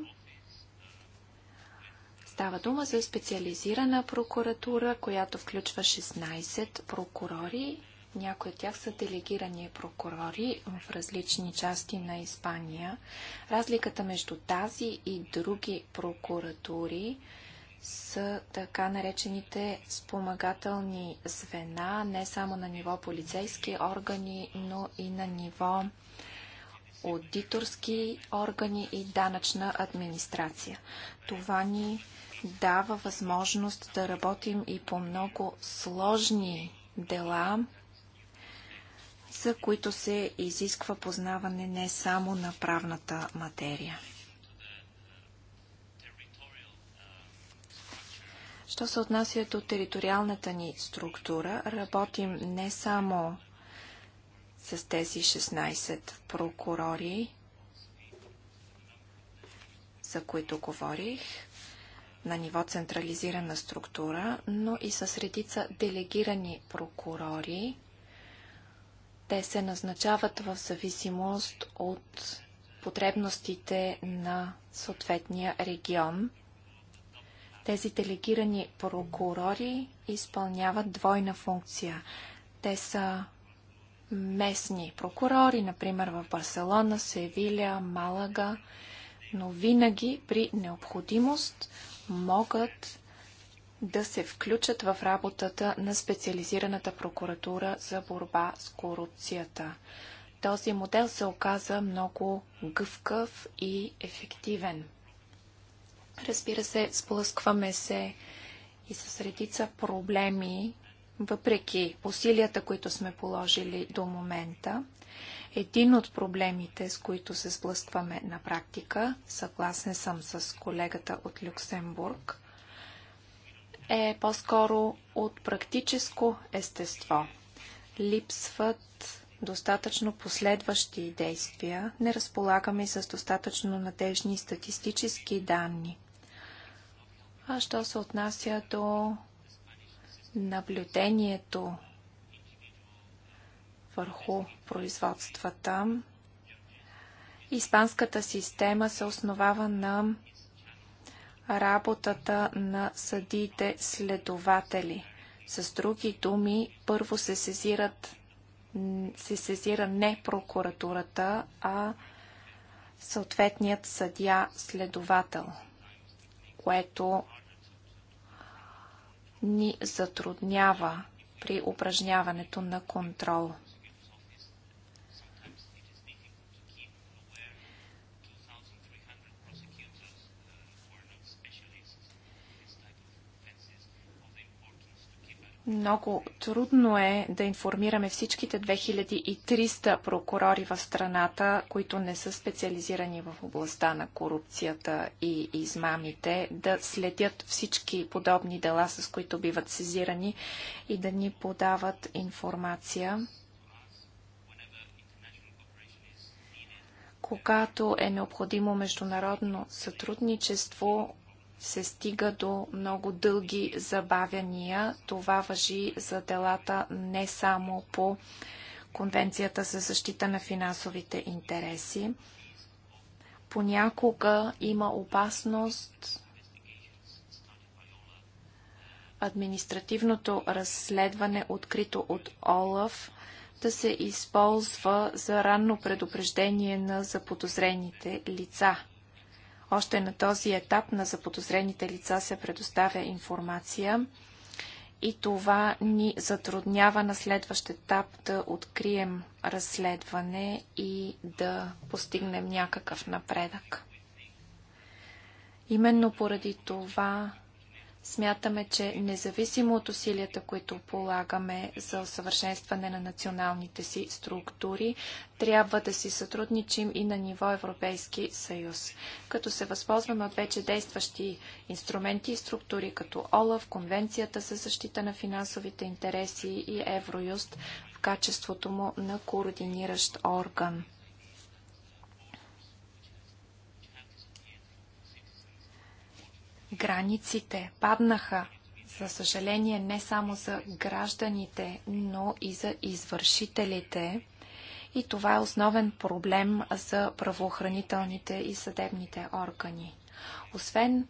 Става дума за специализирана прокуратура, която включва 16 прокурори. Някои от тях са делегирани прокурори в различни части на Испания. Разликата между тази и други прокуратури е, са така наречените спомагателни звена, не само на ниво полицейски органи, но и на ниво аудиторски органи и данъчна администрация. Това ни дава възможност да работим и по много сложни дела, за които се изисква познаване не само на правната материя. Що се отнася до териториалната ни структура, работим не само с тези 16 прокурори, за които говорих, на ниво централизирана структура, но и с редица делегирани прокурори. Те се назначават в зависимост от потребностите на съответния регион. Тези делегирани прокурори изпълняват двойна функция. Те са местни прокурори, например в Барселона, Севиля, Малага, но винаги при необходимост могат да се включат в работата на специализираната прокуратура за борба с корупцията. Този модел се оказа много гъвкав и ефективен. Разбира се, сблъскваме се и с редица проблеми, въпреки усилията, които сме положили до момента. Един от проблемите, с които се сблъскваме на практика, съгласен съм с колегата от Люксембург, е по-скоро от практическо естество. Липсват достатъчно последващи действия, не разполагаме с достатъчно надежни статистически данни. А що се отнася до наблюдението върху производствата, испанската система се основава на работата на съдиите следователи. С други думи, първо се сезират се сезира не прокуратурата, а съответният съдя следовател което ни затруднява при упражняването на контрол. Много трудно е да информираме всичките 2300 прокурори в страната, които не са специализирани в областта на корупцията и измамите, да следят всички подобни дела, с които биват сезирани и да ни подават информация. когато е необходимо международно сътрудничество, се стига до много дълги забавяния. Това въжи за делата не само по Конвенцията за защита на финансовите интереси. Понякога има опасност административното разследване, открито от ОЛАФ, да се използва за ранно предупреждение на заподозрените лица. Още на този етап на заподозрените лица се предоставя информация и това ни затруднява на следващ етап да открием разследване и да постигнем някакъв напредък. Именно поради това Смятаме, че независимо от усилията, които полагаме за усъвършенстване на националните си структури, трябва да си сътрудничим и на ниво Европейски съюз, като се възползваме от вече действащи инструменти и структури, като ОЛАВ, Конвенцията за защита на финансовите интереси и Евроюст в качеството му на координиращ орган. границите паднаха, за съжаление, не само за гражданите, но и за извършителите. И това е основен проблем за правоохранителните и съдебните органи. Освен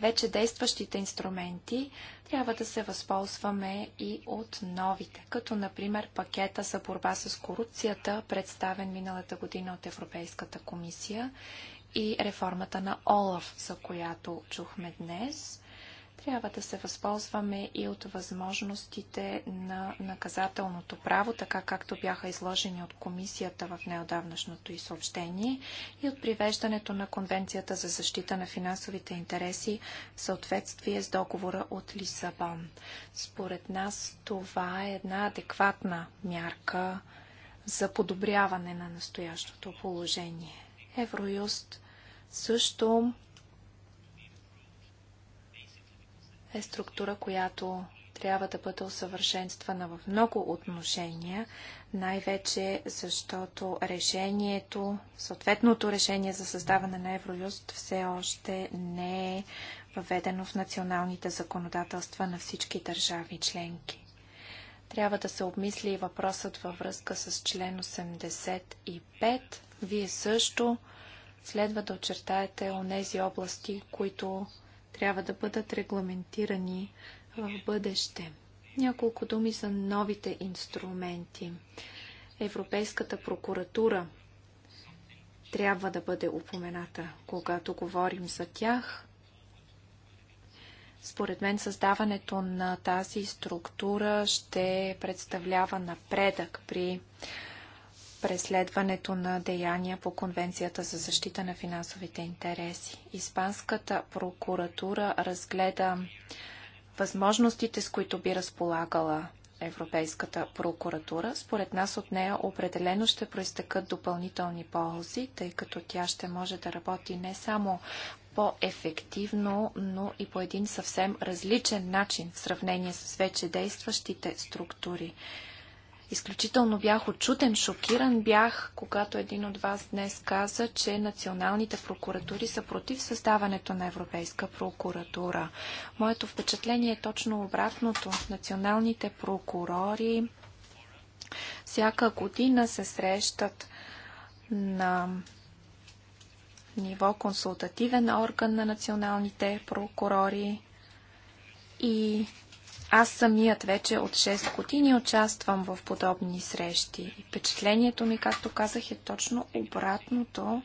вече действащите инструменти, трябва да се възползваме и от новите, като например пакета за борба с корупцията, представен миналата година от Европейската комисия и реформата на ОЛАФ, за която чухме днес. Трябва да се възползваме и от възможностите на наказателното право, така както бяха изложени от комисията в неодавнашното и съобщение, и от привеждането на Конвенцията за защита на финансовите интереси в съответствие с договора от Лисабон. Според нас това е една адекватна мярка за подобряване на настоящото положение. Евроюст също е структура, която трябва да бъде усъвършенствана в много отношения, най-вече защото решението, съответното решение за създаване на Евроюст все още не е въведено в националните законодателства на всички държави членки. Трябва да се обмисли и въпросът във връзка с член 85. Вие също следва да очертаете онези области, които трябва да бъдат регламентирани в бъдеще. Няколко думи за новите инструменти. Европейската прокуратура трябва да бъде упомената, когато говорим за тях. Според мен създаването на тази структура ще представлява напредък при преследването на деяния по Конвенцията за защита на финансовите интереси. Испанската прокуратура разгледа възможностите, с които би разполагала Европейската прокуратура. Според нас от нея определено ще проистъкат допълнителни ползи, тъй като тя ще може да работи не само по-ефективно, но и по един съвсем различен начин в сравнение с вече действащите структури. Изключително бях очутен, шокиран бях, когато един от вас днес каза, че националните прокуратури са против създаването на Европейска прокуратура. Моето впечатление е точно обратното. Националните прокурори всяка година се срещат на ниво консултативен орган на националните прокурори и аз самият вече от 6 години участвам в подобни срещи. И впечатлението ми, както казах, е точно обратното.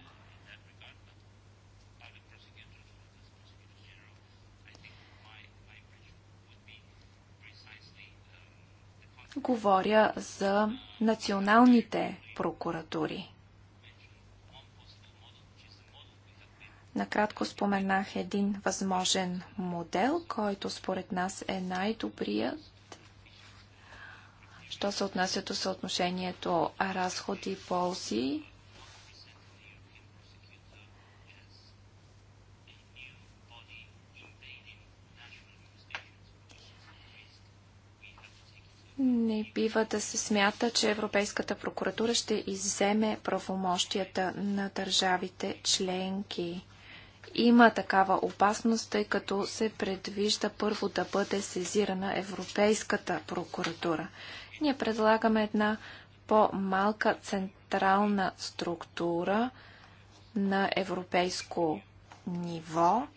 Говоря за националните прокуратури. Накратко споменах един възможен модел, който според нас е най-добрият що се отнася до съотношението разходи и ползи, не бива да се смята, че Европейската прокуратура ще изземе правомощията на държавите членки. Има такава опасност, тъй като се предвижда първо да бъде сезирана Европейската прокуратура. Ние предлагаме една по-малка централна структура на европейско ниво,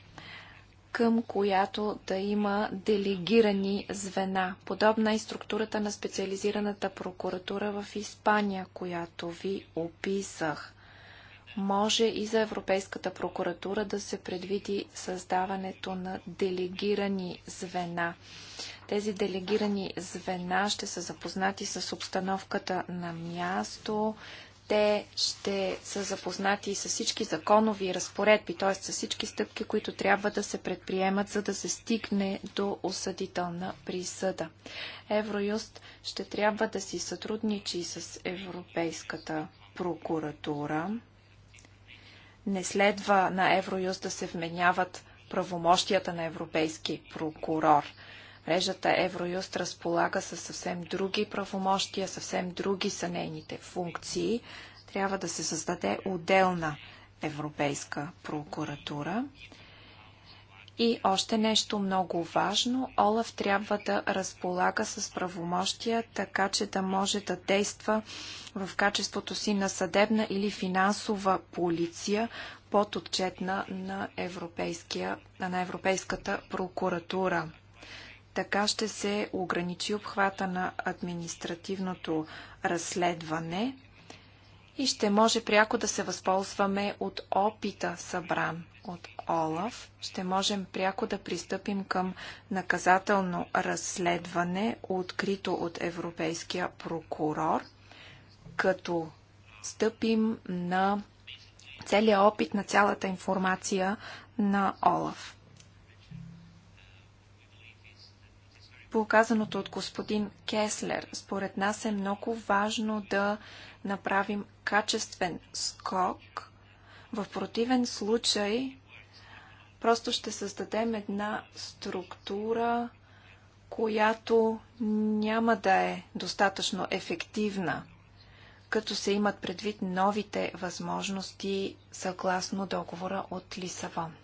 към която да има делегирани звена. Подобна е структурата на специализираната прокуратура в Испания, която ви описах може и за Европейската прокуратура да се предвиди създаването на делегирани звена. Тези делегирани звена ще са запознати с обстановката на място, те ще са запознати с всички законови разпоредби, т.е. с всички стъпки, които трябва да се предприемат, за да се стигне до осъдителна присъда. Евроюст ще трябва да си сътрудничи с Европейската прокуратура. Не следва на Евроюз да се вменяват правомощията на европейски прокурор. Мрежата Евроюст разполага със съвсем други правомощия, съвсем други са нейните функции. Трябва да се създаде отделна европейска прокуратура. И още нещо много важно. Олаф трябва да разполага с правомощия, така че да може да действа в качеството си на съдебна или финансова полиция под отчетна на, на Европейската прокуратура. Така ще се ограничи обхвата на административното разследване и ще може пряко да се възползваме от опита събран от Олаф, ще можем пряко да пристъпим към наказателно разследване, открито от Европейския прокурор, като стъпим на целият опит на цялата информация на Олаф. По казаното от господин Кеслер, според нас е много важно да направим качествен скок в противен случай просто ще създадем една структура, която няма да е достатъчно ефективна, като се имат предвид новите възможности съгласно договора от Лисабон.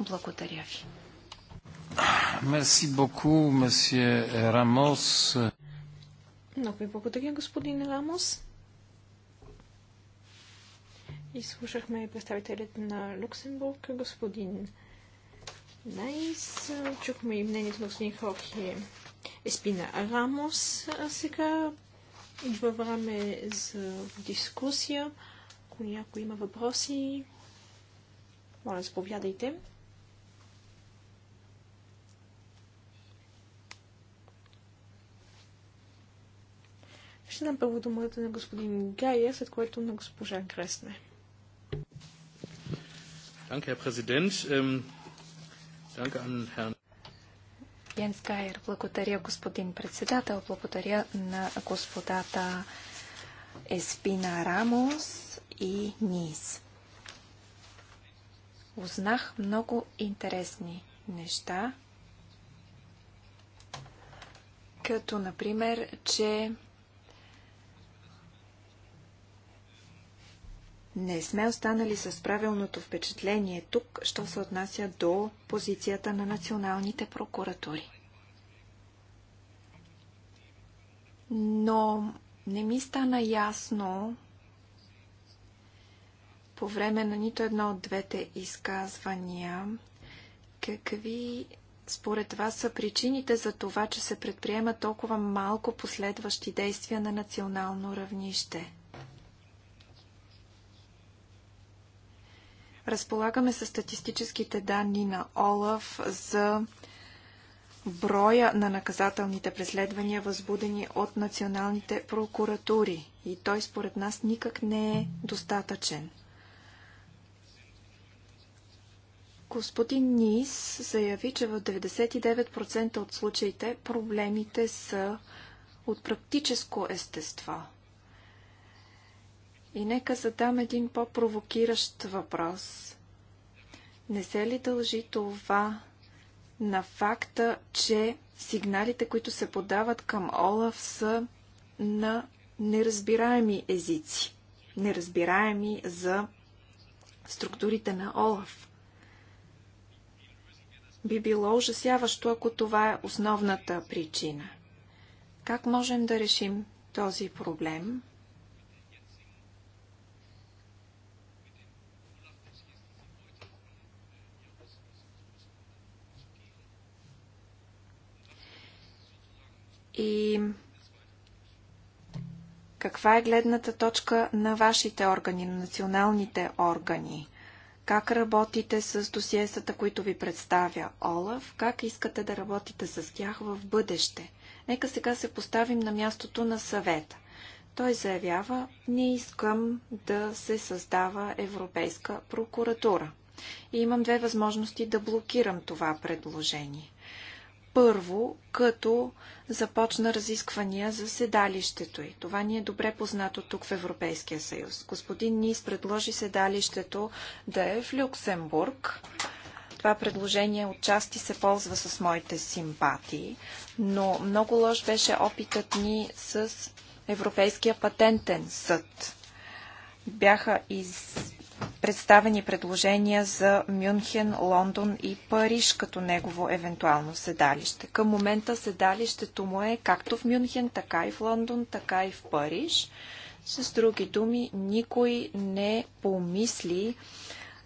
Благодаря ви. Мерси боку, месье Рамос. Много ви благодаря, господин Рамос. И слушахме представителят на Люксембург, господин Найс. Чухме и мнението на господин Хорхе Еспина Рамос. А сега идва време за дискусия. Ако някой има въпроси, моля, заповядайте. Ще дам първо думата на господин Гая, след което на госпожа Гресне. Danke, Herr Präsident. Ähm, danke an Herrn. благодаря господин председател, благодаря на господата Еспина Рамос и Нис. Узнах много интересни неща, като например, че не сме останали с правилното впечатление тук, що се отнася до позицията на националните прокуратури. Но не ми стана ясно по време на нито едно от двете изказвания какви според вас са причините за това, че се предприема толкова малко последващи действия на национално равнище. Разполагаме с статистическите данни на ОЛАФ за броя на наказателните преследвания, възбудени от националните прокуратури. И той според нас никак не е достатъчен. Господин Нис заяви, че в 99% от случаите проблемите са от практическо естество. И нека задам един по-провокиращ въпрос. Не се ли дължи това на факта, че сигналите, които се подават към Олаф, са на неразбираеми езици, неразбираеми за структурите на Олаф. Би било ужасяващо, ако това е основната причина. Как можем да решим този проблем? и каква е гледната точка на вашите органи, на националните органи? Как работите с досиесата, които ви представя Олаф? Как искате да работите с тях в бъдеще? Нека сега се поставим на мястото на съвета. Той заявява, не искам да се създава Европейска прокуратура. И имам две възможности да блокирам това предложение първо, като започна разисквания за седалището й. Това ни е добре познато тук в Европейския съюз. Господин Нис предложи седалището да е в Люксембург. Това предложение отчасти се ползва с моите симпатии, но много лош беше опитът ни с Европейския патентен съд. Бяха из, представени предложения за Мюнхен, Лондон и Париж като негово евентуално седалище. Към момента седалището му е както в Мюнхен, така и в Лондон, така и в Париж. С други думи, никой не помисли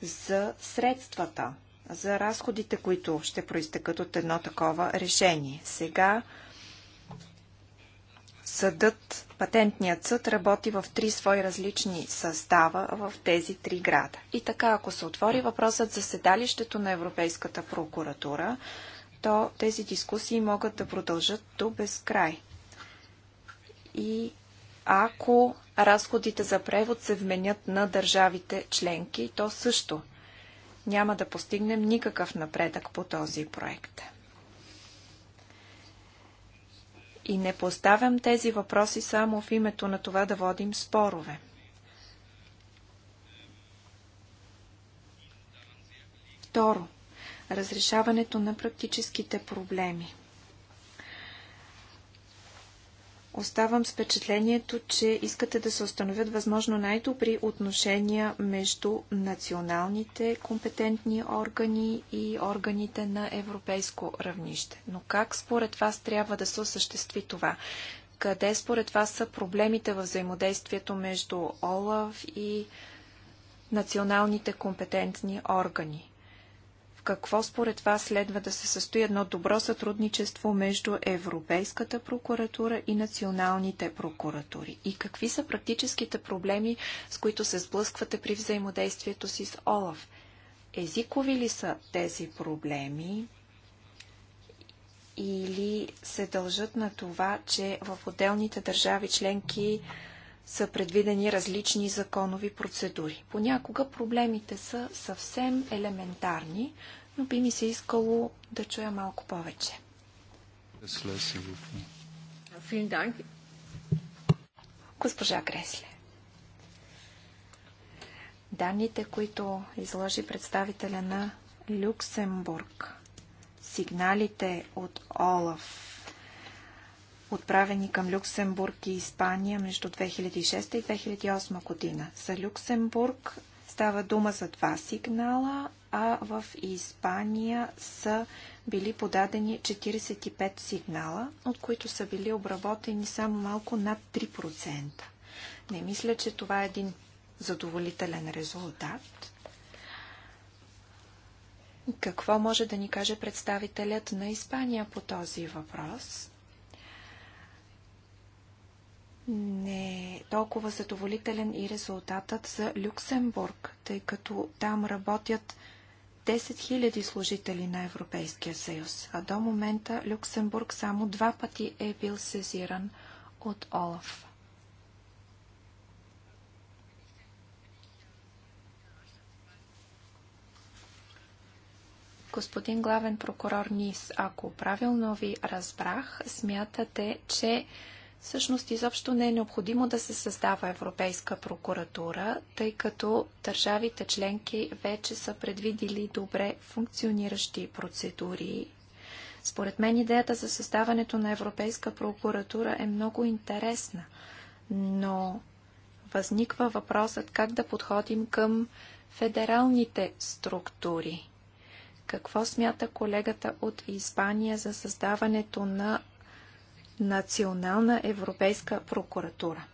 за средствата, за разходите, които ще проистекат от едно такова решение. Сега съдът Патентният съд работи в три свои различни състава в тези три града. И така, ако се отвори въпросът за седалището на Европейската прокуратура, то тези дискусии могат да продължат до безкрай. И ако разходите за превод се вменят на държавите членки, то също няма да постигнем никакъв напредък по този проект. И не поставям тези въпроси само в името на това да водим спорове. Второ, разрешаването на практическите проблеми – оставам с впечатлението, че искате да се установят възможно най-добри отношения между националните компетентни органи и органите на европейско равнище. Но как според вас трябва да се осъществи това? Къде според вас са проблемите във взаимодействието между ОЛАВ и националните компетентни органи? какво според вас следва да се състои едно добро сътрудничество между Европейската прокуратура и националните прокуратури? И какви са практическите проблеми, с които се сблъсквате при взаимодействието си с ОЛАФ? Езикови ли са тези проблеми? Или се дължат на това, че в отделните държави членки са предвидени различни законови процедури. Понякога проблемите са съвсем елементарни, но би ми се искало да чуя малко повече. Госпожа Гресле, Данните, които изложи представителя на Люксембург, сигналите от Олаф отправени към Люксембург и Испания между 2006 и 2008 година. За Люксембург става дума за два сигнала, а в Испания са били подадени 45 сигнала, от които са били обработени само малко над 3%. Не мисля, че това е един задоволителен резултат. Какво може да ни каже представителят на Испания по този въпрос? не е толкова задоволителен и резултатът за Люксембург, тъй като там работят 10 000 служители на Европейския съюз, а до момента Люксембург само два пъти е бил сезиран от Олаф. Господин главен прокурор Нис, ако правилно ви разбрах, смятате, че Всъщност изобщо не е необходимо да се създава Европейска прокуратура, тъй като държавите членки вече са предвидили добре функциониращи процедури. Според мен идеята за създаването на Европейска прокуратура е много интересна, но възниква въпросът как да подходим към федералните структури. Какво смята колегата от Испания за създаването на национална европейска прокуратура.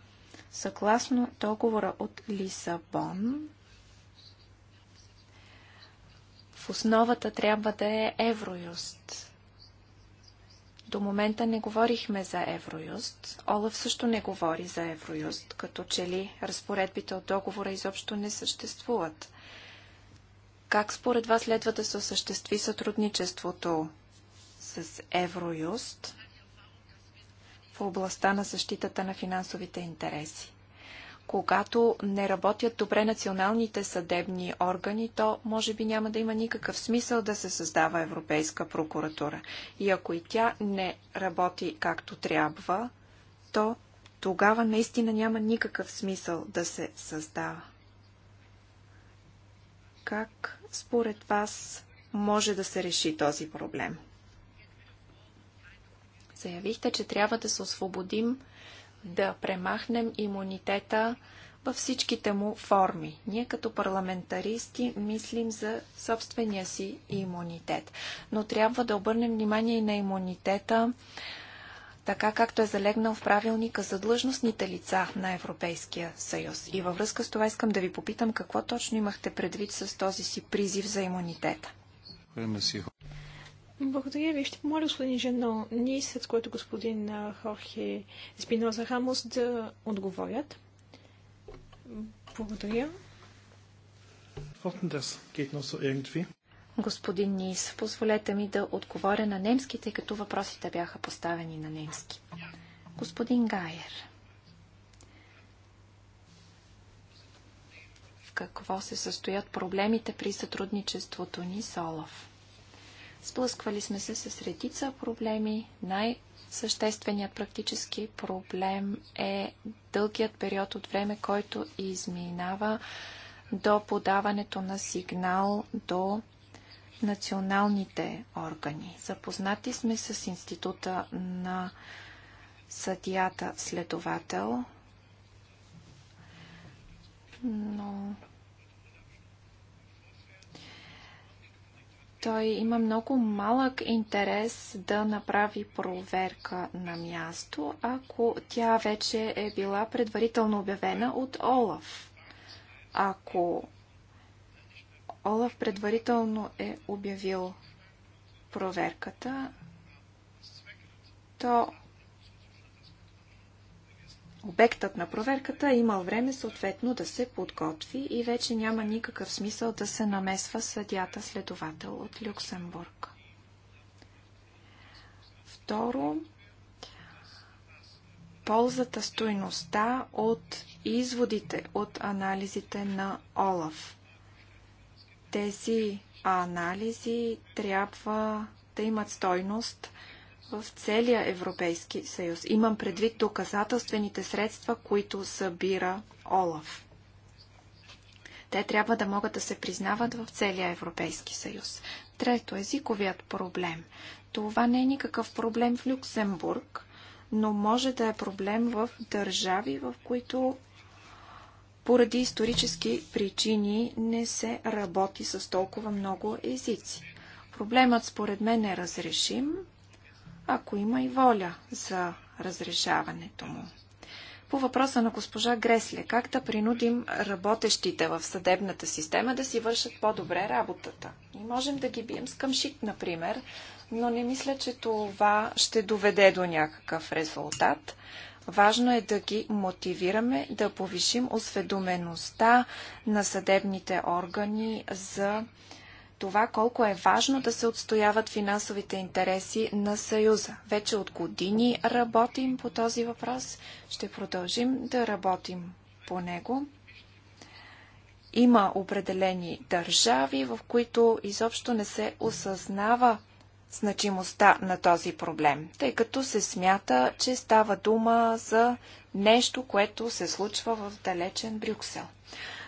Съгласно договора от Лисабон, в основата трябва да е Евроюст. До момента не говорихме за Евроюст. Олаф също не говори за Евроюст, като че ли разпоредбите от договора изобщо не съществуват. Как според вас следва да се осъществи сътрудничеството с Евроюст? в областта на защитата на финансовите интереси. Когато не работят добре националните съдебни органи, то може би няма да има никакъв смисъл да се създава Европейска прокуратура. И ако и тя не работи както трябва, то тогава наистина няма никакъв смисъл да се създава. Как според вас може да се реши този проблем? Заявихте, че трябва да се освободим, да премахнем имунитета във всичките му форми. Ние като парламентаристи мислим за собствения си имунитет. Но трябва да обърнем внимание и на имунитета, така както е залегнал в правилника за длъжностните лица на Европейския съюз. И във връзка с това искам да ви попитам какво точно имахте предвид с този си призив за имунитета. Благодаря ви. Ще помоля господин Жено ние след което господин Хорхе Спиноза Рамос да отговорят. Благодаря. Господин Нис, позволете ми да отговоря на немски, тъй като въпросите бяха поставени на немски. Господин Гайер, в какво се състоят проблемите при сътрудничеството ни с Олаф? Сблъсквали сме се с редица проблеми. Най-същественият практически проблем е дългият период от време, който изминава до подаването на сигнал до националните органи. Запознати сме с института на съдията следовател, но Той има много малък интерес да направи проверка на място, ако тя вече е била предварително обявена от Олаф. Ако Олаф предварително е обявил проверката, то обектът на проверката е имал време съответно да се подготви и вече няма никакъв смисъл да се намесва съдята следовател от Люксембург. Второ, ползата стойността от изводите от анализите на Олаф. Тези анализи трябва да имат стойност – в целия Европейски съюз. Имам предвид доказателствените средства, които събира ОЛАФ. Те трябва да могат да се признават в целия Европейски съюз. Трето, езиковият проблем. Това не е никакъв проблем в Люксембург, но може да е проблем в държави, в които поради исторически причини не се работи с толкова много езици. Проблемът според мен е разрешим ако има и воля за разрешаването му. По въпроса на госпожа Гресле, как да принудим работещите в съдебната система да си вършат по-добре работата? И можем да ги бием с къмшик, например, но не мисля, че това ще доведе до някакъв резултат. Важно е да ги мотивираме, да повишим осведомеността на съдебните органи за това колко е важно да се отстояват финансовите интереси на Съюза. Вече от години работим по този въпрос. Ще продължим да работим по него. Има определени държави, в които изобщо не се осъзнава значимостта на този проблем, тъй като се смята, че става дума за нещо, което се случва в далечен Брюксел.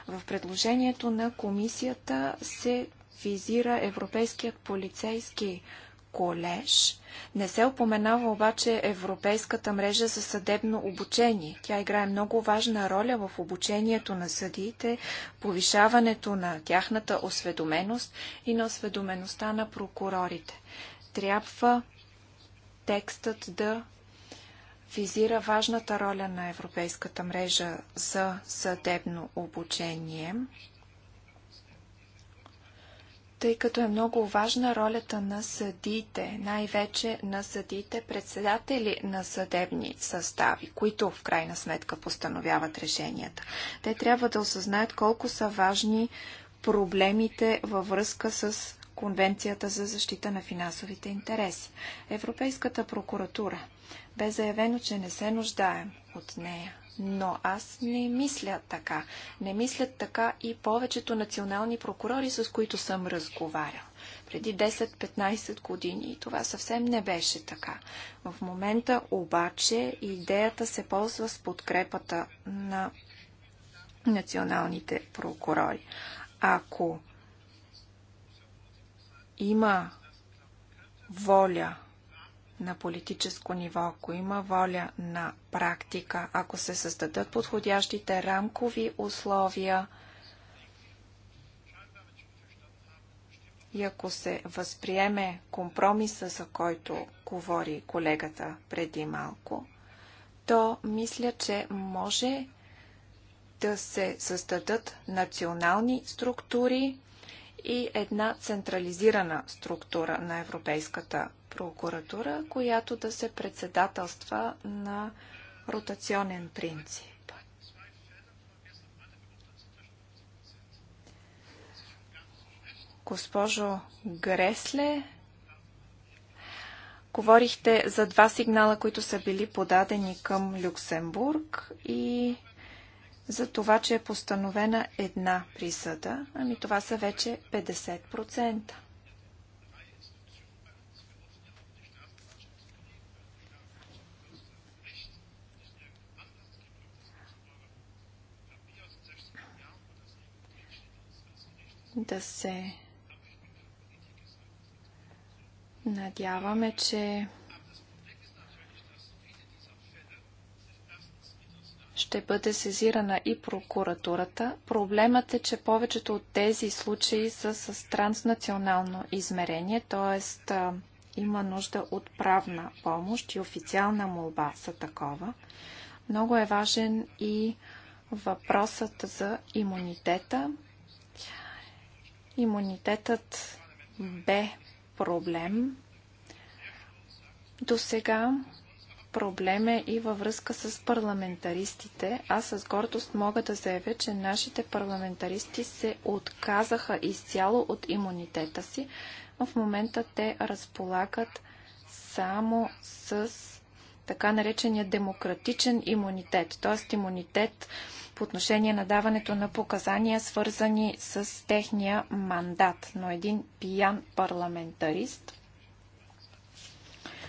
В предложението на комисията се визира Европейският полицейски колеж. Не се упоменава обаче Европейската мрежа за съдебно обучение. Тя играе много важна роля в обучението на съдиите, повишаването на тяхната осведоменост и на осведомеността на прокурорите. Трябва текстът да визира важната роля на Европейската мрежа за съдебно обучение – тъй като е много важна ролята на съдиите, най-вече на съдиите, председатели на съдебни състави, които в крайна сметка постановяват решенията. Те трябва да осъзнаят колко са важни проблемите във връзка с Конвенцията за защита на финансовите интереси. Европейската прокуратура бе заявено, че не се нуждаем от нея но аз не мисля така. Не мислят така и повечето национални прокурори, с които съм разговарял. Преди 10-15 години това съвсем не беше така. В момента обаче идеята се ползва с подкрепата на националните прокурори. Ако има воля на политическо ниво, ако има воля на практика, ако се създадат подходящите рамкови условия и ако се възприеме компромиса, за който говори колегата преди малко, то мисля, че може да се създадат национални структури и една централизирана структура на Европейската прокуратура, която да се председателства на ротационен принцип. Госпожо Гресле, говорихте за два сигнала, които са били подадени към Люксембург и за това, че е постановена една присъда. Ами това са вече 50%. да се надяваме, че ще бъде сезирана и прокуратурата. Проблемът е, че повечето от тези случаи са с транснационално измерение, т.е. има нужда от правна помощ и официална молба за такова. Много е важен и въпросът за имунитета. Имунитетът бе проблем. До сега проблем е и във връзка с парламентаристите. Аз с гордост мога да заявя, че нашите парламентаристи се отказаха изцяло от имунитета си. В момента те разполагат само с така наречения демократичен имунитет, т.е. имунитет, по отношение на даването на показания, свързани с техния мандат. Но един пиян парламентарист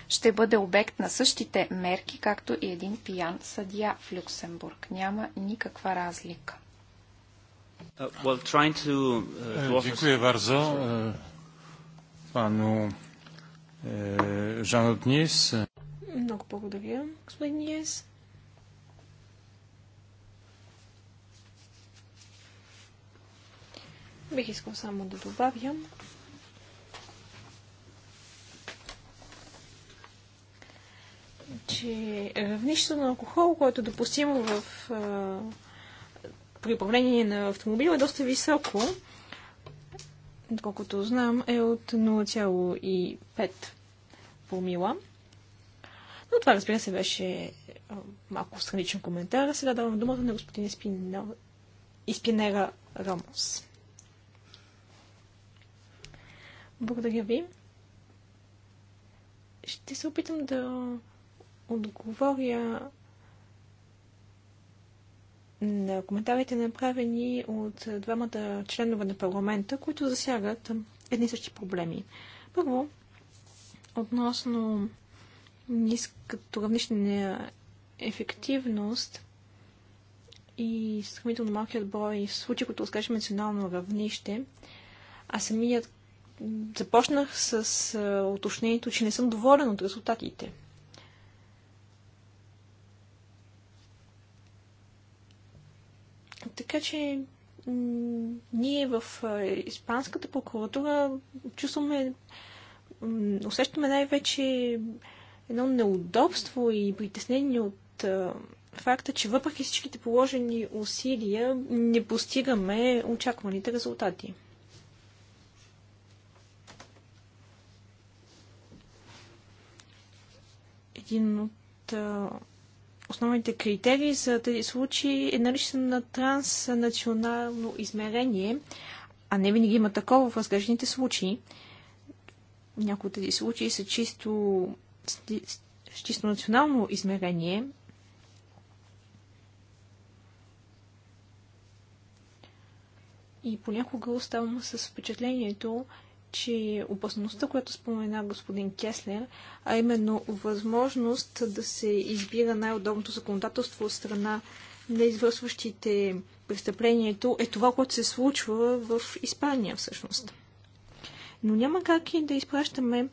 ще бъде обект на същите мерки, както и един пиян съдия в Люксембург. Няма никаква разлика. Дякую, Варзо. Пану Жанот Ниес. Много благодаря, господин Ниес. Бих искал само да добавя, че равнището е, на алкохол, което е допустимо в, а, е, при управление на автомобила е доста високо. Доколкото знам, е от 0,5 помила. Но това, разбира се, беше а, е, малко страничен коментар. Сега давам думата на господин Спин... Испинера Рамос. Благодаря ви. Ще се опитам да отговоря на коментарите направени от двамата членове на парламента, които засягат едни същи проблеми. Първо, относно ниското равнище ефективност и сравнително малкият брой случаи, които разкажем национално равнище, а самият започнах с а, уточнението, че не съм доволен от резултатите. Така че ние в Испанската прокуратура чувстваме, усещаме най-вече едно неудобство и притеснение от а, факта, че въпреки всичките положени усилия не постигаме очакваните резултати. Един от основните критерии за тези случаи е наличие на транснационално измерение, а не винаги има такова в разглежданите случаи. Някои от тези случаи са чисто, с чисто национално измерение. И понякога оставам с впечатлението, че опасността, която спомена господин Кеслер, а именно възможност да се избира най-удобното законодателство от страна на извършващите престъплението, е това, което се случва в Испания всъщност. Но няма как и да изпращаме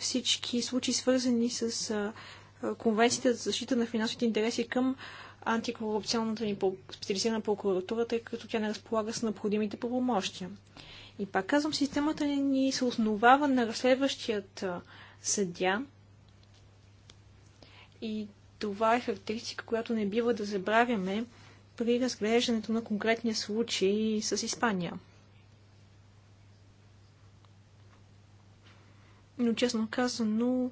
всички случаи, свързани с Конвенцията за защита на финансовите интереси към антикорупционната ни специализирана прокуратура, тъй като тя не разполага с необходимите правомощия. И пак казвам, системата ни се основава на разследващият съдя. И това е характеристика, която не бива да забравяме при разглеждането на конкретния случай с Испания. Но честно казано,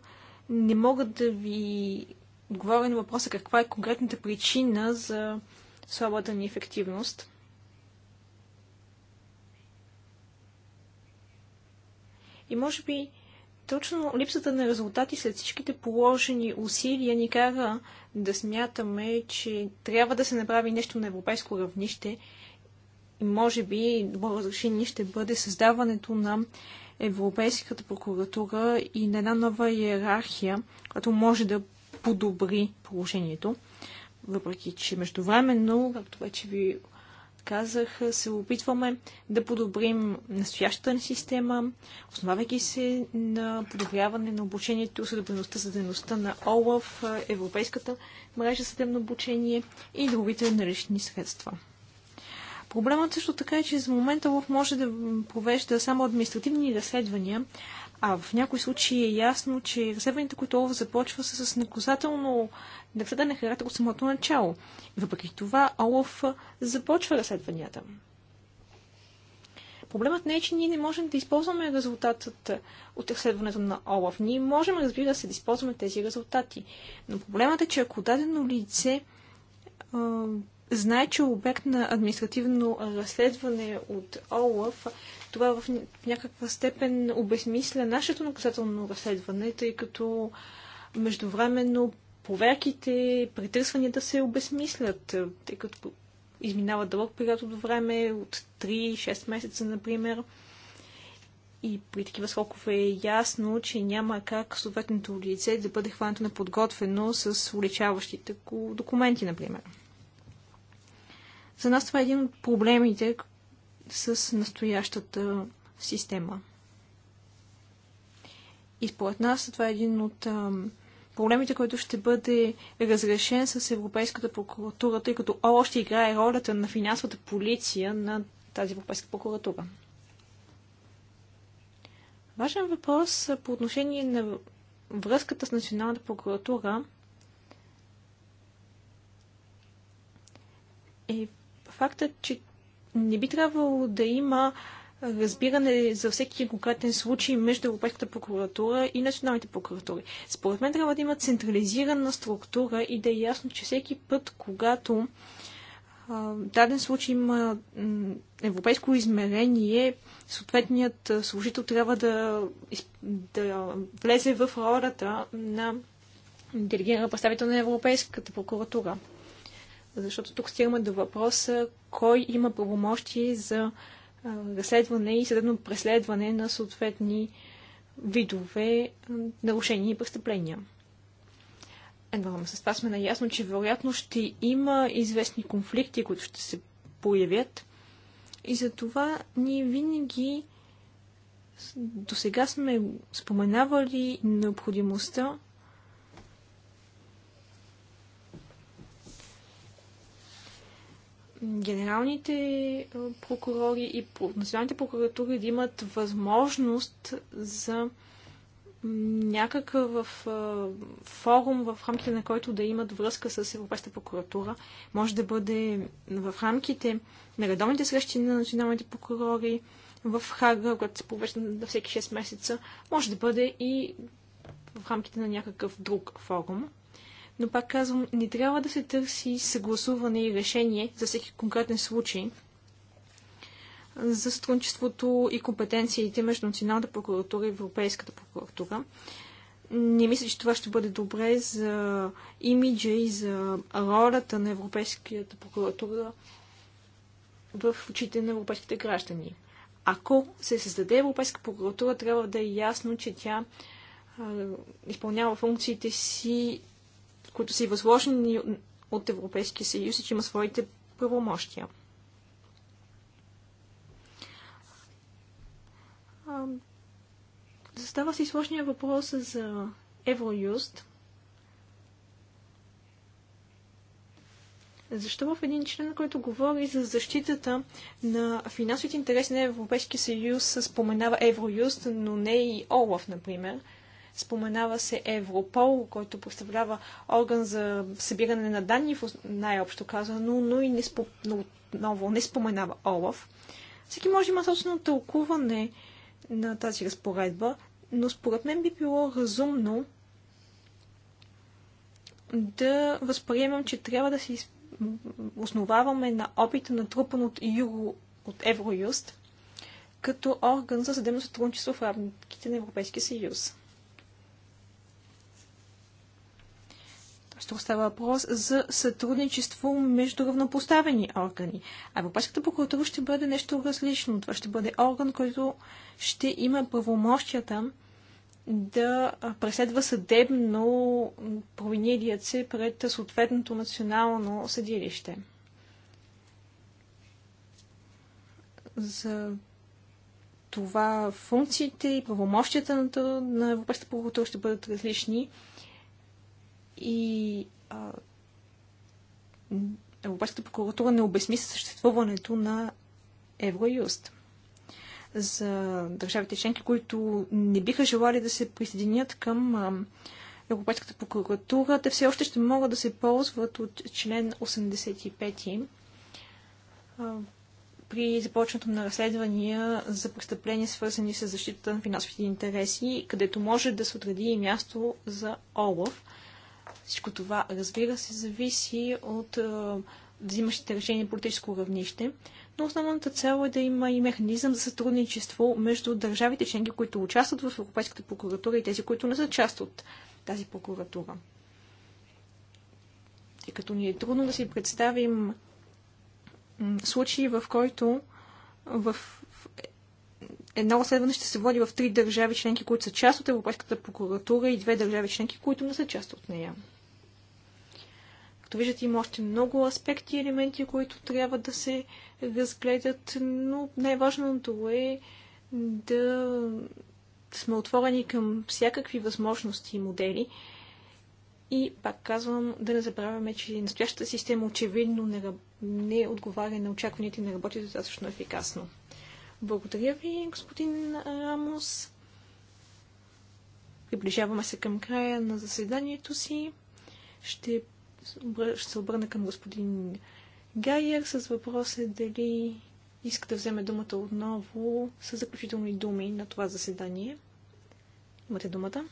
не мога да ви отговоря на въпроса каква е конкретната причина за слабата ни ефективност. И може би точно липсата на резултати след всичките положени усилия ни кара да смятаме, че трябва да се направи нещо на европейско равнище. И може би добро разрешение ще бъде създаването на Европейската прокуратура и на една нова иерархия, която може да подобри положението. Въпреки, че междувременно, както вече ви казах, се опитваме да подобрим настоящата ни система, основавайки се на подобряване на обучението, съдобеността, съдебността на ОЛАФ, Европейската мрежа съдебно обучение и другите налични средства. Проблемът също така е, че за момента ЛОВ може да провежда само административни разследвания, а в някои случаи е ясно, че разследването, които Олаф започва, са с наказателно наказателен характер от самото начало. И въпреки това Олаф започва разследванията. Проблемът не е, че ние не можем да използваме резултатът от разследването на Олаф. Ние можем, разбира се, да използваме тези резултати. Но проблемът е, че ако дадено лице знае, че е обект на административно разследване от ОЛАФ, това в някаква степен обезмисля нашето наказателно разследване, тъй като междувременно проверките, притърсванията се обезмислят, тъй като изминава дълъг период от време, от 3-6 месеца, например. И при такива срокове е ясно, че няма как съответното лице да бъде хванато неподготвено с уличаващите документи, например. За нас това е един от проблемите, с настоящата система. И според нас това е един от проблемите, който ще бъде разрешен с Европейската прокуратура, тъй като още играе ролята на финансовата полиция на тази Европейска прокуратура. Важен въпрос по отношение на връзката с Националната прокуратура е фактът, че не би трябвало да има разбиране за всеки конкретен случай между Европейската прокуратура и националните прокуратури. Според мен трябва да има централизирана структура и да е ясно, че всеки път, когато а, даден случай има европейско измерение, съответният служител трябва да, да влезе в ролята на делегиран представител на Европейската прокуратура. Защото тук стигаме до въпроса кой има правомощие за разследване и съдебно преследване на съответни видове нарушения и престъпления. с това сме наясно, че вероятно ще има известни конфликти, които ще се появят. И за това ние винаги до сега сме споменавали необходимостта генералните прокурори и националните прокуратури да имат възможност за някакъв форум, в рамките на който да имат връзка с Европейската прокуратура. Може да бъде в рамките на редовните срещи на националните прокурори в Хага, която се провежда на всеки 6 месеца. Може да бъде и в рамките на някакъв друг форум но пак казвам, не трябва да се търси съгласуване и решение за всеки конкретен случай за сътрудничеството и компетенциите между Националната прокуратура и Европейската прокуратура. Не мисля, че това ще бъде добре за имиджа и за ролята на Европейската прокуратура в очите на европейските граждани. Ако се създаде Европейска прокуратура, трябва да е ясно, че тя изпълнява функциите си които са и възложени от Европейския съюз и че има своите правомощия. Застава се и сложния въпрос за Евроюст. Защо в един член, който говори за защитата на финансовите интереси на Европейския съюз, споменава Евроюст, но не и Олаф, например – Споменава се Европол, който представлява орган за събиране на данни, най-общо казано, но и не но отново не споменава Олаф. Всеки може да има собствено тълкуване на тази разпоредба, но според мен би било разумно да възприемам, че трябва да се основаваме на опита на трупан от, Юго, от Евроюст като орган за съдебно сътрудничество в рамките на Европейския съюз. Тук става въпрос за сътрудничество между равнопоставени органи. А Европейската прокуратура ще бъде нещо различно. Това ще бъде орган, който ще има правомощията да преследва съдебно провинилият се пред съответното национално съдилище. За това функциите и правомощията на Европейската прокуратура ще бъдат различни и а, Европейската прокуратура не обясни съществуването на Евроюст. За държавите членки, които не биха желали да се присъединят към а, Европейската прокуратура, те все още ще могат да се ползват от член 85 а, при започването на разследвания за престъпления, свързани с защита на финансовите интереси, където може да се отреди и място за ОЛАФ. Всичко това, разбира се, зависи от взимащите решения политическо равнище, но основната цел е да има и механизъм за сътрудничество между държавите членки, които участват в Европейската прокуратура и тези, които не са част от тази прокуратура. Тъй като ни е трудно да си представим случаи, в който в едно разследване ще се води в три държави членки, които са част от Европейската прокуратура и две държави членки, които не са част от нея. Като виждате, има още много аспекти и елементи, които трябва да се разгледат, но най-важното е да сме отворени към всякакви възможности и модели. И пак казвам, да не забравяме, че настоящата система очевидно не, не отговаря на очакванията и не работи достатъчно ефикасно. Благодаря ви, господин Рамос. Приближаваме се към края на заседанието си. Ще ще се обърна към господин Гайер с въпроса е дали иска да вземе думата отново с заключителни думи на това заседание. Имате думата.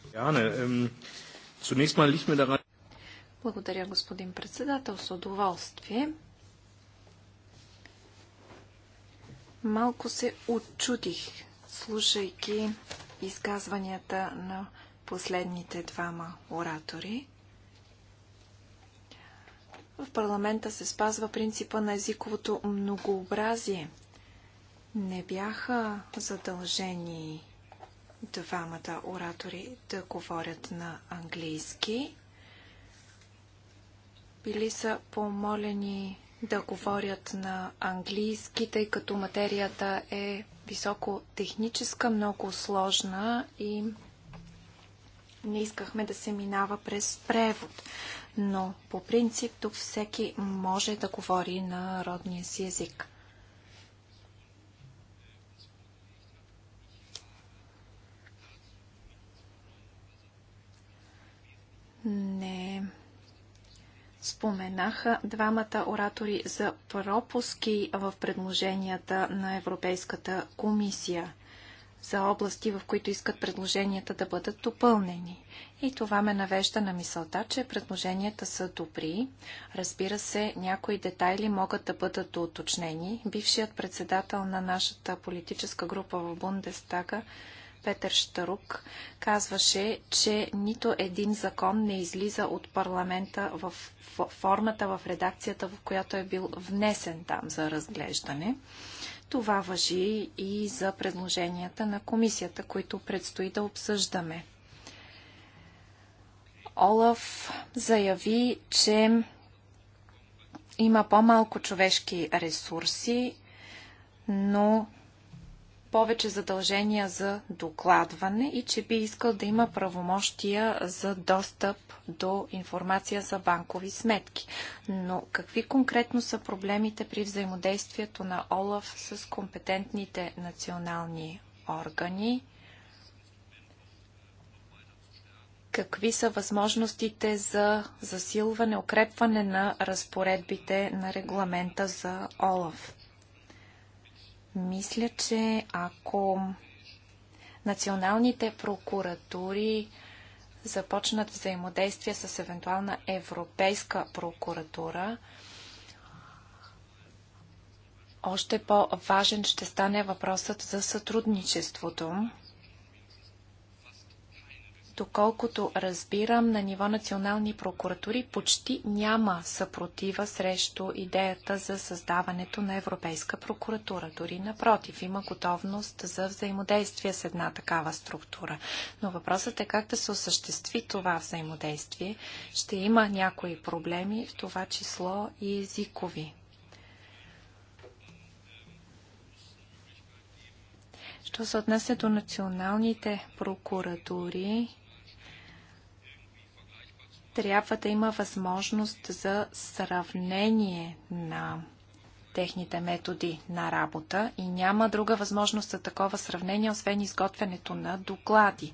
Благодаря, господин председател. С удоволствие. Малко се отчудих, слушайки изказванията на последните двама оратори. В парламента се спазва принципа на езиковото многообразие. Не бяха задължени двамата оратори да говорят на английски. Били са помолени да говорят на английски, тъй като материята е високо техническа, много сложна и не искахме да се минава през превод. Но по принцип тук всеки може да говори на родния си език. Не споменаха двамата оратори за пропуски в предложенията на Европейската комисия за области, в които искат предложенията да бъдат допълнени. И това ме навежда на мисълта, че предложенията са добри. Разбира се, някои детайли могат да бъдат доуточнени. Бившият председател на нашата политическа група в Бундестага Петър Штарук казваше, че нито един закон не излиза от парламента в формата, в редакцията, в която е бил внесен там за разглеждане. Това въжи и за предложенията на комисията, които предстои да обсъждаме. Олаф заяви, че има по-малко човешки ресурси, но повече задължения за докладване и че би искал да има правомощия за достъп до информация за банкови сметки. Но какви конкретно са проблемите при взаимодействието на ОЛАФ с компетентните национални органи? Какви са възможностите за засилване, укрепване на разпоредбите на регламента за ОЛАФ? Мисля, че ако националните прокуратури започнат взаимодействие с евентуална европейска прокуратура, още по-важен ще стане въпросът за сътрудничеството. Доколкото разбирам, на ниво национални прокуратури почти няма съпротива срещу идеята за създаването на Европейска прокуратура. Дори напротив, има готовност за взаимодействие с една такава структура. Но въпросът е как да се осъществи това взаимодействие. Ще има някои проблеми, в това число и езикови. Що се отнася до националните прокуратури, трябва да има възможност за сравнение на техните методи на работа и няма друга възможност за такова сравнение, освен изготвянето на доклади.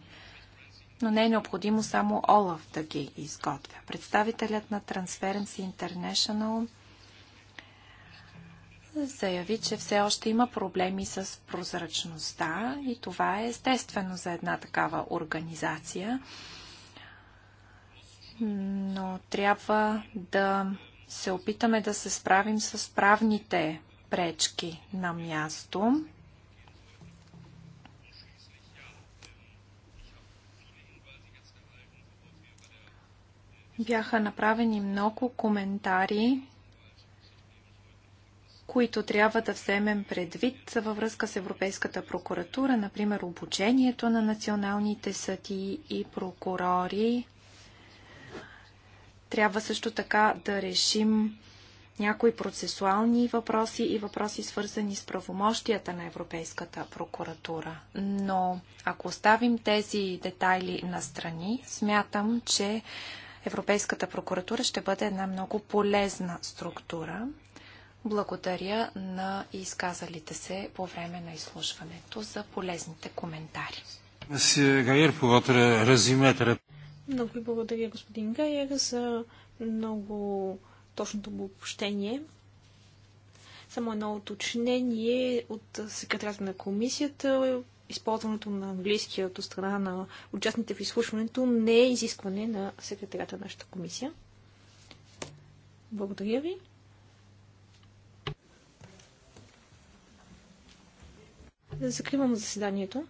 Но не е необходимо само Олаф да ги изготвя. Представителят на Transparency International заяви, че все още има проблеми с прозрачността и това е естествено за една такава организация но трябва да се опитаме да се справим с правните пречки на място. Бяха направени много коментари, които трябва да вземем предвид във връзка с Европейската прокуратура, например обучението на националните съдии и прокурори, трябва също така да решим някои процесуални въпроси и въпроси свързани с правомощията на Европейската прокуратура. Но ако оставим тези детайли настрани, смятам, че Европейската прокуратура ще бъде една много полезна структура. Благодаря на изказалите се по време на изслушването за полезните коментари. Много ви благодаря, господин Гайер, за много точното обобщение. Само едно уточнение от секретарята на комисията. Използването на английския от страна на участните в изслушването не е изискване на секретарята на нашата комисия. Благодаря ви. Закривам заседанието.